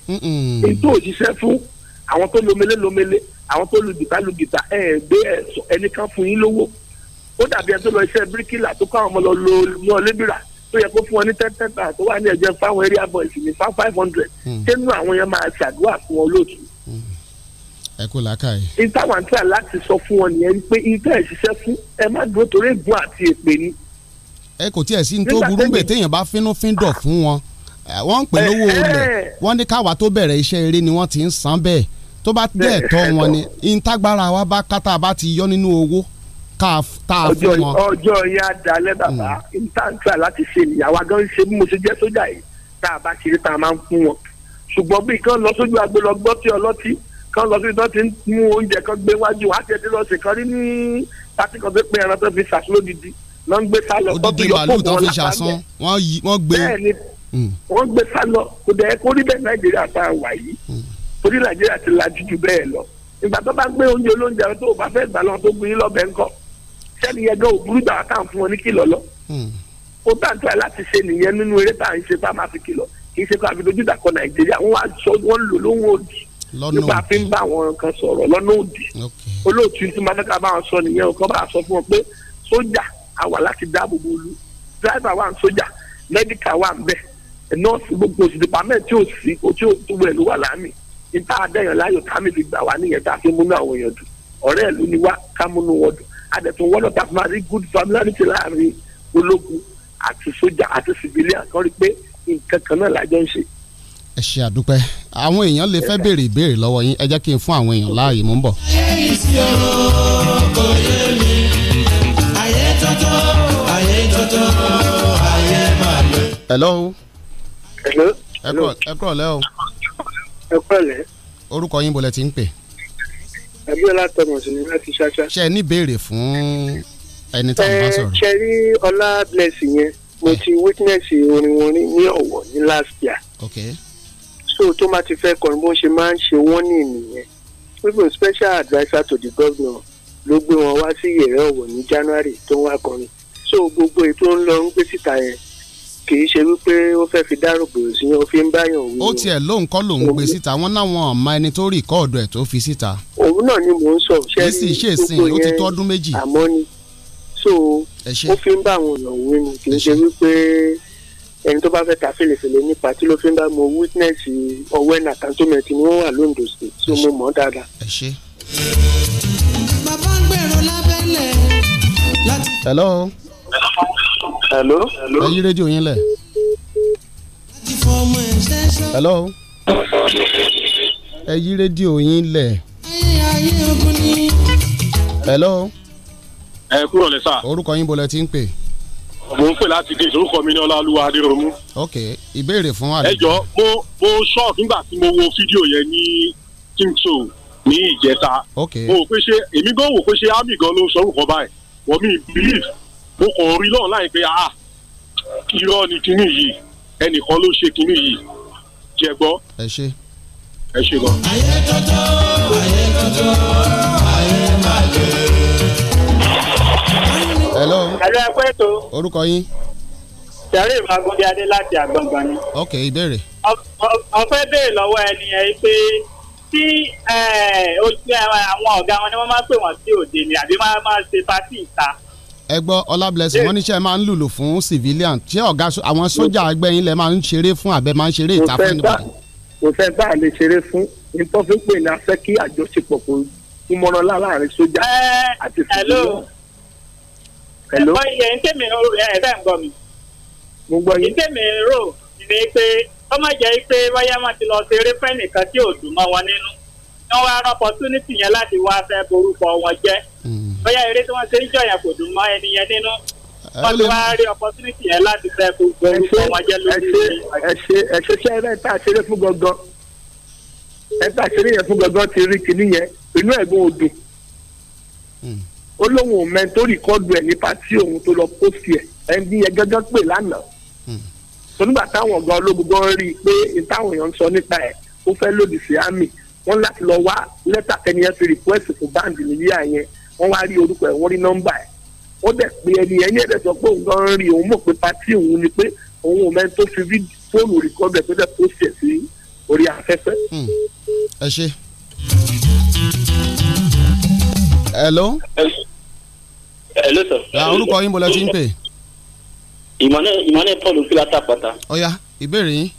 èyí tó òṣìṣẹ́ fún àwọn tó lomele lomele àwọn tó lu gìtá lu gìtá ẹ̀ ẹ̀ gbé ẹnìkan fún yín lówó ó dàbí ẹni tó lọ iṣẹ́ bíríkìlà tó kọ́ àwọn ọmọ lọ lo ní ọlébìrà tó yẹ kó fún wọn ní ten ten thousand tó wà ní ẹ̀jẹ̀ fáwọn area boys ní five five hundred tẹ́nu mm. àwọn yẹn máa ṣàdúrà fún wọn lóòtú mm.
ẹ kò làákàyè.
ìtawàntà láti sọ fún wọn nìyẹn pé ìtẹ́ ìṣiṣẹ́ fún ẹ má dúró torí ìbú àti èpè ni
ẹ kò tiẹ̀ sí tó burú bẹ̀ téèyàn bá fínú fíndọ̀ fún wọn wọ́n ń pè lówó olè wọ́n ní káwa tó bẹ̀rẹ̀ iṣẹ́ eré ni wọ́n ti ń san bẹ́ẹ̀ tó bá dẹ̀ tọ́ wọn ni ìtagbára wa bá kátà bá ti yọ nínú owó tá a fún wọn. ọjọ́
ìyá dalẹ́ bàbá ìtàǹtà hmm. láti ṣe ìyàwó agán ṣe bí mo ṣe jẹ́ sójà yìí tá a bá ṣeré tá a máa ń fún wọn ṣùgbọ́n bí kan lọ sójú agbo gbọ́ tí ọlọ́tí kan lọ síbi tó ń mú oúnjẹ kan gbé wájú wá tẹ́tí lọ́sẹ̀ kan rí ní pátí kan tó pé ẹran tó fi ṣàṣlódìdí náà ń gbé sá lọ. odidi màálù tó fi ṣàsán wọ́n gbé. bẹ́ẹ̀ni hmm. wọ́n gbé sá lọ kò dẹ̀ kó rí bẹ́ẹ̀ nàìjíríà tá a wà yìí hmm. torí nàìjíríà ti lajú ju bẹ́ẹ̀ lọ ìgbà tó bá gbé oúnjẹ olóúnjẹ tó o bá fẹ́ gbà lọ tó gbé yín lọ́bẹ̀ ńkọ́ sẹ́ni yẹn gan òbúrú gbà tá à ń fún wọn ní kìlọ̀ lọ. Hmm. ó tà ń tọ́ ẹ láti ṣe nìyẹn nínú eré tá à ń ṣe bá máa fi kìlọ̀ kì í ṣe kó àfi dojú ìdàkọ nàìjíríà wọ́n wá sọ wọ́n lò lóhùn òdì nípa fi ń bá àwọn kan sọ̀rọ̀ lọ́nà òdì olóòtú tí máa fẹ́ ká bá wọn sọ nìyẹn ò kọ́ bá sọ fún wọn pé sójà àwà láti dáàbò bo olú driver wà ń sójà medical wà ń bẹ nọ́ọ̀sì gbogbo oṣù department tí ò sí ojú òtúbọ̀ ẹ̀ ló wà láàmì níta adéyàn láyò tàmí fi gbà wá níyẹn tá a fi múnú àwọn èèyàn dùn ọ̀rẹ́ ẹ̀ ló ní wá ká wọn dùn adẹ̀tún wọ́n lọ́ta fún wa good familiarity láàrin ológun àti sójà àti civilian kan rí pé nǹkan kan náà lájọ ń ṣe.
ẹ ṣe àdúpẹ́ àwọn èèyàn lè fẹ́ béèrè ìbéèrè lọ́wọ́ yín ẹ jẹ́ kí n fún àwọn èèyàn láàyè mò ń bọ̀.
ṣé ìṣòro kò yé mi
hello. hello. hello. ẹ kúrọ̀ lẹ́ o. ẹ kúrọ̀ lẹ́. orúkọ yín bọ̀lẹ̀ tí ń pè.
abiola
thomas ni láti ṣáṣá.
ṣe ní béèrè fún ẹni tí a bá sọ̀rọ̀.
ṣe rí ọlá blessing yẹn mo ti witness orin wọn ní ọ̀wọ̀ ní last year. okay. so tó máa ti fẹ́ kọrin bó ṣe máa ń ṣe wọ́n ní ìnìyẹn
even special adviser to the governor ló gbé wọn wá sí yẹ̀rẹ́ ọ̀wọ̀ ní january
tó ń wá kọrin so gbogbo ètò ń lọ ń gbé síta yẹn kì í ṣe wípé ó fẹ́ fi dárògbò sí ó fi ń báyàn wí. ó tiẹ̀ lóun
kọ́ lòun gbé síta wọn láwọn ọ̀ma ẹni tó rí kọ́ọ̀dù ẹ̀ tó fi síta. òun náà ni mò ń sọ ṣẹ́ni gbogbo yẹn àmọ́ ni
so ó fi ń bá àwọn èèyàn wí ni kì í ṣe wípé ẹni tó bá fẹ́ ta fèlèfèlè nípa tí ló fi ń bá mo witness ọwọ́ ẹ̀ nàkàntómẹ̀tì ni wọ́n wà lóńdó sí so mo mọ̀ dáadáa
hello. hello. ẹ yí rédíò yín lẹ̀. hello. ẹ yí rédíò yín lẹ̀. hello. ẹ kúrò lẹ sá. orúkọ yín bolẹ ti ń pè.
mo ń pè láti dé orúkọ mi ní ọláluwa adéròmù. ok ìbéèrè fún àlejò. ẹ jọ mo mo ṣọ́ọ̀kì nígbà tí mo wo fídíò yẹn ní kí ní ìjẹta mo wò pé ṣé èmi gan wò pé ṣé ami gan ló ń sọ orúkọ báyìí wọ́n mi believe mo kàn rí lọ́run láì pé ah irọ́ ni kinní yìí ẹnìkan ló ṣe kinní yìí jẹ gbọ́. ẹ ṣe. ẹ ṣe gan. ayé tọ́tọ́ ayé tọ́tọ́ ayé máa lè. hello. hello ẹ tó. orúkọ yín sẹ́rí ìmọ̀gúndé adé láti àgbọ̀ngbọ̀n ni. ok ìbéèrè. ọ̀fẹ́ béèrè lọ́wọ́ ẹni ẹ pé tí eh, eh, àwọn ọ̀gá wọn ni wọ́n máa ń pè wọ́n sí òde ni àbí máa máa ṣe pátì ìta.
ẹ gbọ́ ọlábìlẹ̀sìn wọ́n níṣẹ́ máa ń lùlù fún civilian ṣé ọ̀gá àwọn sójà ẹgbẹ́yìn lẹ máa ń ṣeré fún àbẹ máa ń
ṣeré ìta fún ìbàdàn. kò fẹ́ bá a lè ṣeré fún ní tó fi pè ní a fẹ́ kí àjọṣepọ̀ kò kún mọ́nà láàárín sójà eh, àti civilian. ẹ̀ló ẹ̀ló ìyẹn tèmi rò ó má jẹ́ pé báyà má ti lọ ṣe eré fẹ́ nìkan tí ò dùn mọ́ wọn nínú wọ́n wá rán opportunity yẹn láti wá fẹ́ borúkọ wọn jẹ́ hmm. báyà eré tí wọ́n ṣe ń jọ yẹn kò dùn mọ́ ẹni yẹn nínú wọ́n ti wá rí opportunity yẹn láti fẹ́ borúkọ wọn jẹ́ lórí rẹ̀. ẹ ṣe ẹ ta ṣeré ẹ ta ṣeré yẹn hmm. kọ́ọ̀dù ẹ̀ ní pátí òun tó lọ pósì ẹ̀ ẹ̀ ń bí yẹn pè lánàá. Hmm tó nígbà táwọn ọ̀gá ológun gan rí i pé táwọn èèyàn ń sọ nípa ẹ̀ ó fẹ́ lòdì sí àmì wọ́n láti lọ wá lẹ́tà kẹ́ni ẹ̀ fi rìpọ́ẹ̀sì fún báǹdì nìyíyà yẹn wọ́n wá rí orúkọ ẹ̀ wọ́n rí nọ́mbà ẹ̀ wọ́n dẹ̀ pé ẹni ẹni ẹ̀ dẹ̀ sọ pé òun gan rí òun mọ̀ pé pátì òun ni pé òun ò mẹ́ni tó fi fóònù rìkọ́dẹ̀ tó dẹ̀ pósì ẹ̀ sí orí afẹ́fẹ́. Hmm. ẹ ṣe. hello. hello sir.
Ah, orúkọ yín bọ́lá ti ń pè ìmọ̀lẹ́ ìmọ̀lẹ́ paul filatapata. ọ̀ya oh, ìbéèrè
yín.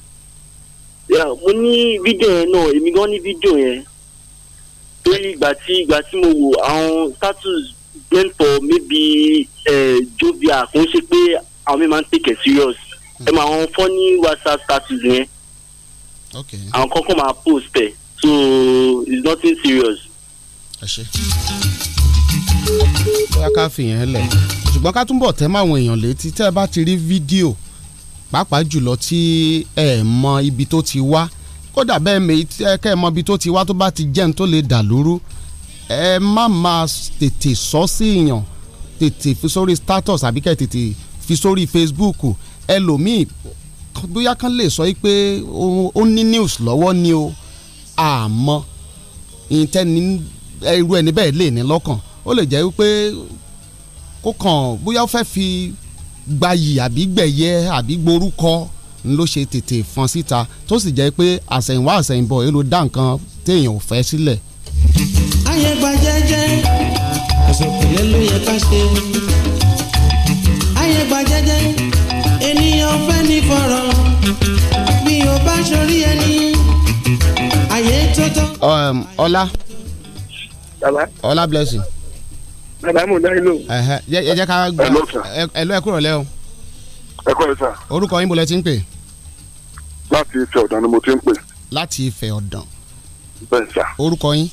yà mo ní fídíò yẹn náà èmi gan ní fídíò yẹn torí ìgbà tí ìgbà tí mo wò àwọn status gbẹ́ntọ̀ maybe jovia kò ń ṣe pé àwọn mi máa ń take it serious hmm. ẹ máa wọn fọ́ ní whatsapp status yẹn àwọn kọ́kọ́ máa post ẹ̀ so it's nothing serious.
ẹ bóyá ká fìyẹn lẹ̀ ṣùgbọ́n ká túnbọ̀ tẹ́ máwọn èèyàn létí tẹ́ ẹ bá ti rí fídíò pàápàá jùlọ tí ẹ mọ ibi tó ti wá kódà bẹ́ẹ̀ mi kẹ́ ẹ mọ ibi tó ti wá tó bá ti jẹun tó lè dà lóru ẹ má máa tètè sọ sí èèyàn tètè fi sórí status àbí kẹ́ ẹ tètè fi sórí Facebook ẹlòmíì bóyá kan lè sọ pé ó ní news lọ́wọ́ ni o àmọ́ ìtẹ́ni irú ẹni bẹ́ẹ̀ lè ní lọ́kàn ó lè jẹ́ wípé kó kàn bóyá ó fẹ́ fi gbayì àbí gbẹ̀yẹ àbí gborúkọ ló ṣe tètè fọn síta tó sì jẹ́ pé àsẹ̀yìnwá àsẹ̀yìnbọ̀ èlò dá nǹkan téèyàn ò fẹ́ sílẹ̀.
ayẹ̀gbà jẹ́jẹ́ àsọ̀kùnlé ló yẹ ká ṣe ayẹ̀gbà jẹ́jẹ́ ènìyàn fẹ́ ní fọ̀rọ̀ bí o bá ṣorí ẹni ayé tó tọ́.
ọlá ọlá blessing
bàbá mo dáhìn lò.
ẹ jẹ́ ká gba ẹ lọ ẹ kúrò lẹ́ o. ẹ kúrò sà. orúkọ yín bolẹ̀ ti ń pè.
láti Ifẹ̀ Ọ̀dàn ni mo ti ń pè.
láti Ifẹ̀ Ọ̀dàn. bẹ́ẹ̀ sà. orúkọ yín.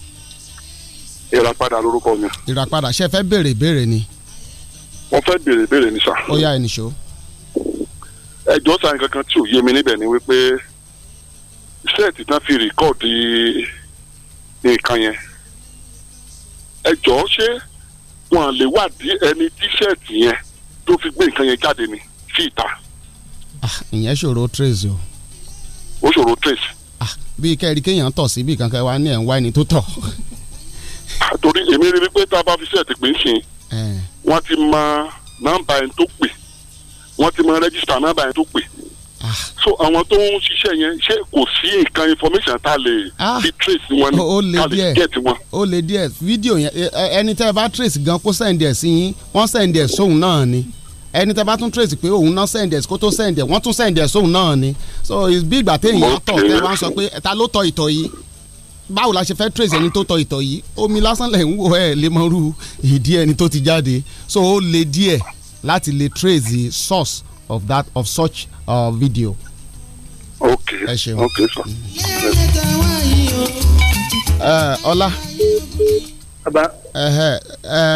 ìràpadà lorúkọ mi.
ìràpadà ṣe fẹ́ béèrè béèrè ni.
wọ́n fẹ́ béèrè béèrè ni sà. ó yá ẹnì ṣó. ẹ jọ sàn kankan tí ò yé mi níbẹ̀ ni wípé sẹ́ẹ̀tì náà fi rìkọ́ọ̀dì nǹkan yẹn ẹ ṣé wọn lè wádìí ẹni tíṣẹ́ẹ̀tì yẹn tó fi gbé nǹkan yẹn jáde ní sí ìta.
Ah, ìyẹn ṣòro trace o.
ó ṣòro trace.
Ah, bí kẹ́rì kéèyàn tọ̀ sí bí kankan wa ní ẹ̀ ń wá ẹni tó tọ̀.
Ah, torí èmi rí i pé tá a bá fi ṣẹ́ẹ̀tì pé ń ṣe eh. wọ́n ti mọ nọ́mbà ẹni tó pè wọ́n ti mọ rẹ́gísítà nọ́mbà ẹni tó pè Ah. so àwọn tó ń ṣiṣẹ́ yẹn ṣé kò sí nǹkan information tá lè ah. fi trace wọn ni ká lè get wọn.
ó lè díẹ̀ fídíò yẹn ẹni tẹ́ ẹ bá trace gan kó send ẹ̀ sí yín wọ́n send ẹ̀ sóhun náà ni ẹni tẹ́ bá tún trace pé òun náà send ẹ̀ kó tó send ẹ̀ wọ́n tún send ẹ̀ sóhun náà ni so bí ìgbà téèyàn tọ̀ tẹ́ bá ń sọ pé ta ló tọ̀ ìtọ̀ yìí báwo la ṣe fẹ́ trace ẹni tó tọ ìtọ̀ yìí omi lásán lẹ̀ ń wò ẹ́ lè mọ irú ìdí ẹni tó ti jáde so ó le díẹ̀ láti lè trace source of that of such uh, video. ok okay, sir. Eh, ọlá. baba.